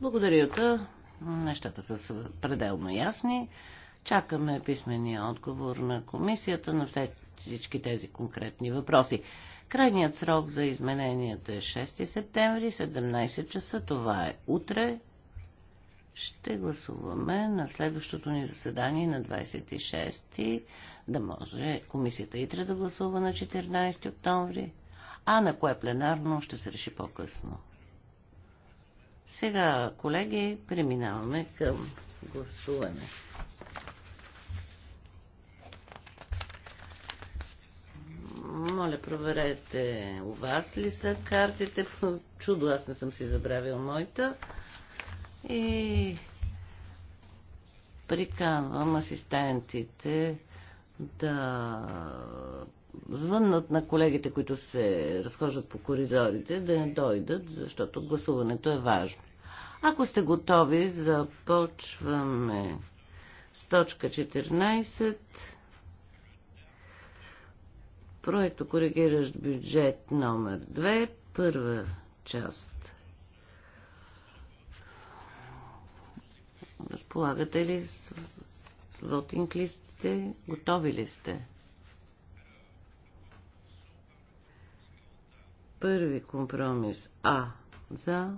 Благодаря, Нещата са пределно ясни. Чакаме писмения отговор на комисията на всички тези конкретни въпроси. Крайният срок за измененията е 6 септември, 17 часа. Това е утре. Ще гласуваме на следващото ни заседание на 26 да може комисията ИТРЕ да гласува на 14 октомври, а на кое пленарно ще се реши по-късно. Сега, колеги, преминаваме към гласуване. Моля, проверете у вас ли са картите. <laughs> Чудо, аз не съм си забравил моята. И приканвам асистентите да звъннат на колегите, които се разхождат по коридорите, да не дойдат, защото гласуването е важно. Ако сте готови, започваме с точка 14. Проекто коригиращ бюджет номер 2, първа част. Разполагате ли с вотинг листите? Готови ли сте? Първи компромис А за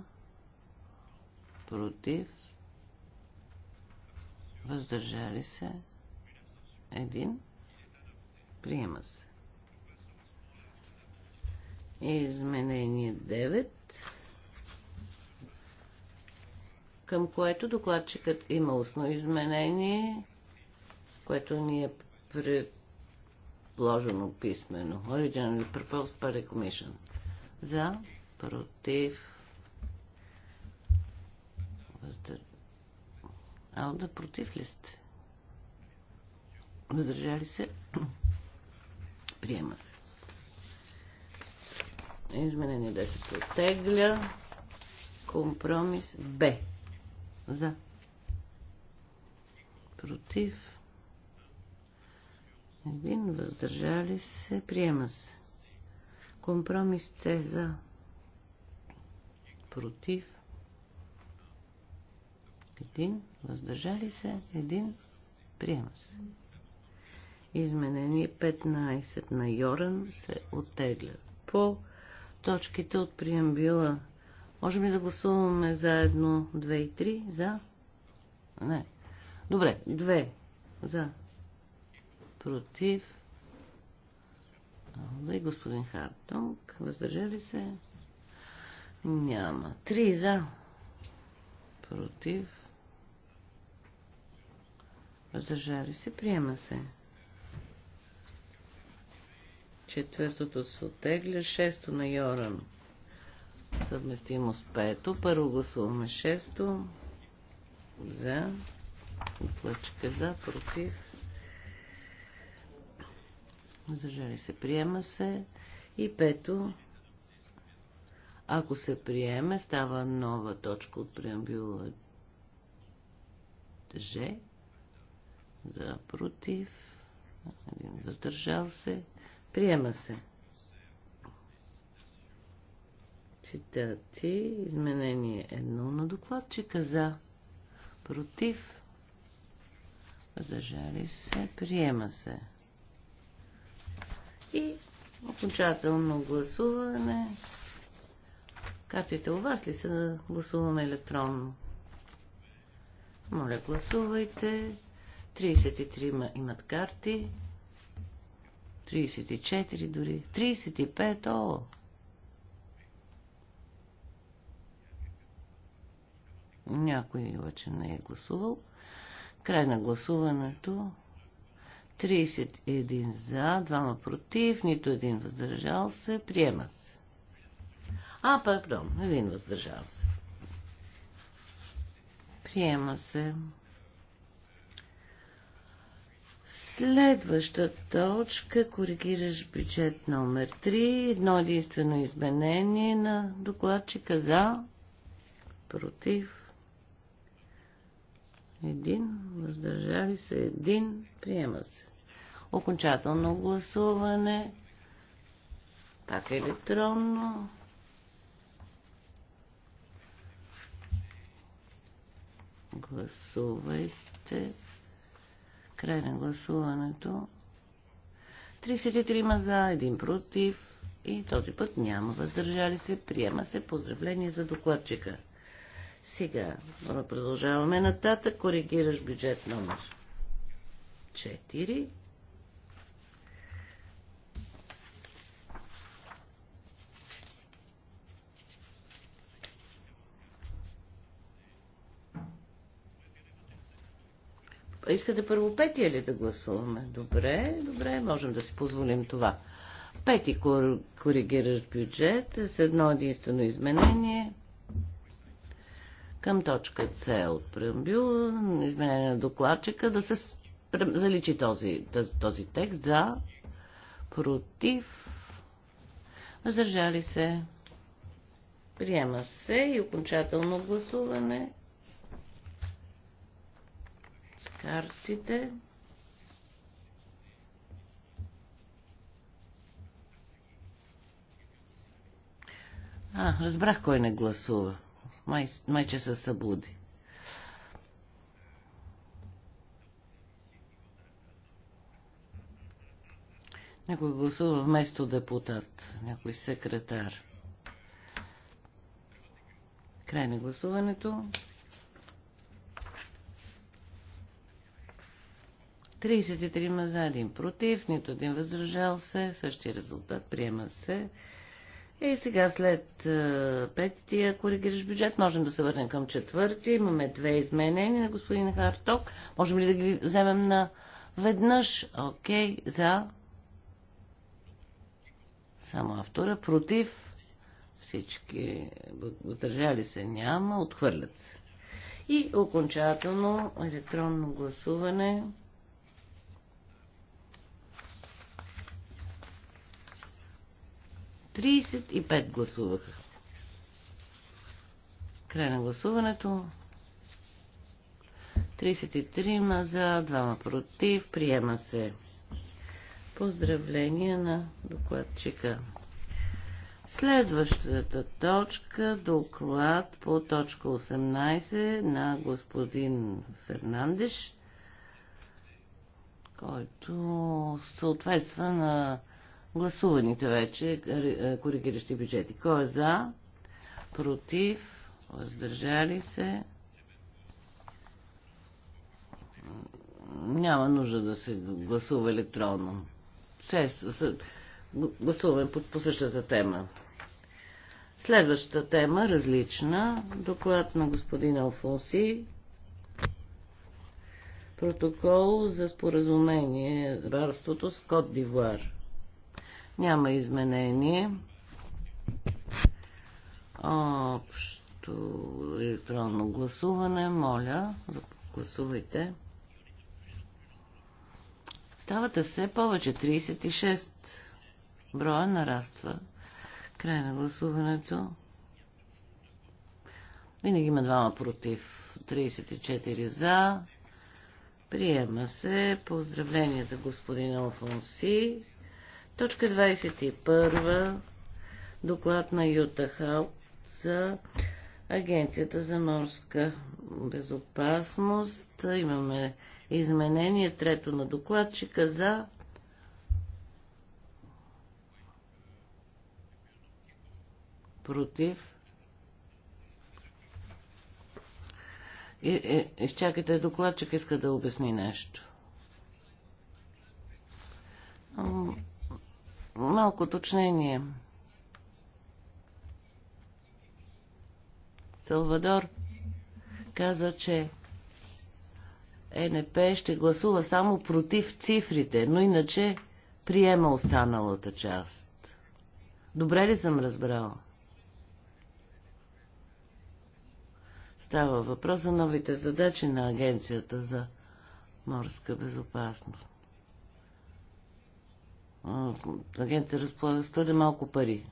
против въздържали се един приема се Изменение 9 към което докладчикът има устно изменение, което ни е предложено писменно. Original proposed by the commission. За, против, А Алда, против ли сте? Въздържали се? <clears throat> Приема се. Изменение 10 се оттегля. Компромис Б. За. Против. Един въздържали се. Приема се. Компромис С за. Против. Един въздържали се. Един. Приема се. Изменение 15 на Йоран се оттегля. По точките от приембила. Можем ли да гласуваме заедно 2 и 3? За? Не. Добре, 2. За. Против. Да и господин Хартонг. Въздържали се? Няма. 3 за. Против. Въздържали се? Приема се четвъртото се оттегля, шесто на Йоран. Съвместимо с пето. Първо гласуваме шесто. За. Плъчка за, против. Зажали се, приема се. И пето. Ако се приеме, става нова точка от преамбюла Ж. За, против. Един въздържал се. Приема се. Цитати. Изменение едно на докладчика за. Против. Зажали се. Приема се. И окончателно гласуване. Картите у вас ли са да гласуваме електронно? Моля, гласувайте. 33 имат карти. 34 дори. 35, о! Някой обаче не е гласувал. Край на гласуването. 31 за, 2 против, нито един въздържал се. Приема се. А, пардон, един въздържал се. Приема се. Следваща точка, коригираш бюджет номер 3, едно единствено изменение на докладчика за, против, един, въздържави се един, приема се. Окончателно гласуване, пак електронно. Гласувайте. Край на гласуването. 33 ма за, 1 против и този път няма въздържали се. Приема се поздравление за докладчика. Сега продължаваме нататък. Коригираш бюджет номер 4. Искате първо петия ли да гласуваме? Добре, добре, можем да си позволим това. Пети кор... коригиращ бюджет с едно единствено изменение към точка С от преамбюл, изменение на докладчика, да се заличи този, този текст за, против, въздържали се, приема се и окончателно гласуване с картите. А, разбрах кой не гласува. Май, май че се събуди. Някой гласува вместо депутат, някой секретар. Край на гласуването. 33 за 1 против, нито един въздържал се, същия резултат приема се. И сега след е, петия коригираш бюджет, можем да се върнем към четвърти. Имаме две изменения на господин Харток. Можем ли да ги вземем на веднъж? Окей, okay, за. Само автора. Против. Всички въздържали се няма, отхвърлят се. И окончателно електронно гласуване. 35 гласуваха. Край на гласуването. 33 за, 2 против. Приема се. Поздравление на докладчика. Следващата точка доклад по точка 18 на господин Фернандеш, който съответства на гласуваните вече е, коригиращи бюджети. Кой е за? Против? Въздържали се? Няма нужда да се гласува електронно. Се, гласуваме по, по същата тема. Следващата тема, различна, доклад на господин Алфонси, протокол за споразумение с барството с Кот Дивуар. Няма изменение. Общо електронно гласуване. Моля, гласувайте. Ставате все повече. 36 броя нараства. Край на гласуването. Винаги има двама против. 34 за. Приема се. Поздравление за господин Алфонси. Точка 21. Доклад на Юта Халк за Агенцията за морска безопасност. Имаме изменение трето на докладчика за против И, и, изчакайте, докладчик иска да обясни нещо. Малко уточнение. Салвадор каза, че ЕНП ще гласува само против цифрите, но иначе приема останалата част. Добре ли съм разбрала? Става въпрос за новите задачи на Агенцията за морска безопасност агенцията разполага с твърде малко пари.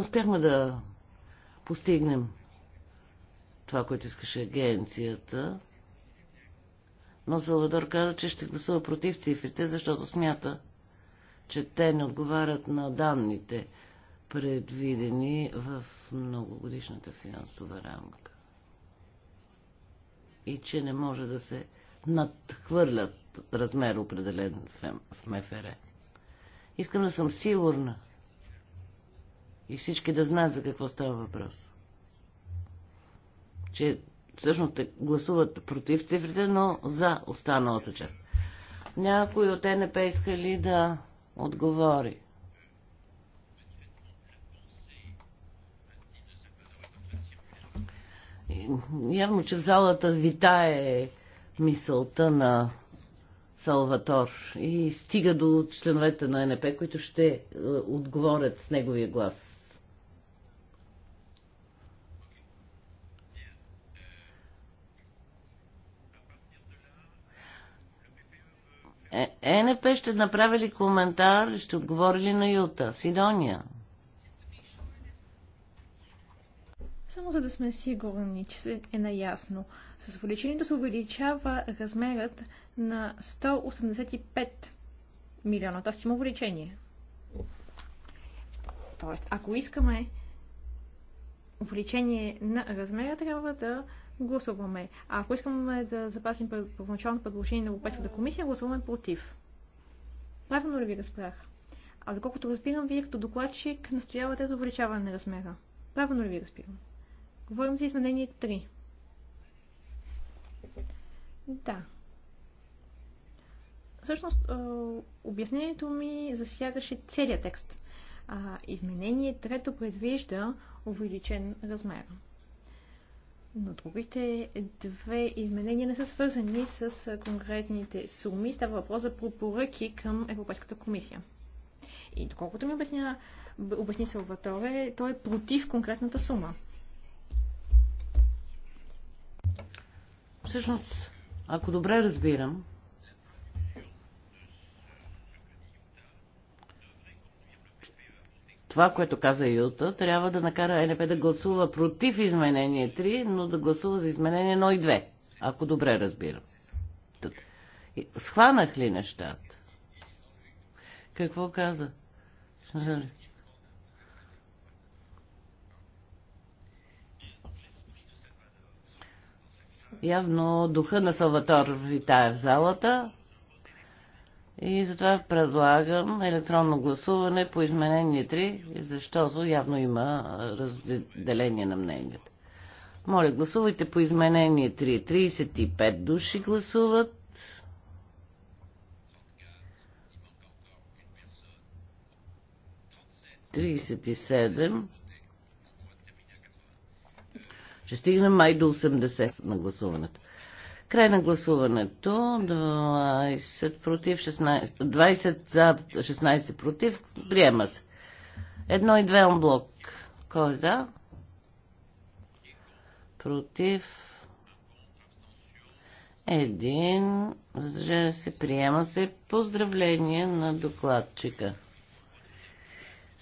Успяхме да постигнем това, което искаше агенцията. Но Салвадор каза, че ще гласува против цифрите, защото смята, че те не отговарят на данните, предвидени в многогодишната финансова рамка и че не може да се надхвърлят размер определен в МФР. Искам да съм сигурна и всички да знаят за какво става въпрос. Че всъщност гласуват против цифрите, но за останалата част. Някой от НП иска ли да отговори? Явно, че в залата витае мисълта на Салватор и стига до членовете на НП, които ще е, отговорят с неговия глас. Е, НП ще направи ли коментар, ще отговори ли на Юта, Сидония? само за да сме сигурни, че е наясно. С увеличението се увеличава размерът на 185 милиона, т.е. има увеличение. Тоест, ако искаме увеличение на размера, трябва да гласуваме. А ако искаме да запазим първоначално предложение на Европейската комисия, гласуваме против. Правилно ли ви разбрах? А доколкото разбирам, вие като докладчик настоявате за увеличаване на размера. Правилно ли ви разбирам? Говорим за изменение 3. Да. Всъщност, обяснението ми засягаше целият текст. А изменение трето предвижда увеличен размер. Но другите две изменения не са свързани с конкретните суми. Става въпрос за препоръки към Европейската комисия. И доколкото ми обясня, обясни Салваторе, той е против конкретната сума. всъщност, ако добре разбирам, това, което каза Юта, трябва да накара НП е да гласува против изменение 3, но да гласува за изменение 1 и 2, ако добре разбирам. Схванах ли нещата? Какво каза? Явно духа на Салватор витая в залата. И затова предлагам електронно гласуване по изменение 3, защото явно има разделение на мненията. Моля, гласувайте по изменение 3. 35 души гласуват. Тридесет и седем. Ще стигнем май до 80 на гласуването. Край на гласуването. 20 против, 16, 20 за, 16 против. Приема се. Едно и две онблок. Кой е за? Против. Един. Въздържане се. Приема се. Поздравление на докладчика.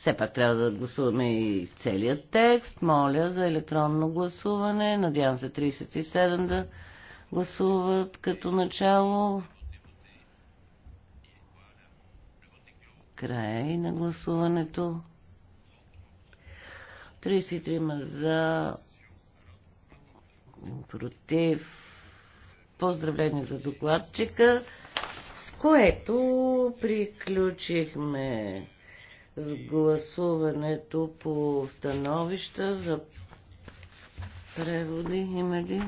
Все пак трябва да гласуваме и целият текст. Моля за електронно гласуване. Надявам се 37 да гласуват като начало. Край на гласуването. 33 за против. Поздравление за докладчика, с което приключихме с гласуването по становища за преводи. Има ли?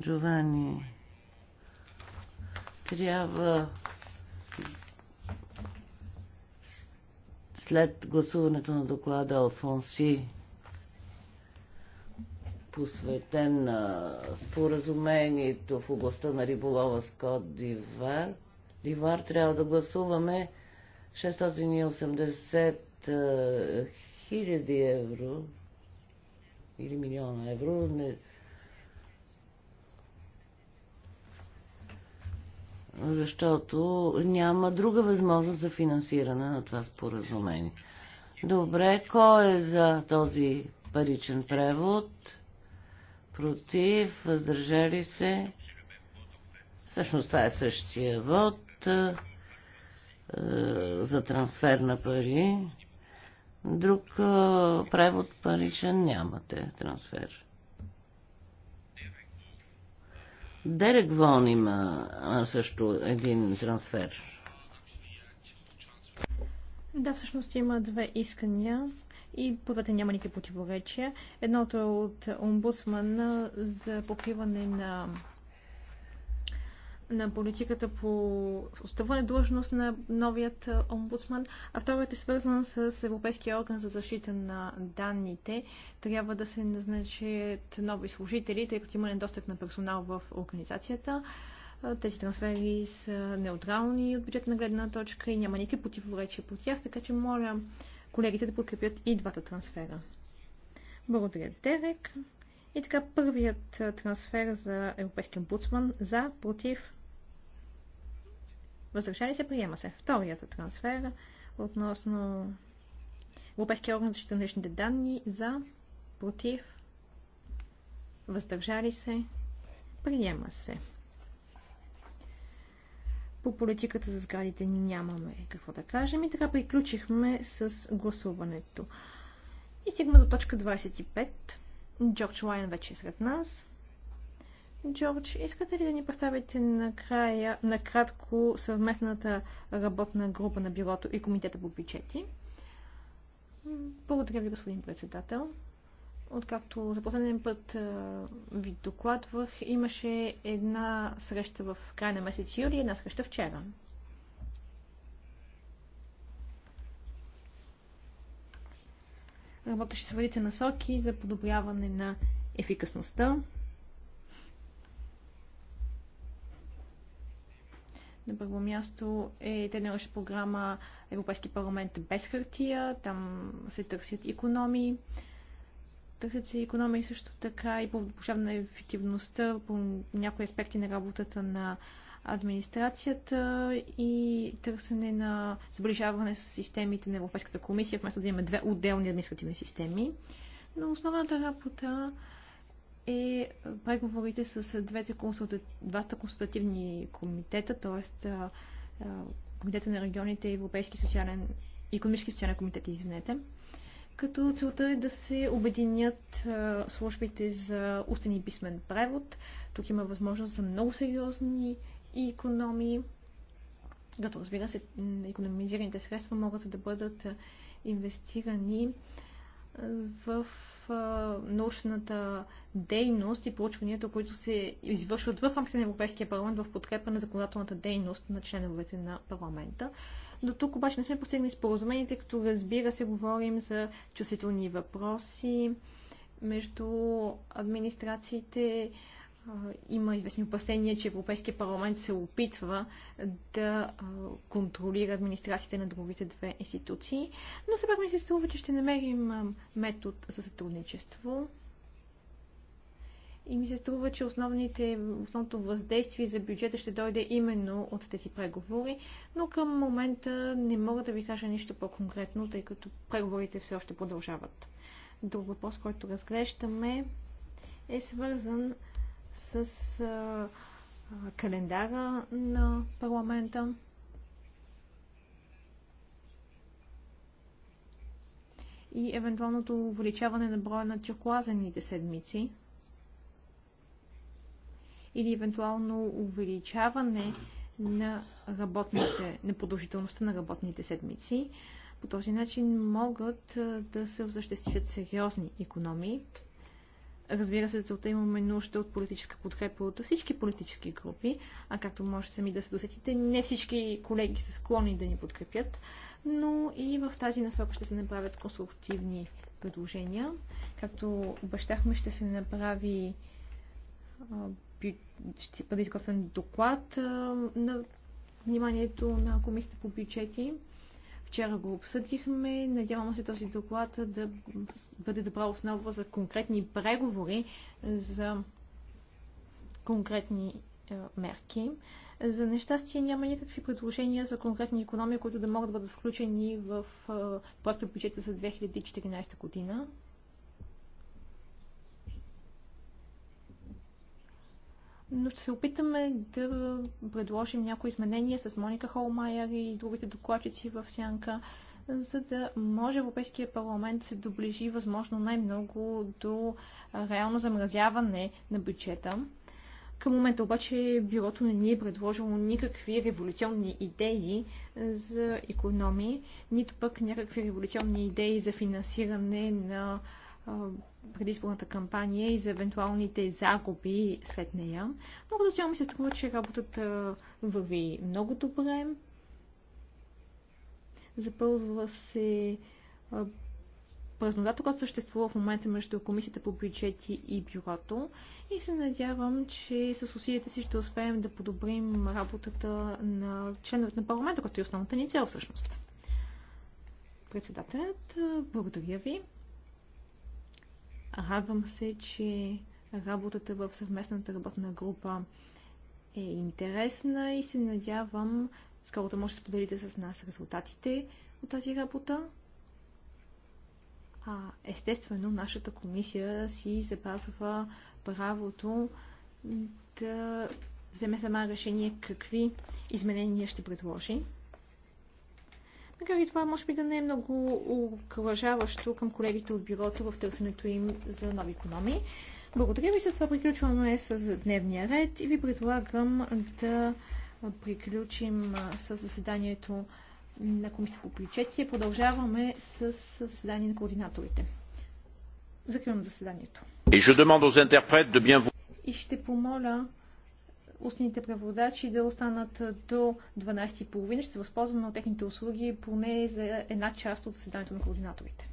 Джовани. Трябва след гласуването на доклада Алфонси посветен на споразумението в областта на риболова с Кот Дивар, Дивар трябва да гласуваме 680 е, хиляди евро или милиона евро. Не... Защото няма друга възможност за финансиране на това споразумение. Добре, кой е за този паричен превод? Против, въздържали се. Всъщност това е същия вод. Е, за трансфер на пари. Друг е, превод паричен нямате трансфер. Дерек Вон има също един трансфер. Да, всъщност има две искания и по двете няма никакви противоречия. Едното е от омбудсмана за покриване на на политиката по оставане длъжност на новият омбудсман, а вторият е свързан с Европейския орган за защита на данните. Трябва да се назначат нови служители, тъй като има недостиг на персонал в организацията. Тези трансфери са неутрални от бюджетна гледна точка и няма никакви противоречия по тях, така че моля колегите да подкрепят и двата трансфера. Благодаря, Дерек. И така първият трансфер за Европейския омбудсман за, против, Въздържали се, приема се. Вторият трансфер относно Европейския орган за защита на личните данни за, против, въздържали се, приема се. По политиката за сградите нямаме какво да кажем и така приключихме с гласуването. И стигаме до точка 25. Джордж Лайн вече е сред нас. Джордж, искате ли да ни поставите накрая, накратко съвместната работна група на бюрото и комитета по бюджети? Благодаря ви, господин председател. Откакто за последен път ви докладвах, имаше една среща в края на месец юли и една среща вчера. Работеше с редица насоки за подобряване на ефикасността, На първо място е тренираща програма Европейски парламент без хартия. Там се търсят економии. Търсят се економии също така и по на ефективността по някои аспекти на работата на администрацията и търсене на сближаване с системите на Европейската комисия, вместо да имаме две отделни административни системи. Но основната работа е преговорите с двете консулта... двата консултативни комитета, т.е. Комитета на регионите и Европейски социален... економически социален комитет, извинете, като целта е да се обединят службите за устен и писмен превод. Тук има възможност за много сериозни економии, като разбира се, економизираните средства могат да бъдат инвестирани в научната дейност и получванията, които се извършват в рамките на Европейския парламент в подкрепа на законодателната дейност на членовете на парламента. До тук обаче не сме постигнали споразумение, тъй като разбира се говорим за чувствителни въпроси между администрациите, има известни опасения, че Европейския парламент се опитва да контролира администрациите на другите две институции, но все пак ми се струва, че ще намерим метод за сътрудничество. И ми се струва, че основните, основното въздействие за бюджета ще дойде именно от тези преговори, но към момента не мога да ви кажа нищо по-конкретно, тъй като преговорите все още продължават. Друг въпрос, който разглеждаме, е свързан с а, календара на парламента. и евентуалното увеличаване на броя на тюркуазените седмици или евентуално увеличаване на, работните, на продължителността на работните седмици. По този начин могат да се осъществят сериозни економии. Разбира се, целта имаме нужда от политическа подкрепа от всички политически групи, а както може сами да се досетите, не всички колеги са склонни да ни подкрепят, но и в тази насока ще се направят конструктивни предложения. Както обещахме, ще се направи ще бъде изготвен доклад на вниманието на Комисията по бюджети. Вчера го обсъдихме. Надявам се този доклад да бъде добра основа за конкретни преговори за конкретни е, мерки. За нещастие няма никакви предложения за конкретни економии, които да могат да бъдат включени в е, проекта бюджета за 2014 година. но ще се опитаме да предложим някои изменения с Моника Холмайер и другите докладчици в Сянка, за да може Европейския парламент да се доближи възможно най-много до реално замразяване на бюджета. Към момента обаче бюрото не ни е предложило никакви революционни идеи за економии, нито пък някакви революционни идеи за финансиране на предизборната кампания и за евентуалните загуби след нея. Но като цяло ми се струва, че работата върви много добре. Запълзва се празнодата, която съществува в момента между Комисията по бюджети и бюрото. И се надявам, че с усилията си ще успеем да подобрим работата на членовете на парламента, като е основната ни цел всъщност. Председателят, благодаря ви. Радвам се, че работата в съвместната работна група е интересна и се надявам скоро да може да споделите с нас резултатите от тази работа. А, естествено, нашата комисия си запазва правото да вземе сама решение какви изменения ще предложи. Макар и това може би да не е много окръжаващо към колегите от бюрото в търсенето им за нови економии. Благодаря ви, за това приключваме с дневния ред и ви предлагам да приключим с заседанието на Комисията по бюджети. Продължаваме с заседание на координаторите. Закривам заседанието. И ще помоля устните преводачи да останат до 12.30. Ще се възползваме от техните услуги поне за една част от заседанието на координаторите.